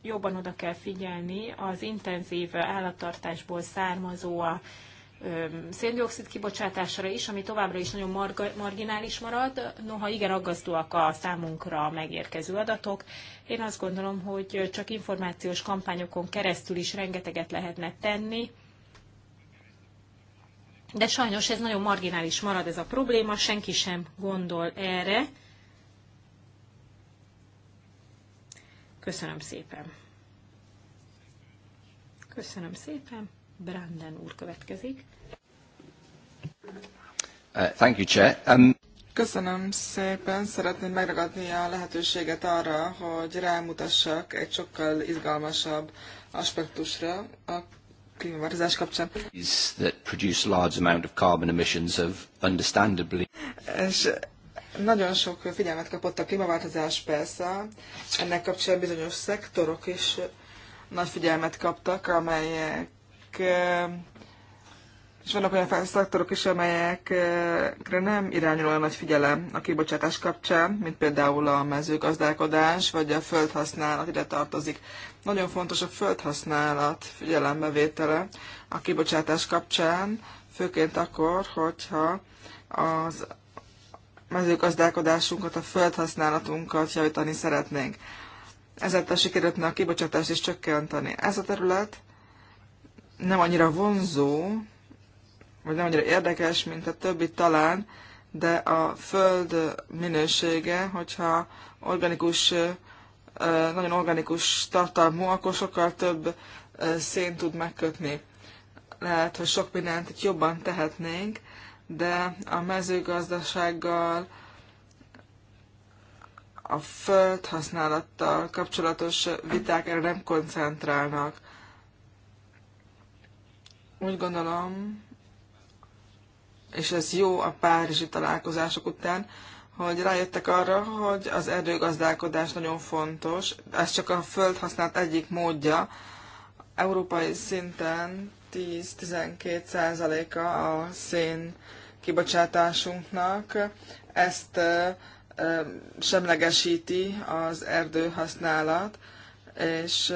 jobban oda kell figyelni az intenzív állattartásból származó a széndiokszid kibocsátásra is, ami továbbra is nagyon marga, marginális marad, noha igen aggasztóak a számunkra megérkező adatok. Én azt gondolom, hogy csak információs kampányokon keresztül is rengeteget lehetne tenni, de sajnos ez nagyon marginális marad ez a probléma, senki sem gondol erre. Köszönöm szépen. Köszönöm szépen. Branden úr következik. Uh, thank you, Chair. Um... Köszönöm szépen. Szeretném megragadni a lehetőséget arra, hogy rámutassak egy sokkal izgalmasabb aspektusra a klímaváltozás kapcsán. That produce large amount of carbon emissions of understandably. És nagyon sok figyelmet kapott a klímaváltozás persze, ennek kapcsán bizonyos szektorok is nagy figyelmet kaptak, amelyek és vannak olyan szektorok is, amelyekre nem irányul olyan nagy figyelem a kibocsátás kapcsán, mint például a mezőgazdálkodás, vagy a földhasználat ide tartozik. Nagyon fontos a földhasználat figyelembevétele a kibocsátás kapcsán, főként akkor, hogyha az mezőgazdálkodásunkat, a földhasználatunkat javítani szeretnénk. Ezáltal sikerültne a kibocsátást is csökkenteni. Ez a terület nem annyira vonzó, vagy nem annyira érdekes, mint a többi talán, de a föld minősége, hogyha organikus, nagyon organikus tartalmú, akkor sokkal több szén tud megkötni. Lehet, hogy sok mindent itt jobban tehetnénk, de a mezőgazdasággal, a föld használattal kapcsolatos viták erre nem koncentrálnak. Úgy gondolom, és ez jó a párizsi találkozások után, hogy rájöttek arra, hogy az erdőgazdálkodás nagyon fontos. Ez csak a földhasználat egyik módja. Európai szinten 10-12 százaléka a szén kibocsátásunknak. Ezt semlegesíti az erdőhasználat, és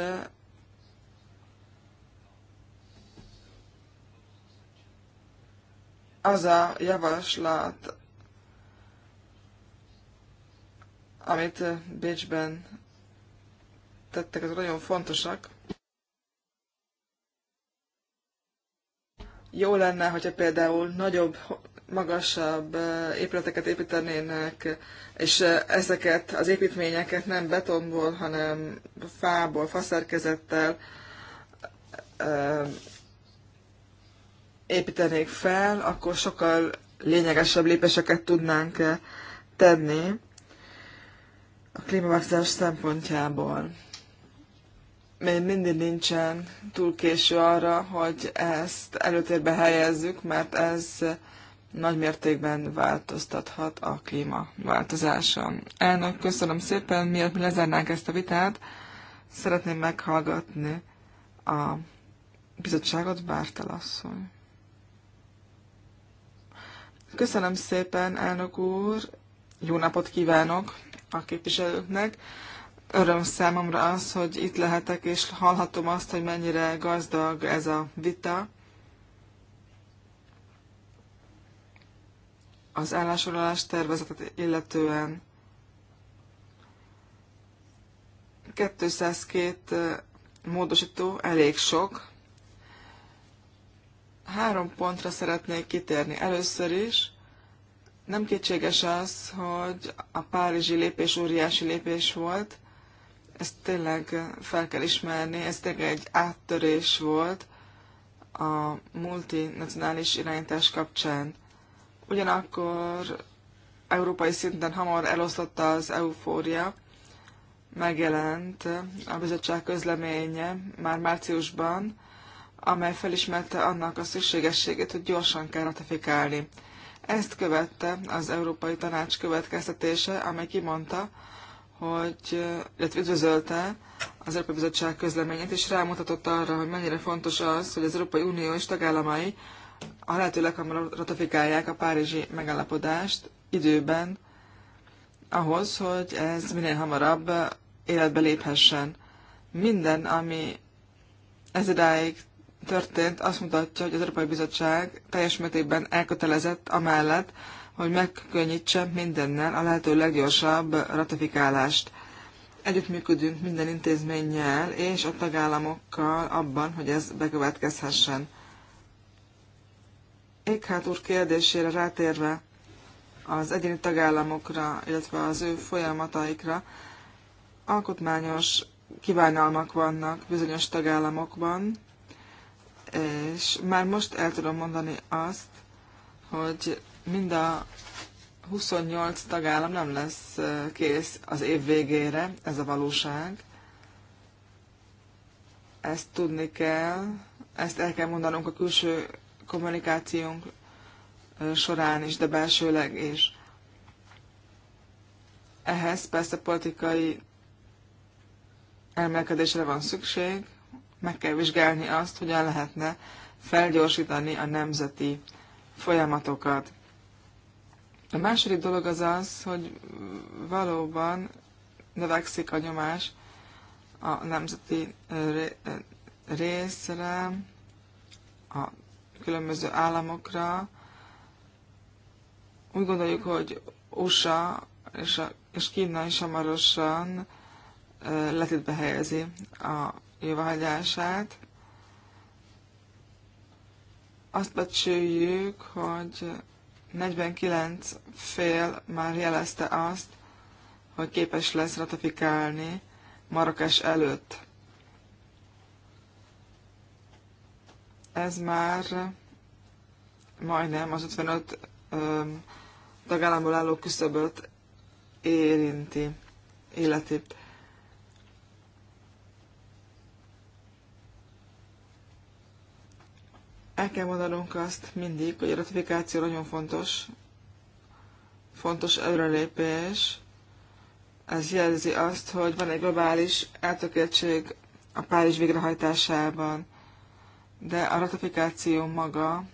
az a javaslat, amit Bécsben tettek, az nagyon fontosak. Jó lenne, hogyha például nagyobb, magasabb épületeket építenének, és ezeket az építményeket nem betonból, hanem fából, faszerkezettel építenék fel, akkor sokkal lényegesebb lépéseket tudnánk eh, tenni a klímaváltozás szempontjából. Még mindig nincsen túl késő arra, hogy ezt előtérbe helyezzük, mert ez nagy mértékben változtathat a klímaváltozáson. Elnök, köszönöm szépen, miért mi lezárnánk ezt a vitát, szeretném meghallgatni a bizottságot, Bártal asszony. Köszönöm szépen, elnök úr! Jó napot kívánok a képviselőknek! Öröm számomra az, hogy itt lehetek, és hallhatom azt, hogy mennyire gazdag ez a vita. Az állásolás tervezetet illetően 202 módosító elég sok, Három pontra szeretnék kitérni. Először is nem kétséges az, hogy a párizsi lépés óriási lépés volt. Ezt tényleg fel kell ismerni, ez tényleg egy áttörés volt a multinacionális irányítás kapcsán. Ugyanakkor európai szinten hamar eloszlotta az eufória, megjelent a bizottság közleménye már márciusban, amely felismerte annak a szükségességét, hogy gyorsan kell ratifikálni. Ezt követte az Európai Tanács következtetése, amely kimondta, hogy, illetve üdvözölte az Európai Bizottság közleményét, és rámutatott arra, hogy mennyire fontos az, hogy az Európai Unió és tagállamai a lehető leghamarabb ratifikálják a párizsi megállapodást időben ahhoz, hogy ez minél hamarabb életbe léphessen. Minden, ami ez idáig történt, azt mutatja, hogy az Európai Bizottság teljes mértékben elkötelezett amellett, hogy megkönnyítse mindennel a lehető leggyorsabb ratifikálást. Együttműködünk minden intézménnyel és a tagállamokkal abban, hogy ez bekövetkezhessen. Éghát úr kérdésére rátérve az egyéni tagállamokra, illetve az ő folyamataikra, alkotmányos kívánalmak vannak bizonyos tagállamokban, és már most el tudom mondani azt, hogy mind a 28 tagállam nem lesz kész az év végére, ez a valóság. Ezt tudni kell, ezt el kell mondanunk a külső kommunikációnk során is, de belsőleg is. Ehhez persze politikai elmelkedésre van szükség, meg kell vizsgálni azt, hogyan lehetne felgyorsítani a nemzeti folyamatokat. A második dolog az az, hogy valóban növekszik a nyomás a nemzeti részre, a különböző államokra. Úgy gondoljuk, hogy USA és, a, és Kína is hamarosan letétbe helyezi a jóváhagyását. Azt becsüljük, hogy 49 fél már jelezte azt, hogy képes lesz ratifikálni Marokes előtt. Ez már majdnem az 55 tagállamból álló küszöböt érinti, illeti. el kell mondanunk azt mindig, hogy a ratifikáció nagyon fontos, fontos előrelépés. Ez jelzi azt, hogy van egy globális eltökéltség a Párizs végrehajtásában, de a ratifikáció maga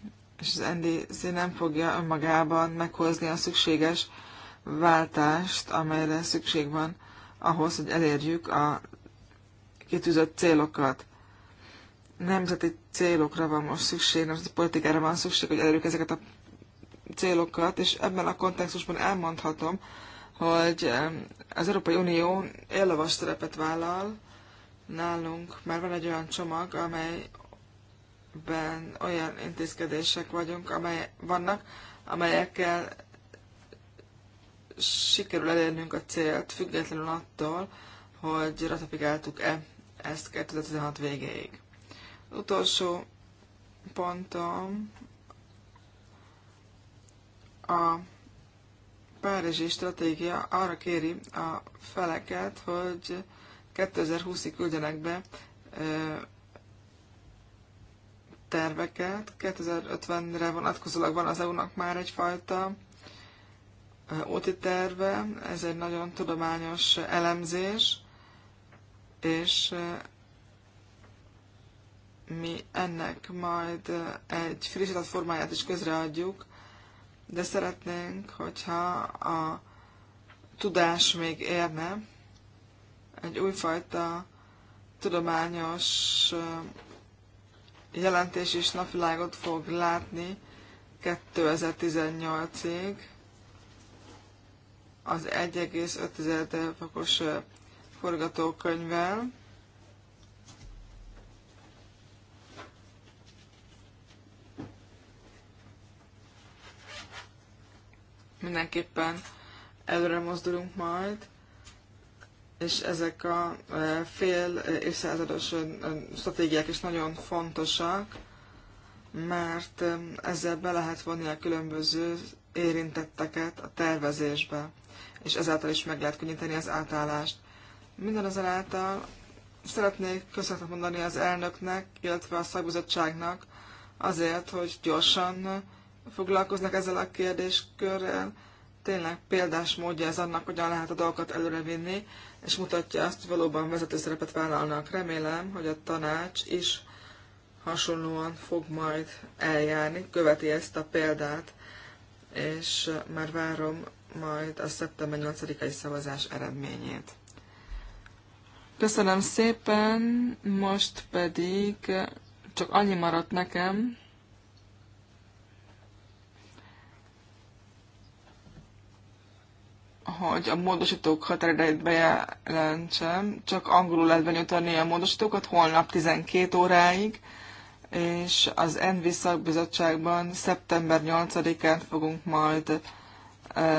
és az NDC nem fogja önmagában meghozni a szükséges váltást, amelyre szükség van ahhoz, hogy elérjük a kitűzött célokat nemzeti célokra van most szükség, nemzeti politikára van szükség, hogy elérjük ezeket a célokat, és ebben a kontextusban elmondhatom, hogy az Európai Unió éllavas szerepet vállal nálunk. mert van egy olyan csomag, amelyben olyan intézkedések vagyunk, amely, vannak, amelyekkel sikerül elérnünk a célt, függetlenül attól, hogy ratifikáltuk-e ezt 2016 végéig. Utolsó pontom a Párizsi stratégia arra kéri a feleket, hogy 2020-ig küldjenek be terveket. 2050-re vonatkozólag van az EU-nak már egyfajta úti terve, ez egy nagyon tudományos elemzés, és mi ennek majd egy frissített formáját is közreadjuk, de szeretnénk, hogyha a tudás még érne, egy újfajta tudományos jelentés is napvilágot fog látni 2018-ig az 1,5 fokos forgatókönyvvel. mindenképpen előre mozdulunk majd, és ezek a e, fél évszázados e, e, stratégiák is nagyon fontosak, mert ezzel be lehet vonni a különböző érintetteket a tervezésbe, és ezáltal is meg lehet könnyíteni az átállást. Minden azáltal szeretnék köszönetet mondani az elnöknek, illetve a szakbizottságnak azért, hogy gyorsan foglalkoznak ezzel a kérdéskörrel, tényleg példás módja ez annak, hogyan lehet a dolgokat előrevinni, és mutatja azt, hogy valóban vezető szerepet vállalnak. Remélem, hogy a tanács is hasonlóan fog majd eljárni, követi ezt a példát, és már várom majd a szeptember 8-ai szavazás eredményét. Köszönöm szépen, most pedig csak annyi maradt nekem, hogy a módosítók határidejét bejelentsem, csak angolul lehet benyújtani a módosítókat holnap 12 óráig, és az ENVI szakbizottságban szeptember 8-án fogunk majd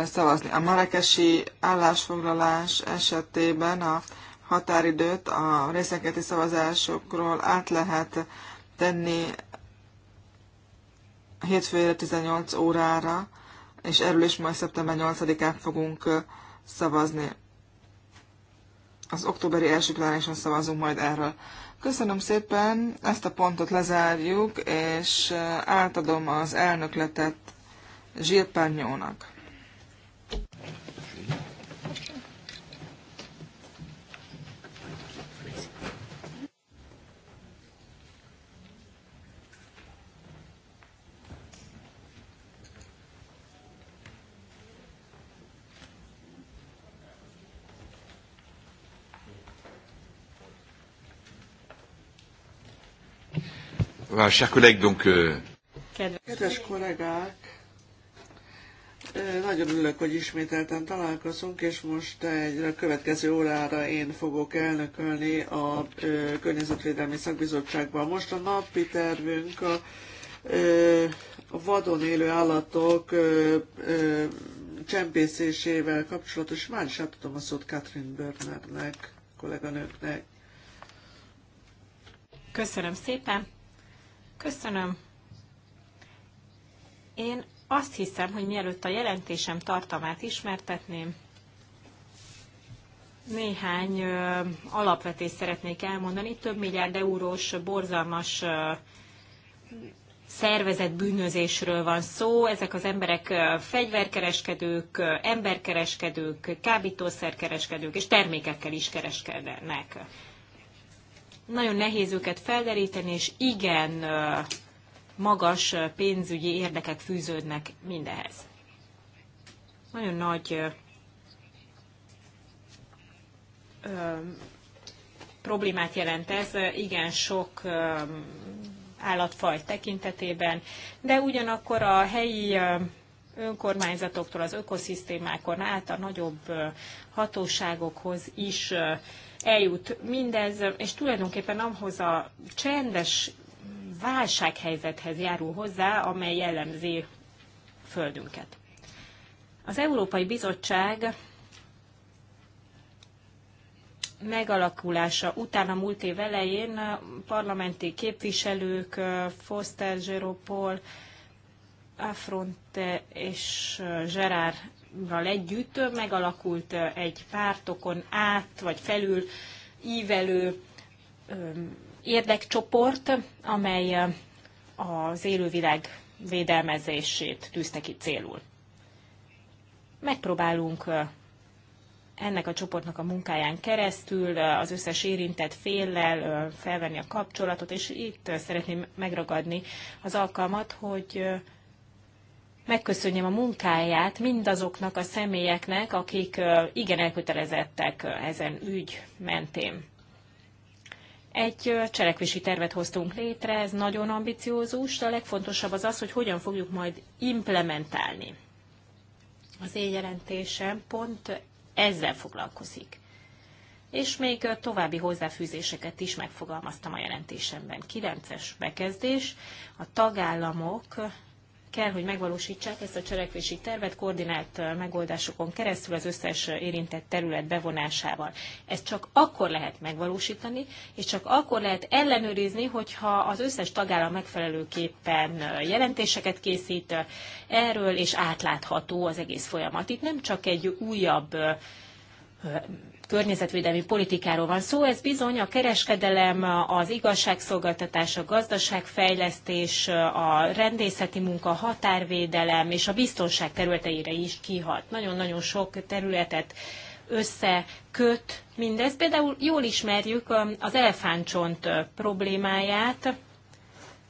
szavazni. A marekesi állásfoglalás esetében a határidőt a részenketi szavazásokról át lehet tenni hétfőre 18 órára, és erről is majd szeptember 8-án fogunk szavazni. Az októberi első plenárison szavazunk majd erről. Köszönöm szépen, ezt a pontot lezárjuk, és átadom az elnökletet Zsírpárnyónak. Euh, Kedves kollégák, nagyon örülök, hogy ismételten találkozunk, és most egy a következő órára én fogok elnökölni a Környezetvédelmi Szakbizottságban. Most a napi tervünk a, vadon élő állatok csempészésével kapcsolatos. Már is átadom a szót Catherine Börnernek, kolléganőknek. Köszönöm szépen! Köszönöm. Én azt hiszem, hogy mielőtt a jelentésem tartalmát ismertetném, néhány ö, alapvetést szeretnék elmondani. Több milliárd eurós borzalmas ö, szervezett bűnözésről van szó. Ezek az emberek fegyverkereskedők, emberkereskedők, kábítószerkereskedők és termékekkel is kereskednek. Nagyon nehéz őket felderíteni, és igen magas pénzügyi érdekek fűződnek mindehez. Nagyon nagy ö, problémát jelent ez, igen sok ö, állatfaj tekintetében, de ugyanakkor a helyi önkormányzatoktól az ökoszisztémákon át a nagyobb hatóságokhoz is eljut mindez, és tulajdonképpen ahhoz a csendes válsághelyzethez járul hozzá, amely jellemzi földünket. Az Európai Bizottság megalakulása után a múlt év elején parlamenti képviselők, Foster, Zseropol, Affronte és Gerard együtt megalakult egy pártokon át vagy felül ívelő érdekcsoport, amely az élővilág védelmezését tűzte ki célul. Megpróbálunk ennek a csoportnak a munkáján keresztül az összes érintett féllel felvenni a kapcsolatot, és itt szeretném megragadni az alkalmat, hogy megköszönjem a munkáját mindazoknak a személyeknek, akik igen elkötelezettek ezen ügy mentén. Egy cselekvési tervet hoztunk létre, ez nagyon ambiciózus, a legfontosabb az az, hogy hogyan fogjuk majd implementálni. Az én jelentésem pont ezzel foglalkozik. És még további hozzáfűzéseket is megfogalmaztam a jelentésemben. 9-es bekezdés. A tagállamok kell, hogy megvalósítsák ezt a cselekvési tervet koordinált megoldásokon keresztül az összes érintett terület bevonásával. Ezt csak akkor lehet megvalósítani, és csak akkor lehet ellenőrizni, hogyha az összes tagállam megfelelőképpen jelentéseket készít erről, és átlátható az egész folyamat. Itt nem csak egy újabb környezetvédelmi politikáról van szó, ez bizony a kereskedelem, az igazságszolgáltatás, a gazdaságfejlesztés, a rendészeti munka, határvédelem és a biztonság területeire is kihat. Nagyon-nagyon sok területet összeköt mindez. Például jól ismerjük um, az elefántcsont uh, problémáját,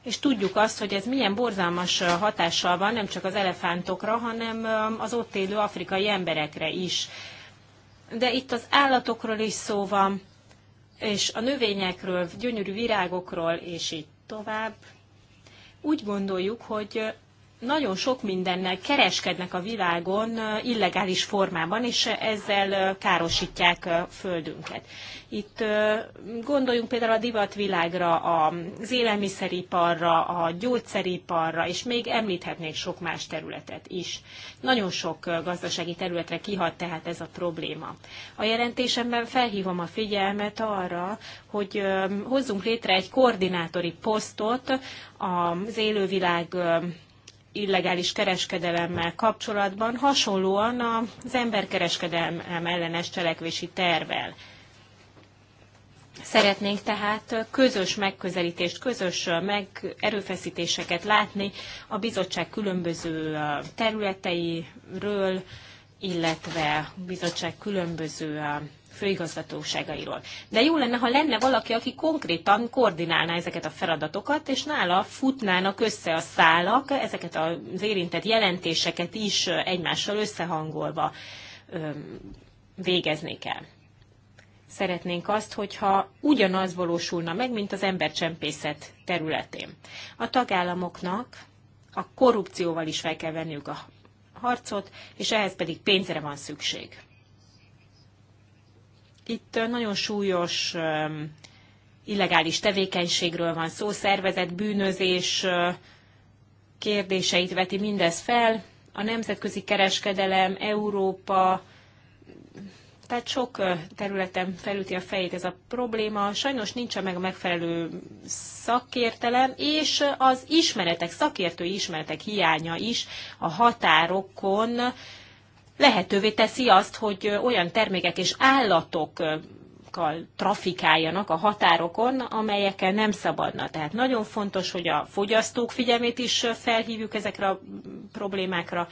és tudjuk azt, hogy ez milyen borzalmas uh, hatással van nem csak az elefántokra, hanem um, az ott élő afrikai emberekre is de itt az állatokról is szó van, és a növényekről, gyönyörű virágokról, és így tovább. Úgy gondoljuk, hogy nagyon sok mindennel kereskednek a világon illegális formában, és ezzel károsítják a földünket. Itt gondoljunk például a divatvilágra, az élelmiszeriparra, a gyógyszeriparra, és még említhetnék sok más területet is. Nagyon sok gazdasági területre kihat tehát ez a probléma. A jelentésemben felhívom a figyelmet arra, hogy hozzunk létre egy koordinátori posztot az élővilág illegális kereskedelemmel kapcsolatban, hasonlóan az emberkereskedelem ellenes cselekvési tervel. Szeretnénk tehát közös megközelítést, közös meg erőfeszítéseket látni a bizottság különböző területeiről, illetve a bizottság különböző főigazgatóságairól. De jó lenne, ha lenne valaki, aki konkrétan koordinálná ezeket a feladatokat, és nála futnának össze a szálak, ezeket az érintett jelentéseket is egymással összehangolva végeznék el. Szeretnénk azt, hogyha ugyanaz valósulna meg, mint az embercsempészet területén. A tagállamoknak a korrupcióval is fel kell venniük a harcot, és ehhez pedig pénzre van szükség. Itt nagyon súlyos illegális tevékenységről van szó, szervezett bűnözés kérdéseit veti mindez fel. A nemzetközi kereskedelem, Európa, tehát sok területen felüti a fejét ez a probléma. Sajnos nincs meg a megfelelő szakértelem, és az ismeretek, szakértői ismeretek hiánya is a határokon lehetővé teszi azt, hogy olyan termékek és állatok trafikáljanak a határokon, amelyekkel nem szabadna. Tehát nagyon fontos, hogy a fogyasztók figyelmét is felhívjuk ezekre a problémákra,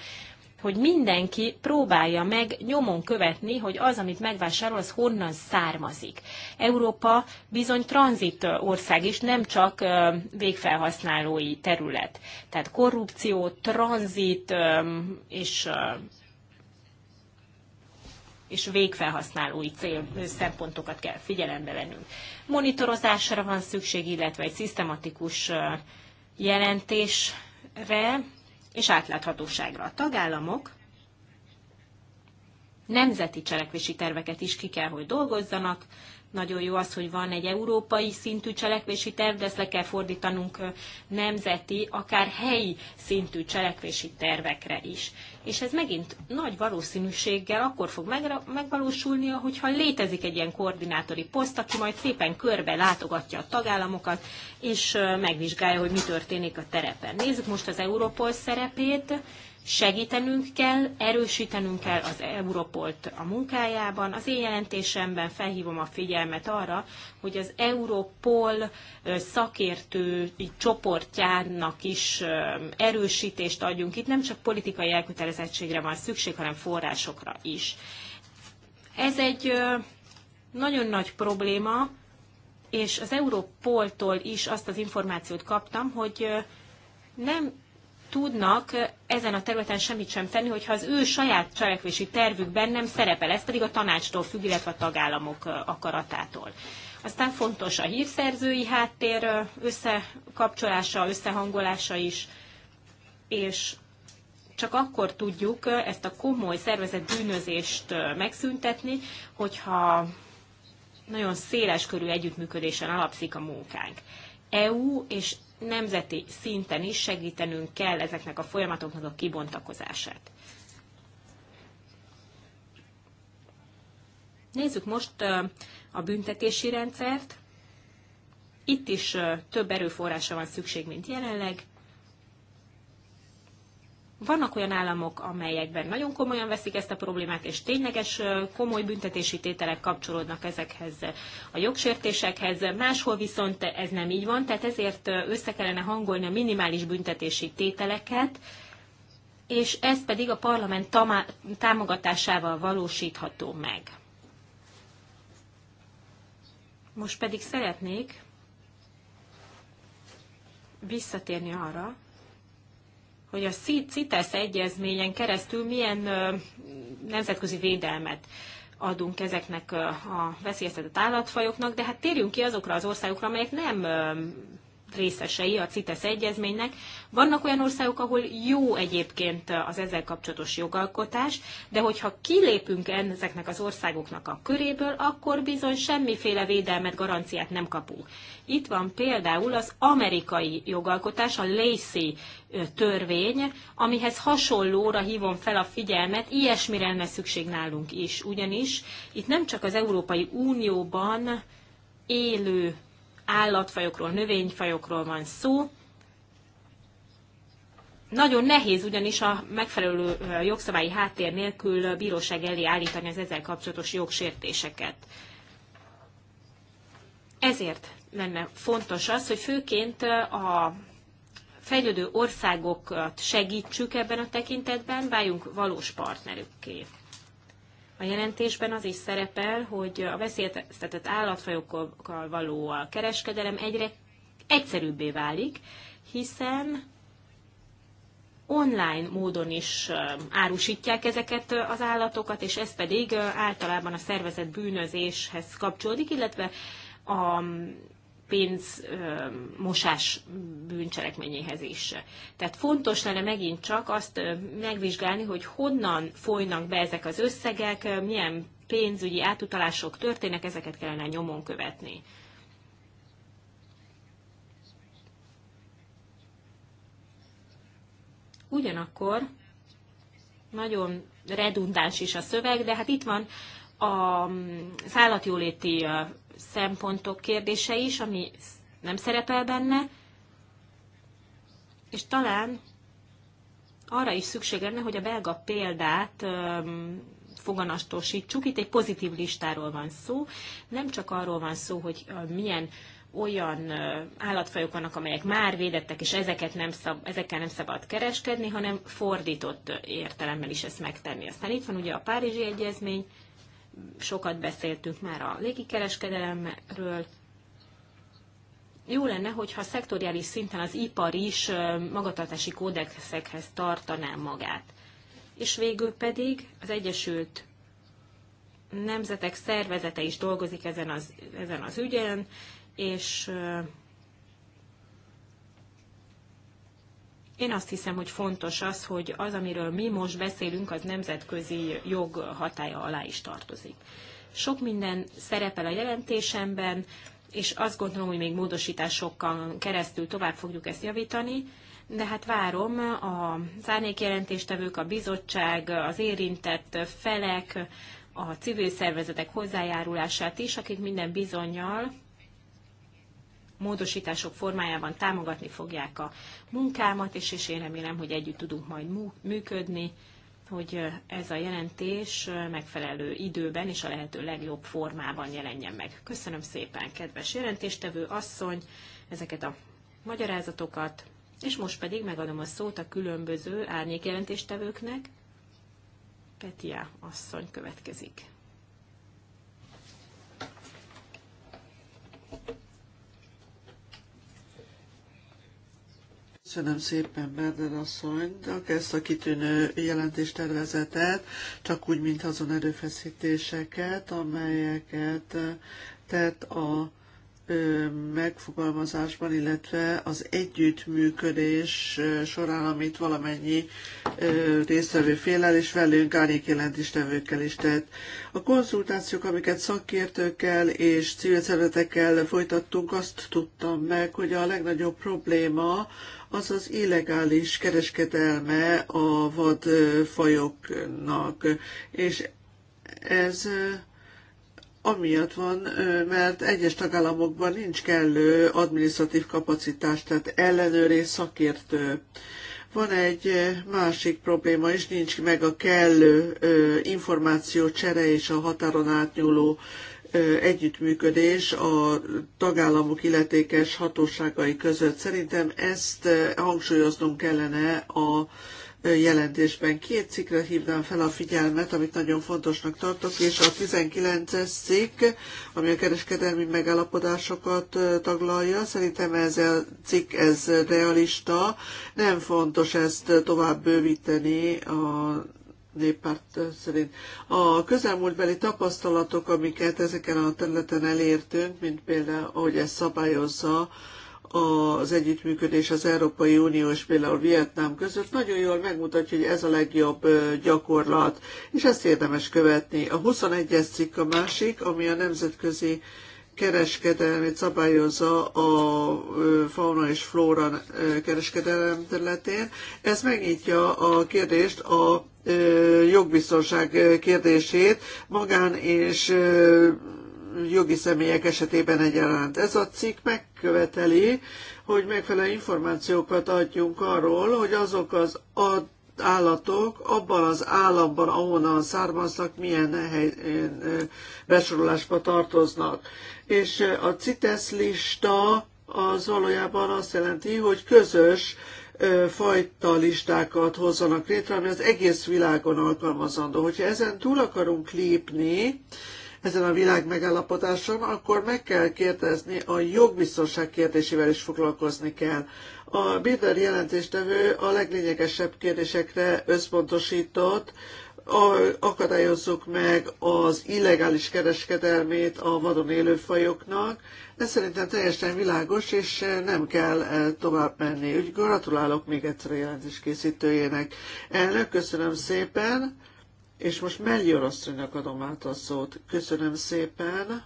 hogy mindenki próbálja meg nyomon követni, hogy az, amit megvásárol, az honnan származik. Európa bizony tranzit ország is, nem csak végfelhasználói terület. Tehát korrupció, tranzit és és végfelhasználói cél szempontokat kell figyelembe vennünk. Monitorozásra van szükség, illetve egy szisztematikus jelentésre és átláthatóságra. A tagállamok nemzeti cselekvési terveket is ki kell, hogy dolgozzanak. Nagyon jó az, hogy van egy európai szintű cselekvési terv, de ezt le kell fordítanunk nemzeti, akár helyi szintű cselekvési tervekre is és ez megint nagy valószínűséggel akkor fog megvalósulnia, hogyha létezik egy ilyen koordinátori poszt, aki majd szépen körbe látogatja a tagállamokat, és megvizsgálja, hogy mi történik a terepen. Nézzük most az Europol szerepét segítenünk kell, erősítenünk kell az Európolt a munkájában. Az én jelentésemben felhívom a figyelmet arra, hogy az Európol szakértő csoportjának is erősítést adjunk. Itt nem csak politikai elkötelezettségre van szükség, hanem forrásokra is. Ez egy nagyon nagy probléma, és az Európoltól is azt az információt kaptam, hogy nem tudnak ezen a területen semmit sem tenni, hogyha az ő saját cselekvési tervükben nem szerepel. Ez pedig a tanácstól függ, illetve a tagállamok akaratától. Aztán fontos a hírszerzői háttér összekapcsolása, összehangolása is, és csak akkor tudjuk ezt a komoly szervezett bűnözést megszüntetni, hogyha nagyon széles körű együttműködésen alapszik a munkánk. EU és nemzeti szinten is segítenünk kell ezeknek a folyamatoknak a kibontakozását. Nézzük most a büntetési rendszert. Itt is több erőforrásra van szükség, mint jelenleg. Vannak olyan államok, amelyekben nagyon komolyan veszik ezt a problémát, és tényleges komoly büntetési tételek kapcsolódnak ezekhez a jogsértésekhez. Máshol viszont ez nem így van, tehát ezért össze kellene hangolni a minimális büntetési tételeket, és ez pedig a parlament támogatásával valósítható meg. Most pedig szeretnék visszatérni arra, hogy a CITES egyezményen keresztül milyen nemzetközi védelmet adunk ezeknek a veszélyeztetett állatfajoknak, de hát térjünk ki azokra az országokra, amelyek nem részesei a CITES egyezménynek. Vannak olyan országok, ahol jó egyébként az ezzel kapcsolatos jogalkotás, de hogyha kilépünk ezeknek az országoknak a köréből, akkor bizony semmiféle védelmet, garanciát nem kapunk. Itt van például az amerikai jogalkotás, a Lacey törvény, amihez hasonlóra hívom fel a figyelmet, ilyesmire lenne szükség nálunk is, ugyanis itt nem csak az Európai Unióban élő állatfajokról, növényfajokról van szó. Nagyon nehéz ugyanis a megfelelő jogszabályi háttér nélkül bíróság elé állítani az ezzel kapcsolatos jogsértéseket. Ezért lenne fontos az, hogy főként a fejlődő országokat segítsük ebben a tekintetben, váljunk valós partnerükké. A jelentésben az is szerepel, hogy a veszélyeztetett állatfajokkal való a kereskedelem egyre egyszerűbbé válik, hiszen online módon is um, árusítják ezeket az állatokat, és ez pedig uh, általában a szervezet bűnözéshez kapcsolódik, illetve a um, pénzmosás bűncselekményéhez is. Tehát fontos lenne megint csak azt megvizsgálni, hogy honnan folynak be ezek az összegek, milyen pénzügyi átutalások történnek, ezeket kellene nyomon követni. Ugyanakkor nagyon redundáns is a szöveg, de hát itt van az mm, állatjóléti szempontok kérdése is, ami nem szerepel benne, és talán arra is szükség lenne, hogy a belga példát mm, foganatosítsuk. Itt egy pozitív listáról van szó. Nem csak arról van szó, hogy milyen olyan állatfajok vannak, amelyek már védettek, és ezeket nem szab, ezekkel nem szabad kereskedni, hanem fordított értelemben is ezt megtenni. Aztán itt van ugye a Párizsi Egyezmény, sokat beszéltünk már a légikereskedelemről. Jó lenne, hogyha szektoriális szinten az ipar is magatartási kódexekhez tartaná magát. És végül pedig az Egyesült Nemzetek Szervezete is dolgozik ezen az, ezen az ügyen, és Én azt hiszem, hogy fontos az, hogy az, amiről mi most beszélünk, az nemzetközi jog hatája alá is tartozik. Sok minden szerepel a jelentésemben, és azt gondolom, hogy még módosításokkal keresztül tovább fogjuk ezt javítani, de hát várom a árnyékjelentéstevők, a bizottság, az érintett felek, a civil szervezetek hozzájárulását is, akik minden bizonyal módosítások formájában támogatni fogják a munkámat, és, és én remélem, hogy együtt tudunk majd működni, hogy ez a jelentés megfelelő időben és a lehető legjobb formában jelenjen meg. Köszönöm szépen, kedves jelentéstevő asszony, ezeket a magyarázatokat, és most pedig megadom a szót a különböző árnyékjelentéstevőknek. Petia asszony következik. Köszönöm szépen Berner asszonynak ezt a kitűnő jelentéstervezetet, csak úgy, mint azon erőfeszítéseket, amelyeket tett a megfogalmazásban, illetve az együttműködés során, amit valamennyi résztvevő félel és velünk árnyékjelentéstevőkkel is tett. A konzultációk, amiket szakértőkkel és civil szervezetekkel folytattunk, azt tudtam meg, hogy a legnagyobb probléma az az illegális kereskedelme a vadfajoknak, és ez amiatt van, mert egyes tagállamokban nincs kellő administratív kapacitás, tehát ellenőrész szakértő. Van egy másik probléma is, nincs meg a kellő információ csere és a határon átnyúló együttműködés a tagállamok illetékes hatóságai között. Szerintem ezt hangsúlyoznunk kellene a jelentésben. Két cikkre hívnám fel a figyelmet, amit nagyon fontosnak tartok, és a 19-es cikk, ami a kereskedelmi megállapodásokat taglalja. Szerintem ez a cikk, ez realista. Nem fontos ezt tovább bővíteni a néppárt szerint. A közelmúltbeli tapasztalatok, amiket ezeken a területen elértünk, mint például, ahogy ez szabályozza az együttműködés az Európai Unió és például Vietnám között nagyon jól megmutatja, hogy ez a legjobb gyakorlat, és ezt érdemes követni. A 21-es cikk a másik, ami a nemzetközi kereskedelmét szabályozza a fauna és flóra kereskedelem területén. Ez megnyitja a kérdést a jogbiztonság kérdését magán és jogi személyek esetében egyaránt. Ez a cikk megköveteli, hogy megfelelő információkat adjunk arról, hogy azok az ad állatok abban az államban, ahonnan származnak, milyen hely, eh, eh, besorolásba tartoznak. És eh, a CITES lista az valójában azt jelenti, hogy közös fajta listákat hozzanak létre, ami az egész világon alkalmazandó. Hogyha ezen túl akarunk lépni, ezen a világ megállapodáson, akkor meg kell kérdezni, a jogbiztonság kérdésével is foglalkozni kell. A Bider jelentéstevő a leglényegesebb kérdésekre összpontosított, akadályozzuk meg az illegális kereskedelmét a vadon élő fajoknak. Ez szerintem teljesen világos, és nem kell eh, tovább menni. Úgy gratulálok még egyszer a jelentés készítőjének. Elnök, köszönöm szépen. És most Mellior asszonynak adom át a szót. Köszönöm szépen.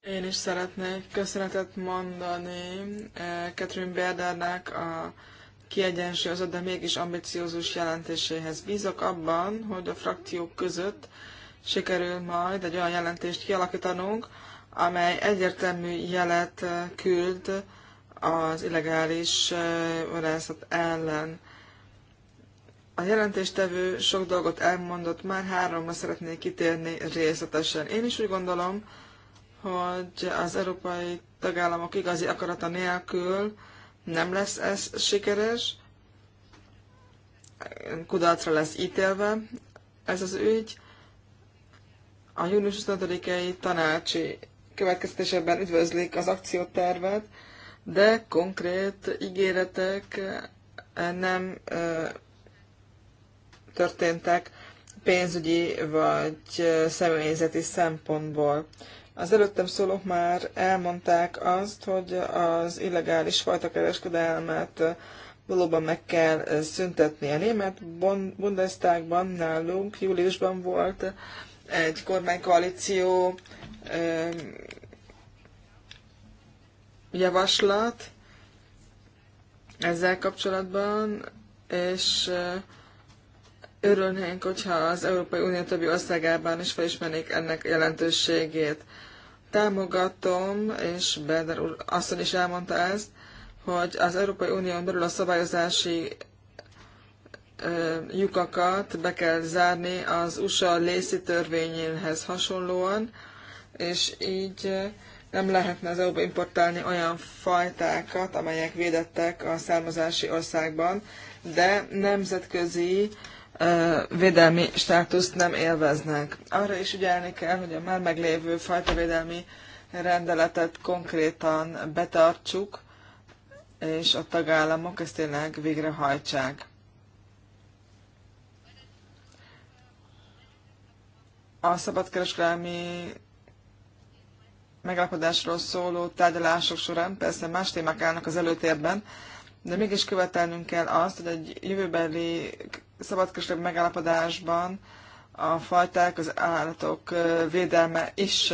Én is szeretnék köszönetet mondani eh, Catherine Berdernek a kiegyensúlyozott, de mégis ambiciózus jelentéséhez. Bízok abban, hogy a frakciók között sikerül majd egy olyan jelentést kialakítanunk, amely egyértelmű jelet eh, küld az illegális vadászat eh, ellen. A jelentéstevő sok dolgot elmondott, már háromra szeretnék kitérni részletesen. Én is úgy gondolom, hogy az európai tagállamok igazi akarata nélkül nem lesz ez sikeres, kudarcra lesz ítélve ez az ügy. A június 25-i tanácsi következtetésében üdvözlik az akciótervet, de konkrét ígéretek eh, nem eh, történtek pénzügyi vagy személyzeti szempontból. Az előttem szólók már elmondták azt, hogy az illegális fajta kereskedelmet valóban meg kell szüntetni. A német Bundestagban nálunk júliusban volt egy kormánykoalíció javaslat ezzel kapcsolatban, és Örülnénk, hogyha az Európai Unió többi országában is felismernék ennek jelentőségét. Támogatom, és Bender úr asszony is elmondta ezt, hogy az Európai Unión belül a szabályozási lyukakat be kell zárni az USA lészi törvényéhez hasonlóan, és így nem lehetne az EU-ba importálni olyan fajtákat, amelyek védettek a származási országban, de nemzetközi védelmi státuszt nem élveznek. Arra is ügyelni kell, hogy a már meglévő fajta védelmi rendeletet konkrétan betartsuk, és a tagállamok ezt tényleg végrehajtsák. A szabadkereskedelmi megállapodásról szóló tárgyalások során persze más témák állnak az előtérben, de mégis követelnünk kell azt, hogy egy jövőbeli szabadkereskedelmi megállapodásban a fajták, az állatok védelme is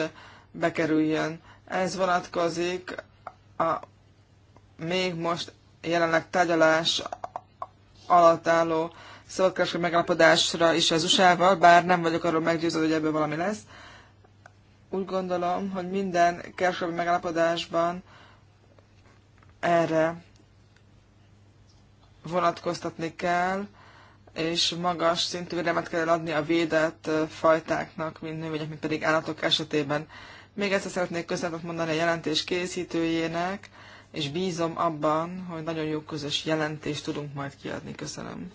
bekerüljön. Ez vonatkozik a még most jelenleg tárgyalás alatt álló szabadkereskedelmi megállapodásra is az USA-val, bár nem vagyok arról meggyőződve, hogy ebből valami lesz. Úgy gondolom, hogy minden kereskedelmi megállapodásban erre vonatkoztatni kell, és magas szintű védelmet kell adni a védett fajtáknak, mint növények, mint pedig állatok esetében. Még egyszer szeretnék köszönetet mondani a jelentés készítőjének, és bízom abban, hogy nagyon jó közös jelentést tudunk majd kiadni. Köszönöm.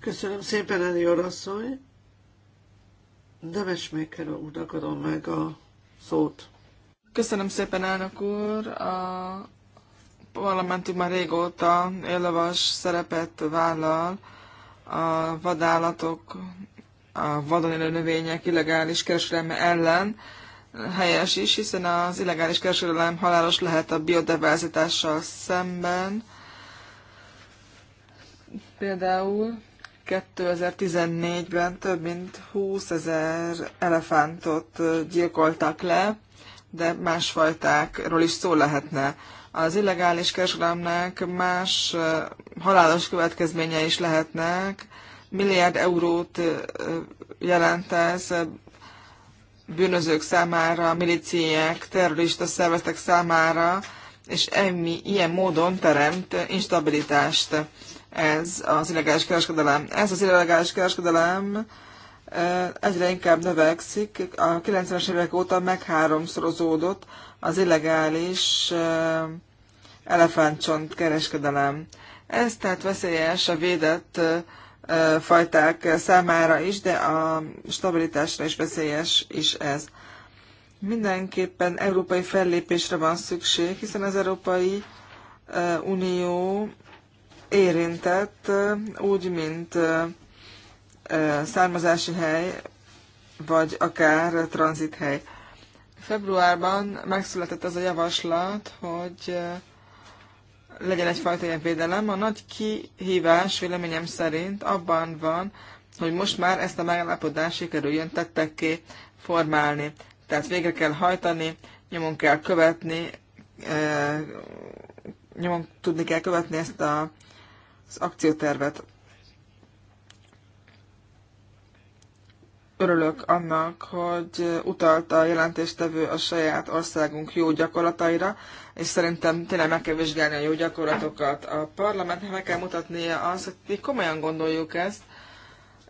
Köszönöm szépen, Eli Orasszony. Demes Méker úrnak adom meg a szót. Köszönöm szépen, elnök úr. A parlamentünk már régóta élavas szerepet vállal a vadállatok, a vadon élő növények illegális kereskedelme ellen helyes is, hiszen az illegális kereskedelem halálos lehet a biodiverzitással szemben. Például 2014-ben több mint 20 ezer elefántot gyilkoltak le, de másfajtákról is szó lehetne az illegális kereskedelemnek más halálos következménye is lehetnek. Milliárd eurót jelent ez bűnözők számára, milíciák, terrorista szervezetek számára, és emi, ilyen módon teremt instabilitást ez az illegális kereskedelem. Ez az illegális kereskedelem egyre inkább növekszik, a 90-es évek óta megháromszorozódott az illegális elefántcsont kereskedelem. Ez tehát veszélyes a védett fajták számára is, de a stabilitásra is veszélyes is ez. Mindenképpen európai fellépésre van szükség, hiszen az Európai Unió érintett úgy, mint származási hely, vagy akár tranzithely. Februárban megszületett az a javaslat, hogy legyen egyfajta ilyen védelem. A nagy kihívás véleményem szerint abban van, hogy most már ezt a megállapodást sikerüljön tettekké formálni. Tehát végre kell hajtani, nyomon kell követni, e, nyomon tudni kell követni ezt a, az akciótervet. örülök annak, hogy utalta a jelentéstevő a saját országunk jó gyakorlataira, és szerintem tényleg meg kell vizsgálni a jó gyakorlatokat. A parlamentnek meg kell mutatnia azt, hogy mi komolyan gondoljuk ezt,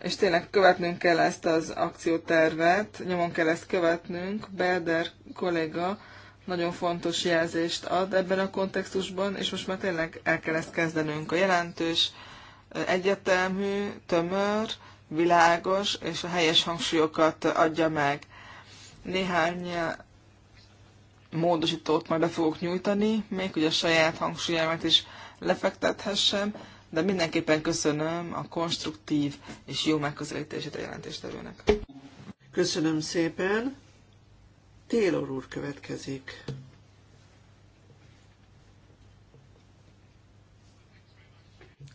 és tényleg követnünk kell ezt az akciótervet, nyomon kell ezt követnünk. Belder kolléga nagyon fontos jelzést ad ebben a kontextusban, és most már tényleg el kell ezt kezdenünk. A jelentős, egyetemű, tömör, világos és a helyes hangsúlyokat adja meg. Néhány módosítót majd be fogok nyújtani, még hogy a saját hangsúlyámat is lefektethessem, de mindenképpen köszönöm a konstruktív és jó megközelítését a jelentéstevőnek. Köszönöm szépen. Télor úr következik.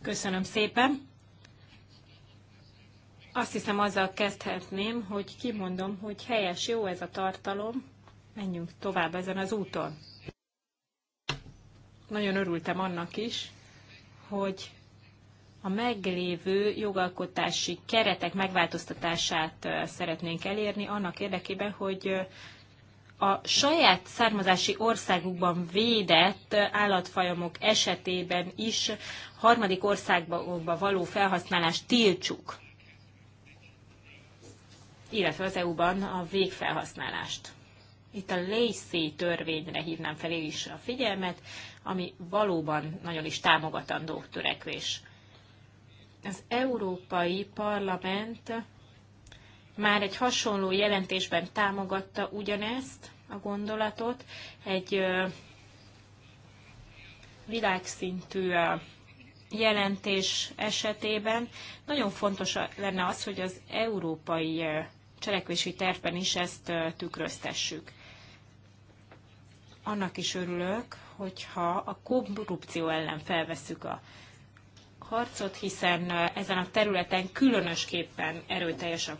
Köszönöm szépen. Azt hiszem azzal kezdhetném, hogy kimondom, hogy helyes, jó ez a tartalom, menjünk tovább ezen az úton. Nagyon örültem annak is, hogy a meglévő jogalkotási keretek megváltoztatását szeretnénk elérni annak érdekében, hogy a saját származási országukban védett állatfajomok esetében is harmadik országba való felhasználást tiltsuk illetve az EU-ban a végfelhasználást. Itt a Lacey törvényre hívnám felé is a figyelmet, ami valóban nagyon is támogatandó törekvés. Az Európai Parlament már egy hasonló jelentésben támogatta ugyanezt a gondolatot, egy világszintű jelentés esetében nagyon fontos lenne az, hogy az európai cselekvési tervben is ezt tükröztessük. Annak is örülök, hogyha a korrupció ellen felveszük a harcot, hiszen ezen a területen különösképpen erőteljes a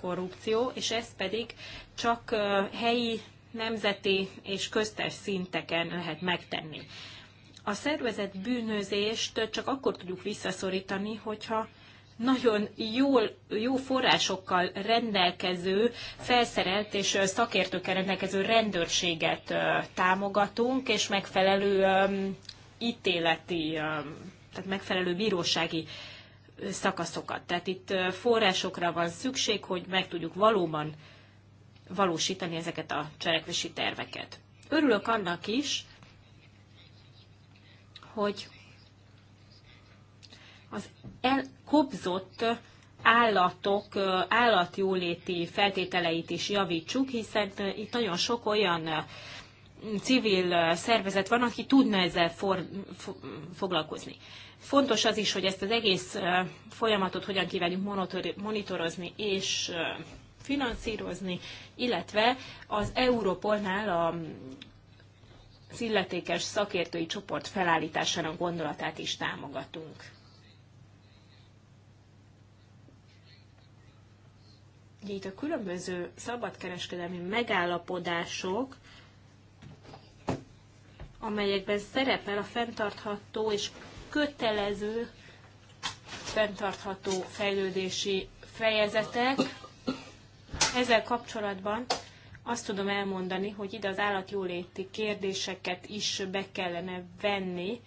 korrupció, és ez pedig csak helyi, nemzeti és köztes szinteken lehet megtenni. A szervezett bűnözést csak akkor tudjuk visszaszorítani, hogyha nagyon jól, jó forrásokkal rendelkező, felszerelt és szakértőkkel rendelkező rendőrséget támogatunk, és megfelelő ítéleti, tehát megfelelő bírósági szakaszokat. Tehát itt forrásokra van szükség, hogy meg tudjuk valóban valósítani ezeket a cselekvési terveket. Örülök annak is, hogy elkobzott állatok állatjóléti feltételeit is javítsuk, hiszen itt nagyon sok olyan civil szervezet van, aki tudna ezzel for, fo, foglalkozni. Fontos az is, hogy ezt az egész folyamatot hogyan kívánjuk monitorozni és finanszírozni, illetve az Európolnál a illetékes szakértői csoport felállításának gondolatát is támogatunk. Ugye itt a különböző szabadkereskedelmi megállapodások, amelyekben szerepel a fenntartható és kötelező fenntartható fejlődési fejezetek. Ezzel kapcsolatban azt tudom elmondani, hogy ide az állatjóléti kérdéseket is be kellene venni,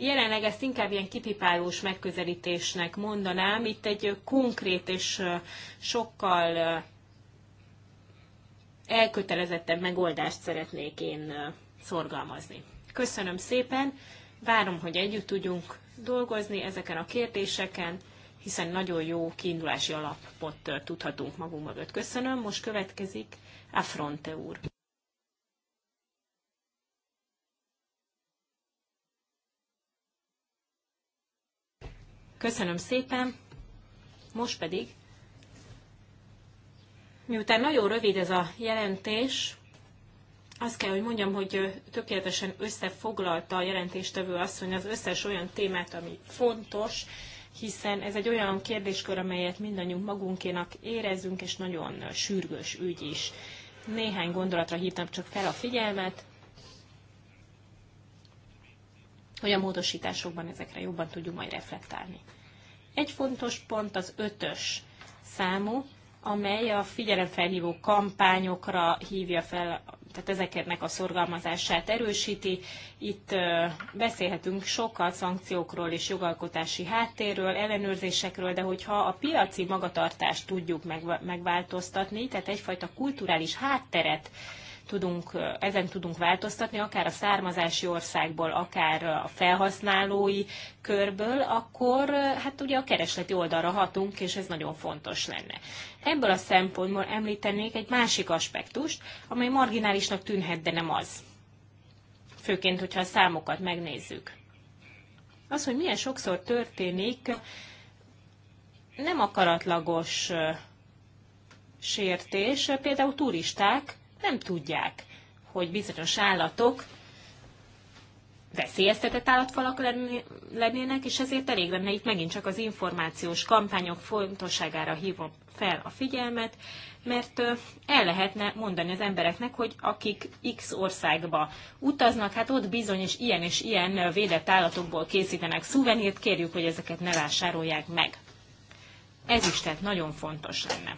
Jelenleg ezt inkább ilyen kipipálós megközelítésnek mondanám. Itt egy konkrét és sokkal elkötelezettebb megoldást szeretnék én szorgalmazni. Köszönöm szépen, várom, hogy együtt tudjunk dolgozni ezeken a kérdéseken, hiszen nagyon jó kiindulási alapot tudhatunk magunk mögött. Köszönöm, most következik Afronte úr. Köszönöm szépen. Most pedig, miután nagyon rövid ez a jelentés, azt kell, hogy mondjam, hogy tökéletesen összefoglalta a jelentéstevő hogy az összes olyan témát, ami fontos, hiszen ez egy olyan kérdéskör, amelyet mindannyiunk magunkénak érezünk, és nagyon sürgős ügy is. Néhány gondolatra hívtam csak fel a figyelmet. hogy a módosításokban ezekre jobban tudjuk majd reflektálni. Egy fontos pont az ötös számú, amely a figyelemfelhívó kampányokra hívja fel, tehát ezeknek a szorgalmazását erősíti. Itt beszélhetünk sokkal szankciókról és jogalkotási háttérről, ellenőrzésekről, de hogyha a piaci magatartást tudjuk megváltoztatni, tehát egyfajta kulturális hátteret tudunk, ezen tudunk változtatni, akár a származási országból, akár a felhasználói körből, akkor hát ugye a keresleti oldalra hatunk, és ez nagyon fontos lenne. Ebből a szempontból említenék egy másik aspektust, amely marginálisnak tűnhet, de nem az. Főként, hogyha a számokat megnézzük. Az, hogy milyen sokszor történik, nem akaratlagos sértés, például turisták nem tudják, hogy bizonyos állatok veszélyeztetett állatfalak lennének, és ezért elég lenne itt megint csak az információs kampányok fontosságára hívom fel a figyelmet, mert el lehetne mondani az embereknek, hogy akik X országba utaznak, hát ott bizony ilyen és ilyen védett állatokból készítenek szuvenírt, kérjük, hogy ezeket ne vásárolják meg. Ez is tehát nagyon fontos lenne.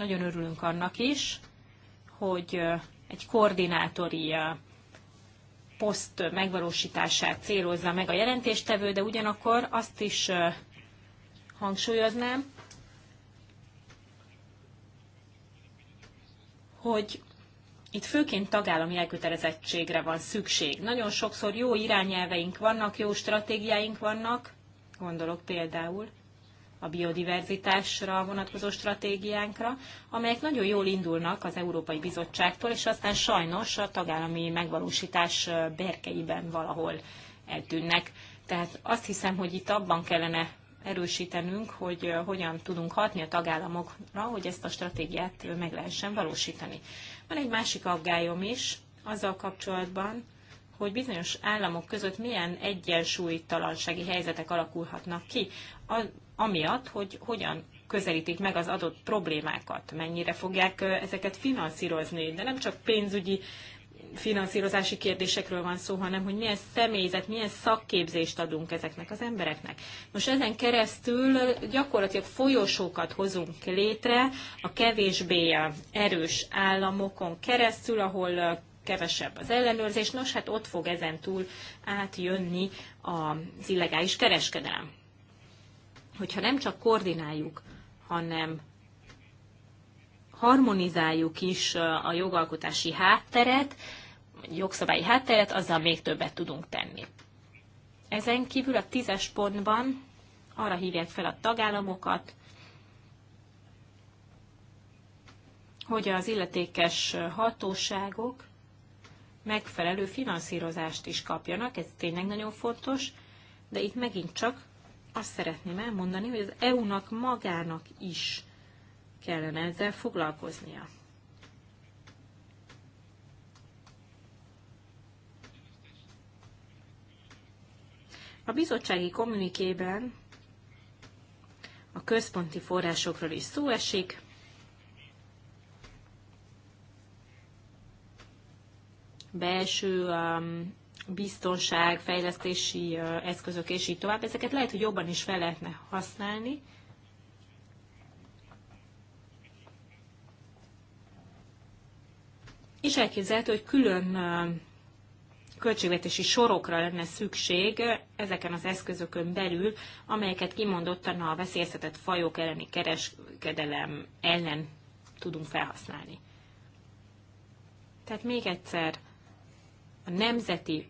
Nagyon örülünk annak is, hogy egy koordinátori poszt megvalósítását célozza meg a jelentéstevő, de ugyanakkor azt is hangsúlyoznám, hogy itt főként tagállami elkötelezettségre van szükség. Nagyon sokszor jó irányelveink vannak, jó stratégiáink vannak, gondolok például a biodiverzitásra vonatkozó stratégiánkra, amelyek nagyon jól indulnak az Európai Bizottságtól, és aztán sajnos a tagállami megvalósítás berkeiben valahol eltűnnek. Tehát azt hiszem, hogy itt abban kellene erősítenünk, hogy hogyan tudunk hatni a tagállamokra, hogy ezt a stratégiát meg lehessen valósítani. Van egy másik aggályom is azzal kapcsolatban, hogy bizonyos államok között milyen egyensúlytalansági helyzetek alakulhatnak ki, amiatt, hogy hogyan közelítik meg az adott problémákat, mennyire fogják ezeket finanszírozni, de nem csak pénzügyi finanszírozási kérdésekről van szó, hanem hogy milyen személyzet, milyen szakképzést adunk ezeknek az embereknek. Most ezen keresztül gyakorlatilag folyosókat hozunk létre a kevésbé erős államokon keresztül, ahol kevesebb az ellenőrzés, nos hát ott fog ezen túl átjönni az illegális kereskedelem hogyha nem csak koordináljuk, hanem harmonizáljuk is a jogalkotási hátteret, jogszabályi hátteret, azzal még többet tudunk tenni. Ezen kívül a tízes pontban arra hívják fel a tagállamokat, hogy az illetékes hatóságok megfelelő finanszírozást is kapjanak, ez tényleg nagyon fontos, de itt megint csak azt szeretném elmondani, hogy az EU-nak magának is kellene ezzel foglalkoznia. A bizottsági kommunikében a központi forrásokról is szó esik. Belső um, biztonság, fejlesztési eszközök, és így tovább. Ezeket lehet, hogy jobban is fel lehetne használni. És elképzelhető, hogy külön költségvetési sorokra lenne szükség ezeken az eszközökön belül, amelyeket kimondottan a veszélyeztetett fajok elleni kereskedelem ellen tudunk felhasználni. Tehát még egyszer a nemzeti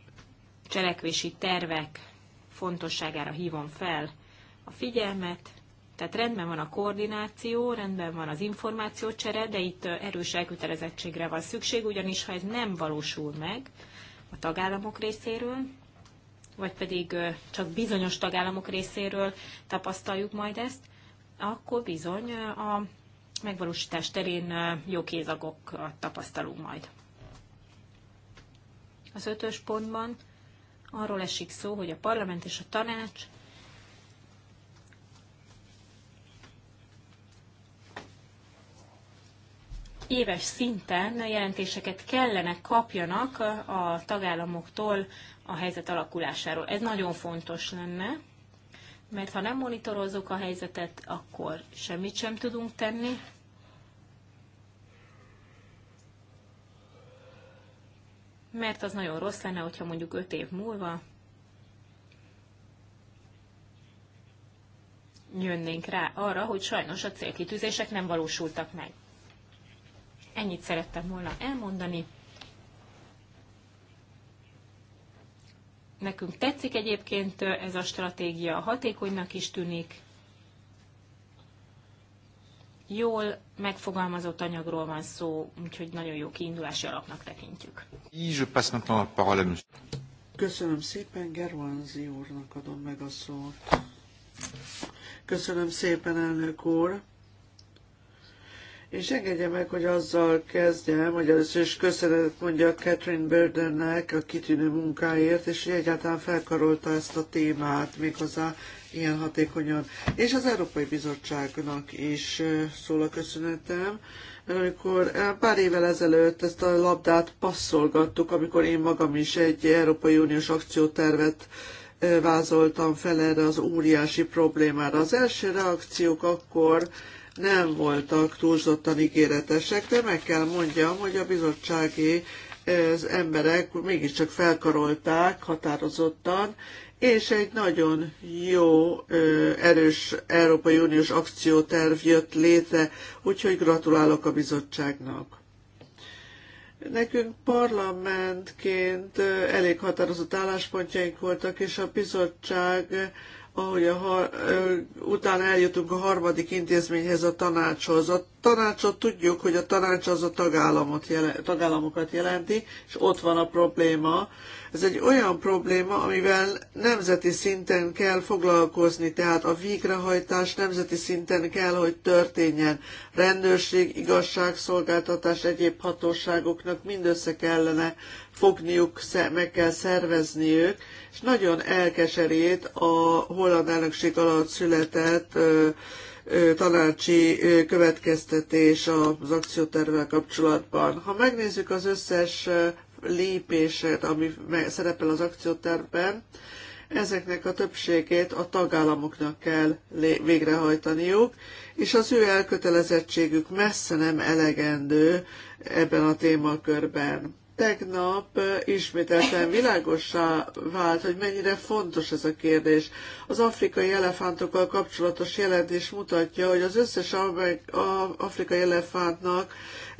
cselekvési tervek fontosságára hívom fel a figyelmet. Tehát rendben van a koordináció, rendben van az információcsere, de itt erős elkötelezettségre van szükség, ugyanis ha ez nem valósul meg a tagállamok részéről, vagy pedig csak bizonyos tagállamok részéről tapasztaljuk majd ezt, akkor bizony a megvalósítás terén jó kézagokat tapasztalunk majd. Az ötös pontban arról esik szó, hogy a parlament és a tanács éves szinten jelentéseket kellene kapjanak a tagállamoktól a helyzet alakulásáról. Ez nagyon fontos lenne, mert ha nem monitorozzuk a helyzetet, akkor semmit sem tudunk tenni. mert az nagyon rossz lenne, hogyha mondjuk 5 év múlva jönnénk rá arra, hogy sajnos a célkitűzések nem valósultak meg. Ennyit szerettem volna elmondani. Nekünk tetszik egyébként ez a stratégia, hatékonynak is tűnik, jól megfogalmazott anyagról van szó, úgyhogy nagyon jó kiindulási alapnak tekintjük. Köszönöm szépen, Gerwanzi úrnak adom meg a szót. Köszönöm szépen, elnök úr. És engedje meg, hogy azzal kezdjem, hogy először is köszönetet mondja Catherine Burdennek a kitűnő munkáért, és hogy egyáltalán felkarolta ezt a témát, méghozzá ilyen hatékonyan. És az Európai Bizottságnak is szól a köszönetem, amikor pár évvel ezelőtt ezt a labdát passzolgattuk, amikor én magam is egy Európai Uniós akciótervet vázoltam fel erre az óriási problémára. Az első reakciók akkor nem voltak túlzottan ígéretesek, de meg kell mondjam, hogy a bizottsági az emberek mégiscsak felkarolták határozottan, és egy nagyon jó, erős Európai Uniós akcióterv jött létre, úgyhogy gratulálok a bizottságnak. Nekünk parlamentként elég határozott álláspontjaink voltak, és a bizottság, ahogy a har- utána eljutunk a harmadik intézményhez, a tanácshoz. A tanácsot tudjuk, hogy a tanács az a tagállamot jele- tagállamokat jelenti, és ott van a probléma ez egy olyan probléma, amivel nemzeti szinten kell foglalkozni, tehát a végrehajtás nemzeti szinten kell, hogy történjen. Rendőrség, igazságszolgáltatás, egyéb hatóságoknak mindössze kellene fogniuk, meg kell szervezni ők, és nagyon elkeserít a holland elnökség alatt született tanácsi következtetés az akciótervvel kapcsolatban. Ha megnézzük az összes lépéset, ami szerepel az akciótervben, ezeknek a többségét a tagállamoknak kell végrehajtaniuk, és az ő elkötelezettségük messze nem elegendő ebben a témakörben tegnap ismételten világosá vált, hogy mennyire fontos ez a kérdés. Az afrikai elefántokkal kapcsolatos jelentés mutatja, hogy az összes afrikai elefántnak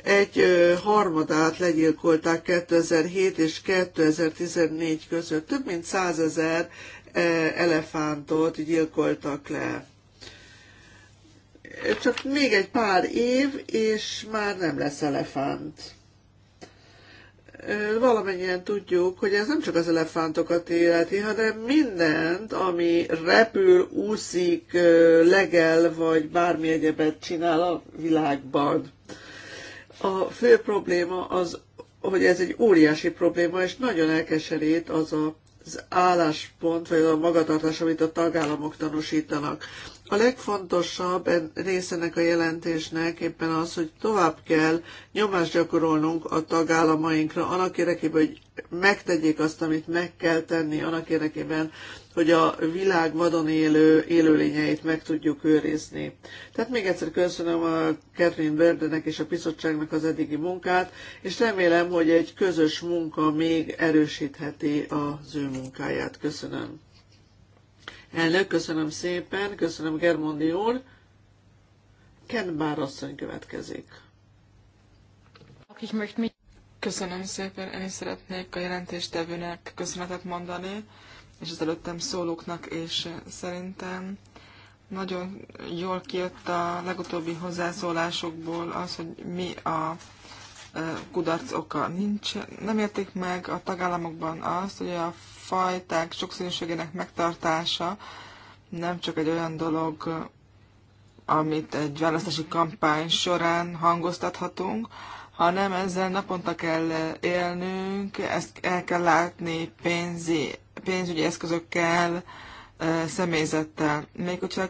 egy harmadát legyilkolták 2007 és 2014 között. Több mint százezer elefántot gyilkoltak le. Csak még egy pár év, és már nem lesz elefánt valamennyien tudjuk, hogy ez nem csak az elefántokat életi, hanem mindent, ami repül, úszik, legel, vagy bármi egyebet csinál a világban. A fő probléma az, hogy ez egy óriási probléma, és nagyon elkeserít az a az álláspont, vagy a magatartás, amit a tagállamok tanúsítanak. A legfontosabb rész ennek a jelentésnek éppen az, hogy tovább kell nyomást gyakorolnunk a tagállamainkra, annak érdekében, hogy megtegyék azt, amit meg kell tenni, annak érdekében, hogy a világ vadon élő élőlényeit meg tudjuk őrizni. Tehát még egyszer köszönöm a Catherine Bördenek és a bizottságnak az eddigi munkát, és remélem, hogy egy közös munka még erősítheti az ő munkáját. Köszönöm. Elnök, köszönöm szépen, köszönöm Germondi úr. Ken Bárasszony következik. Köszönöm szépen, én is szeretnék a jelentéstevőnek köszönetet mondani, és az előttem szólóknak, és szerintem nagyon jól kijött a legutóbbi hozzászólásokból az, hogy mi a kudarc oka. Nincs, nem értik meg a tagállamokban azt, hogy a fajták sokszínűségének megtartása nem csak egy olyan dolog, amit egy választási kampány során hangoztathatunk, hanem ezzel naponta kell élnünk, ezt el kell látni pénzi, pénzügyi eszközökkel, személyzettel. Még hogyha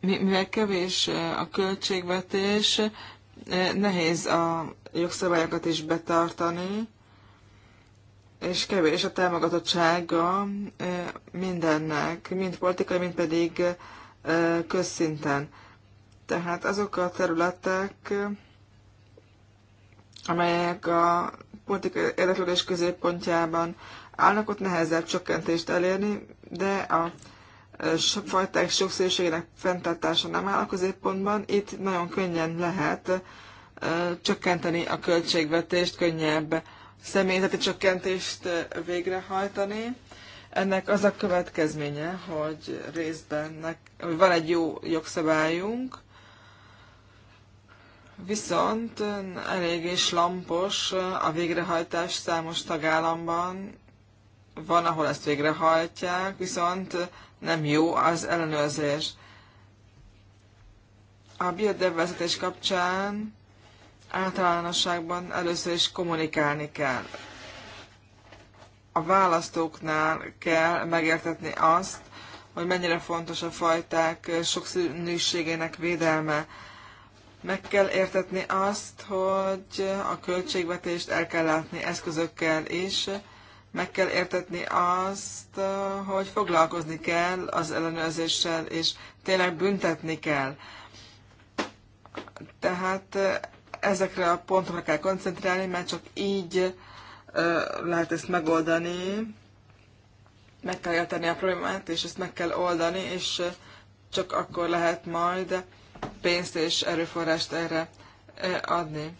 mivel kevés a költségvetés, nehéz a jogszabályokat is betartani, és kevés a támogatottsága mindennek, mind politikai, mind pedig közszinten. Tehát azok a területek, amelyek a politikai érdeklődés középpontjában állnak, ott nehezebb csökkentést elérni, de a fajták sokszínűségének fenntartása nem áll a középpontban. Itt nagyon könnyen lehet csökkenteni a költségvetést, könnyebb személyzeti csökkentést végrehajtani. Ennek az a következménye, hogy részben nek, hogy van egy jó jogszabályunk, viszont eléggé lampos a végrehajtás számos tagállamban, van, ahol ezt végrehajtják, viszont nem jó az ellenőrzés. A biodiverzités kapcsán általánosságban először is kommunikálni kell. A választóknál kell megértetni azt, hogy mennyire fontos a fajták sokszínűségének védelme. Meg kell értetni azt, hogy a költségvetést el kell látni eszközökkel is, meg kell értetni azt, hogy foglalkozni kell az ellenőrzéssel, és tényleg büntetni kell. Tehát ezekre a pontokra kell koncentrálni, mert csak így lehet ezt megoldani, meg kell érteni a problémát, és ezt meg kell oldani, és csak akkor lehet majd pénzt és erőforrást erre adni.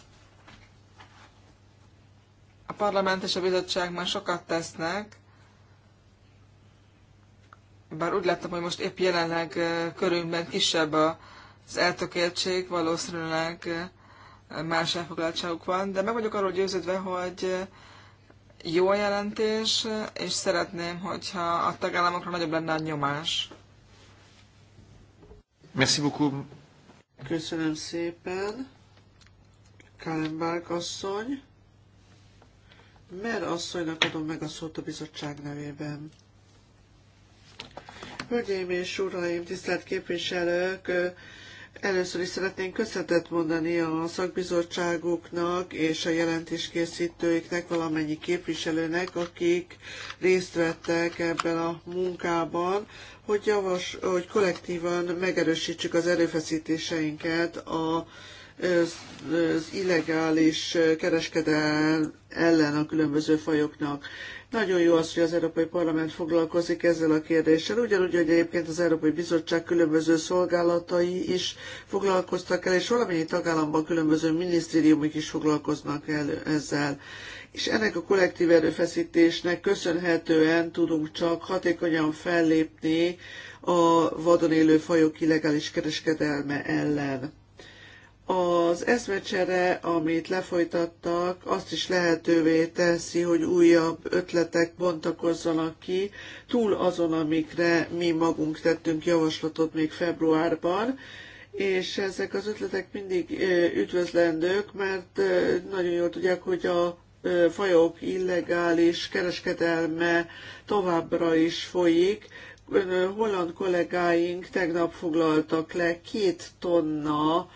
A parlament és a bizottság már sokat tesznek, bár úgy láttam, hogy most épp jelenleg körünkben kisebb az eltökéltség, valószínűleg más elfoglaltságuk van, de meg vagyok arról győződve, hogy jó a jelentés, és szeretném, hogyha a tagállamokra nagyobb lenne a nyomás. Merci beaucoup. Köszönöm szépen. Kallenberg asszony. Mert asszonynak adom meg a szót a bizottság nevében. Hölgyeim és uraim, tisztelt képviselők, Először is szeretnénk köszönetet mondani a szakbizottságoknak és a jelentéskészítőiknek, valamennyi képviselőnek, akik részt vettek ebben a munkában, hogy, javas, hogy kollektívan megerősítsük az erőfeszítéseinket a az illegális kereskedelem ellen a különböző fajoknak. Nagyon jó az, hogy az Európai Parlament foglalkozik ezzel a kérdéssel, ugyanúgy, hogy egyébként az Európai Bizottság különböző szolgálatai is foglalkoztak el, és valamennyi tagállamban különböző minisztériumok is foglalkoznak el ezzel. És ennek a kollektív erőfeszítésnek köszönhetően tudunk csak hatékonyan fellépni a vadon élő fajok illegális kereskedelme ellen. Az eszmecsere, amit lefolytattak, azt is lehetővé teszi, hogy újabb ötletek bontakozzanak ki, túl azon, amikre mi magunk tettünk javaslatot még februárban, és ezek az ötletek mindig üdvözlendők, mert nagyon jól tudják, hogy a fajok illegális kereskedelme továbbra is folyik. Holland kollégáink tegnap foglaltak le két tonna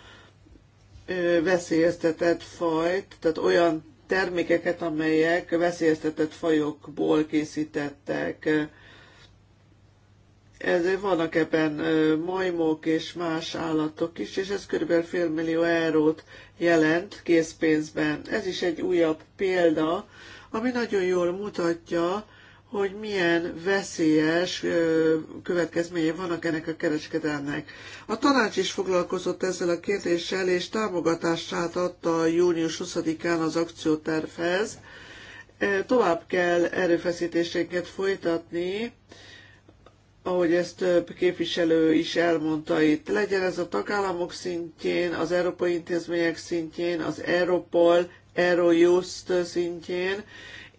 veszélyeztetett fajt, tehát olyan termékeket, amelyek veszélyeztetett fajokból készítettek. Ezért vannak ebben majmok és más állatok is, és ez kb. félmillió eurót jelent készpénzben. Ez is egy újabb példa, ami nagyon jól mutatja, hogy milyen veszélyes következménye vannak ennek a kereskedelmnek. A tanács is foglalkozott ezzel a kérdéssel, és támogatását adta a június 20-án az akciótervhez. Tovább kell erőfeszítéseket folytatni, ahogy ezt több képviselő is elmondta itt, legyen ez a tagállamok szintjén, az európai intézmények szintjén, az Europol, Eurojust szintjén,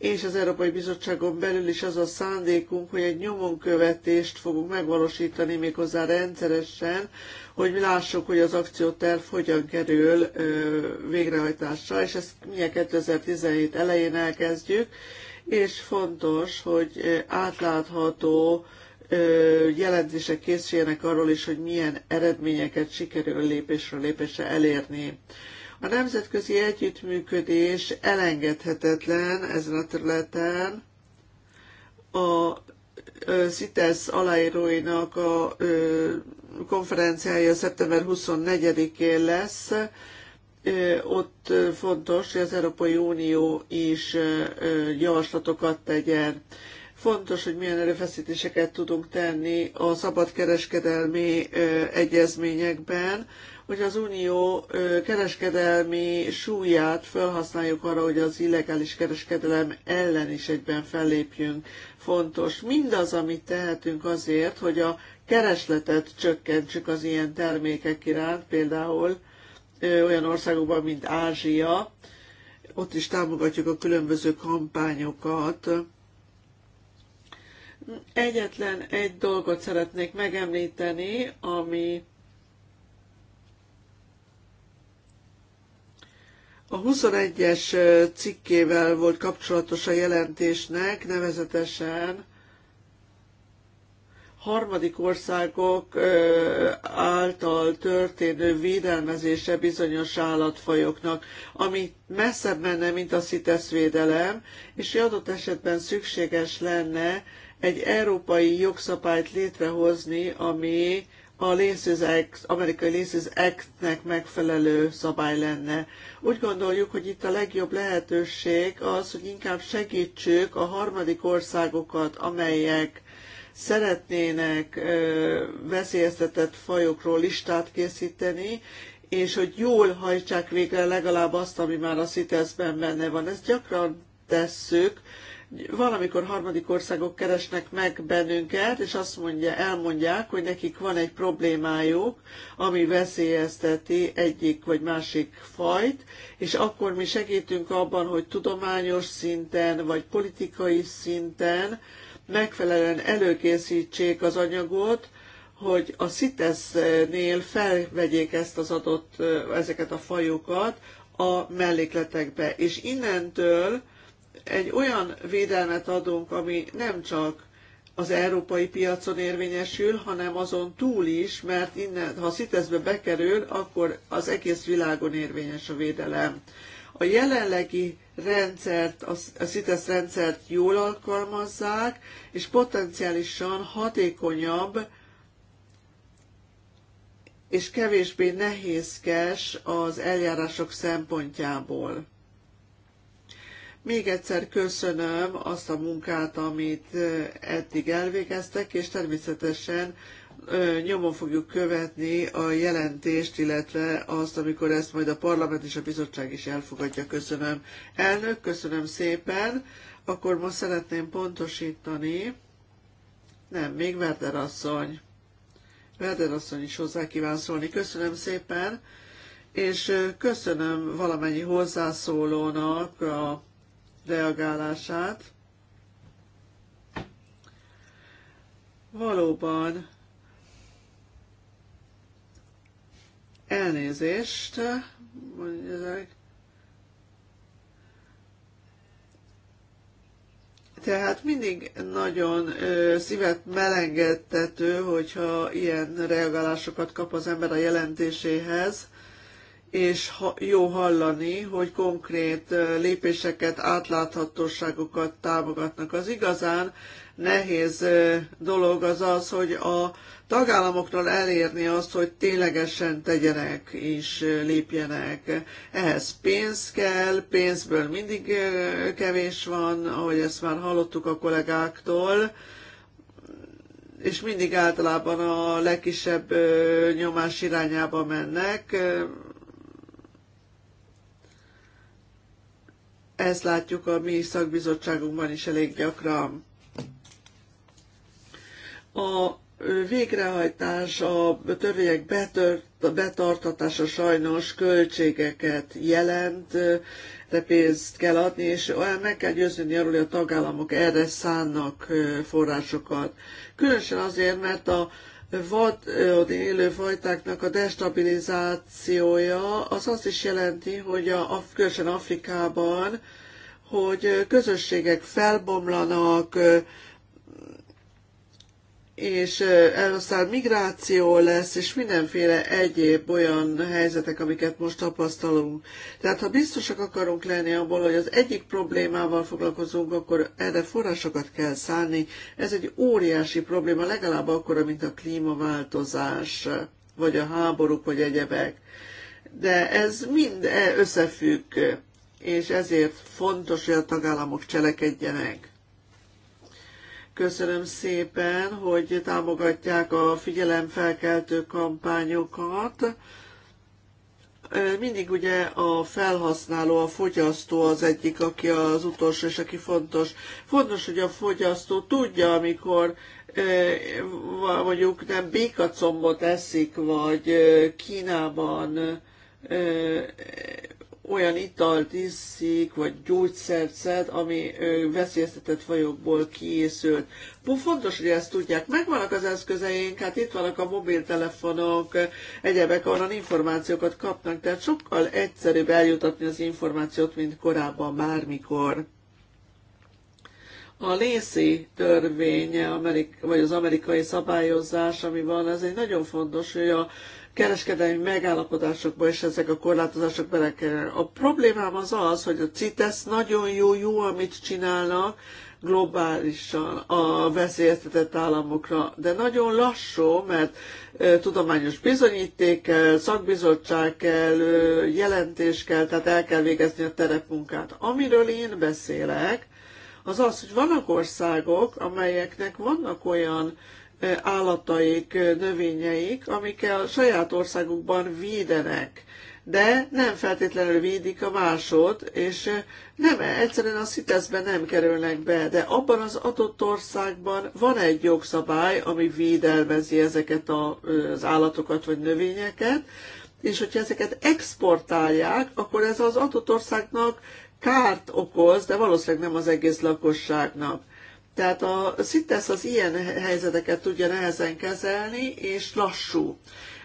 és az Európai Bizottságon belül is az a szándékunk, hogy egy nyomonkövetést fogunk megvalósítani méghozzá rendszeresen, hogy lássuk, hogy az akcióterv hogyan kerül végrehajtásra, és ezt milyen 2017 elején elkezdjük, és fontos, hogy átlátható jelentések készüljenek arról is, hogy milyen eredményeket sikerül lépésről lépésre elérni. A nemzetközi együttműködés elengedhetetlen ezen a területen. A CITES aláíróinak a konferenciája szeptember 24-én lesz. Ott fontos, hogy az Európai Unió is javaslatokat tegyen. Fontos, hogy milyen erőfeszítéseket tudunk tenni a szabadkereskedelmi egyezményekben, hogy az unió kereskedelmi súlyát felhasználjuk arra, hogy az illegális kereskedelem ellen is egyben fellépjünk. Fontos mindaz, amit tehetünk azért, hogy a keresletet csökkentsük az ilyen termékek iránt, például olyan országokban, mint Ázsia, ott is támogatjuk a különböző kampányokat. Egyetlen egy dolgot szeretnék megemlíteni, ami A 21-es cikkével volt kapcsolatos a jelentésnek, nevezetesen harmadik országok által történő védelmezése bizonyos állatfajoknak, ami messzebb menne, mint a CITES védelem, és adott esetben szükséges lenne egy európai jogszabályt létrehozni, ami a Laces Act, amerikai Laces Act-nek megfelelő szabály lenne. Úgy gondoljuk, hogy itt a legjobb lehetőség az, hogy inkább segítsük a harmadik országokat, amelyek szeretnének ö, veszélyeztetett fajokról listát készíteni, és hogy jól hajtsák végre legalább azt, ami már a CITES-ben benne van. Ezt gyakran tesszük, valamikor harmadik országok keresnek meg bennünket, és azt mondja, elmondják, hogy nekik van egy problémájuk, ami veszélyezteti egyik vagy másik fajt, és akkor mi segítünk abban, hogy tudományos szinten vagy politikai szinten megfelelően előkészítsék az anyagot, hogy a CITES-nél felvegyék ezt az adott, ezeket a fajokat a mellékletekbe. És innentől egy olyan védelmet adunk, ami nem csak az európai piacon érvényesül, hanem azon túl is, mert innen, ha CITES-be bekerül, akkor az egész világon érvényes a védelem. A jelenlegi rendszert, a CITES rendszert jól alkalmazzák, és potenciálisan hatékonyabb és kevésbé nehézkes az eljárások szempontjából. Még egyszer köszönöm azt a munkát, amit eddig elvégeztek, és természetesen nyomon fogjuk követni a jelentést, illetve azt, amikor ezt majd a parlament és a bizottság is elfogadja. Köszönöm. Elnök, köszönöm szépen. Akkor most szeretném pontosítani. Nem, még Verder asszony. Verder asszony is hozzá kíván szólni. Köszönöm szépen, és köszönöm valamennyi hozzászólónak a reagálását. Valóban elnézést, mondják, Tehát mindig nagyon ö, szívet melengedtető, hogyha ilyen reagálásokat kap az ember a jelentéséhez, és ha, jó hallani, hogy konkrét lépéseket, átláthatóságokat támogatnak. Az igazán nehéz dolog az az, hogy a tagállamoktól elérni azt, hogy ténylegesen tegyenek és lépjenek. Ehhez pénz kell, pénzből mindig kevés van, ahogy ezt már hallottuk a kollégáktól, és mindig általában a legkisebb nyomás irányába mennek, Ezt látjuk a mi szakbizottságunkban is elég gyakran. A végrehajtás, a törvények betört, betartatása sajnos költségeket jelent, de pénzt kell adni, és meg kell győzni arról, hogy a tagállamok erre szánnak forrásokat. Különösen azért, mert a vadon élő fajtáknak a destabilizációja az azt is jelenti, hogy a, különösen Afrikában, hogy közösségek felbomlanak, és aztán migráció lesz, és mindenféle egyéb olyan helyzetek, amiket most tapasztalunk. Tehát ha biztosak akarunk lenni abból, hogy az egyik problémával foglalkozunk, akkor erre forrásokat kell szállni. Ez egy óriási probléma, legalább akkora, mint a klímaváltozás, vagy a háborúk, vagy egyebek. De ez mind összefügg, és ezért fontos, hogy a tagállamok cselekedjenek Köszönöm szépen, hogy támogatják a figyelemfelkeltő kampányokat. Mindig ugye a felhasználó, a fogyasztó az egyik, aki az utolsó, és aki fontos. Fontos, hogy a fogyasztó tudja, amikor mondjuk nem békacombot eszik, vagy Kínában olyan italt iszik, vagy gyógyszert szed, ami veszélyeztetett fajokból készült. Fontos, hogy ezt tudják. Megvannak az eszközeink, hát itt vannak a mobiltelefonok, egyebek, ahonnan információkat kapnak, tehát sokkal egyszerűbb eljutatni az információt, mint korábban bármikor. A Lészi törvénye, vagy az amerikai szabályozás, ami van, ez egy nagyon fontos, hogy a kereskedelmi megállapodásokba és ezek a korlátozások belekerül. A problémám az az, hogy a CITES nagyon jó, jó, amit csinálnak globálisan a veszélyeztetett államokra, de nagyon lassú, mert tudományos bizonyíték kell, szakbizottság kell, jelentés kell, tehát el kell végezni a terepmunkát. Amiről én beszélek, az az, hogy vannak országok, amelyeknek vannak olyan állataik, növényeik, amikkel a saját országukban védenek, de nem feltétlenül védik a másod, és nem, egyszerűen a cites nem kerülnek be, de abban az adott országban van egy jogszabály, ami védelmezi ezeket az állatokat vagy növényeket, és hogyha ezeket exportálják, akkor ez az adott országnak kárt okoz, de valószínűleg nem az egész lakosságnak. Tehát a szitesz az ilyen helyzeteket tudja nehezen kezelni, és lassú.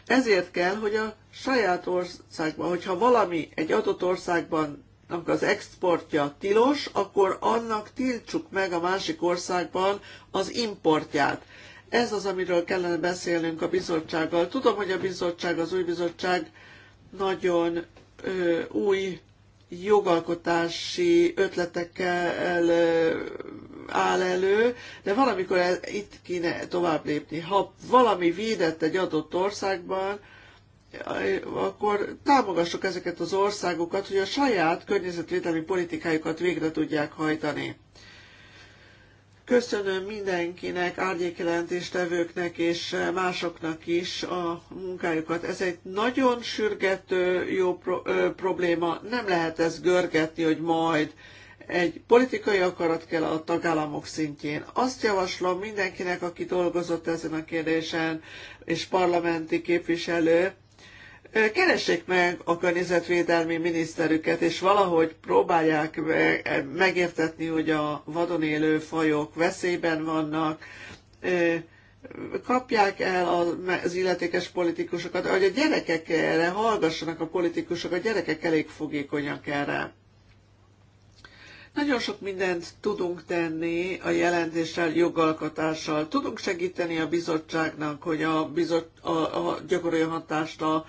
Ezért kell, hogy a saját országban, hogyha valami egy adott országban az exportja tilos, akkor annak tiltsuk meg a másik országban az importját. Ez az, amiről kellene beszélnünk a bizottsággal. Tudom, hogy a bizottság, az új bizottság nagyon ö, új jogalkotási ötletekkel áll elő, de valamikor el, itt kéne tovább lépni. Ha valami védett egy adott országban, eh, akkor támogassuk ezeket az országokat, hogy a saját környezetvédelmi politikájukat végre tudják hajtani. Köszönöm mindenkinek, árnyékjelentéstevőknek és másoknak is a munkájukat. Ez egy nagyon sürgető jó pro- ö, probléma, nem lehet ezt görgetni, hogy majd egy politikai akarat kell a tagállamok szintjén. Azt javaslom mindenkinek, aki dolgozott ezen a kérdésen, és parlamenti képviselő, keressék meg a környezetvédelmi miniszterüket, és valahogy próbálják megértetni, hogy a vadon élő fajok veszélyben vannak, kapják el az illetékes politikusokat, hogy a gyerekekre hallgassanak a politikusok, a gyerekek elég fogékonyak erre. Nagyon sok mindent tudunk tenni a jelentéssel, jogalkotással. Tudunk segíteni a bizottságnak, hogy a, bizot, a, a gyakorolja hatást a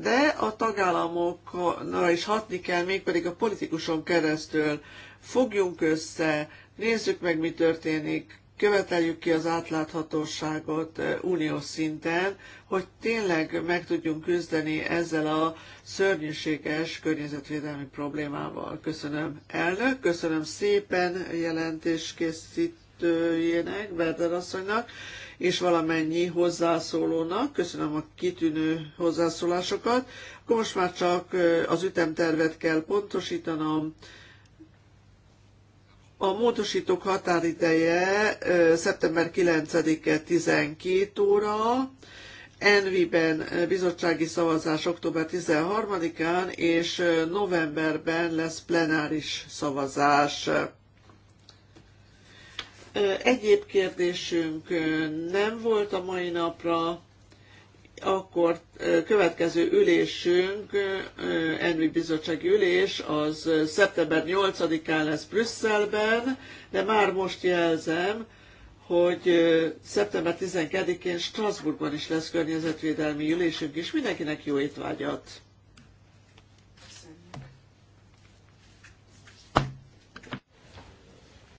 de a tagállamokra is hatni kell, mégpedig a politikuson keresztül. Fogjunk össze, nézzük meg, mi történik, követeljük ki az átláthatóságot uniós szinten, hogy tényleg meg tudjunk küzdeni ezzel a szörnyűséges környezetvédelmi problémával. Köszönöm elnök, köszönöm szépen jelentéskészítőjének, Berder asszonynak, és valamennyi hozzászólónak. Köszönöm a kitűnő hozzászólásokat. most már csak az ütemtervet kell pontosítanom a módosítók határideje szeptember 9-e 12 óra, Envi-ben bizottsági szavazás október 13-án, és novemberben lesz plenáris szavazás. Egyéb kérdésünk nem volt a mai napra akkor következő ülésünk, Enri Bizottsági Ülés, az szeptember 8-án lesz Brüsszelben, de már most jelzem, hogy szeptember 12-én Strasbourgban is lesz környezetvédelmi ülésünk, és mindenkinek jó étvágyat!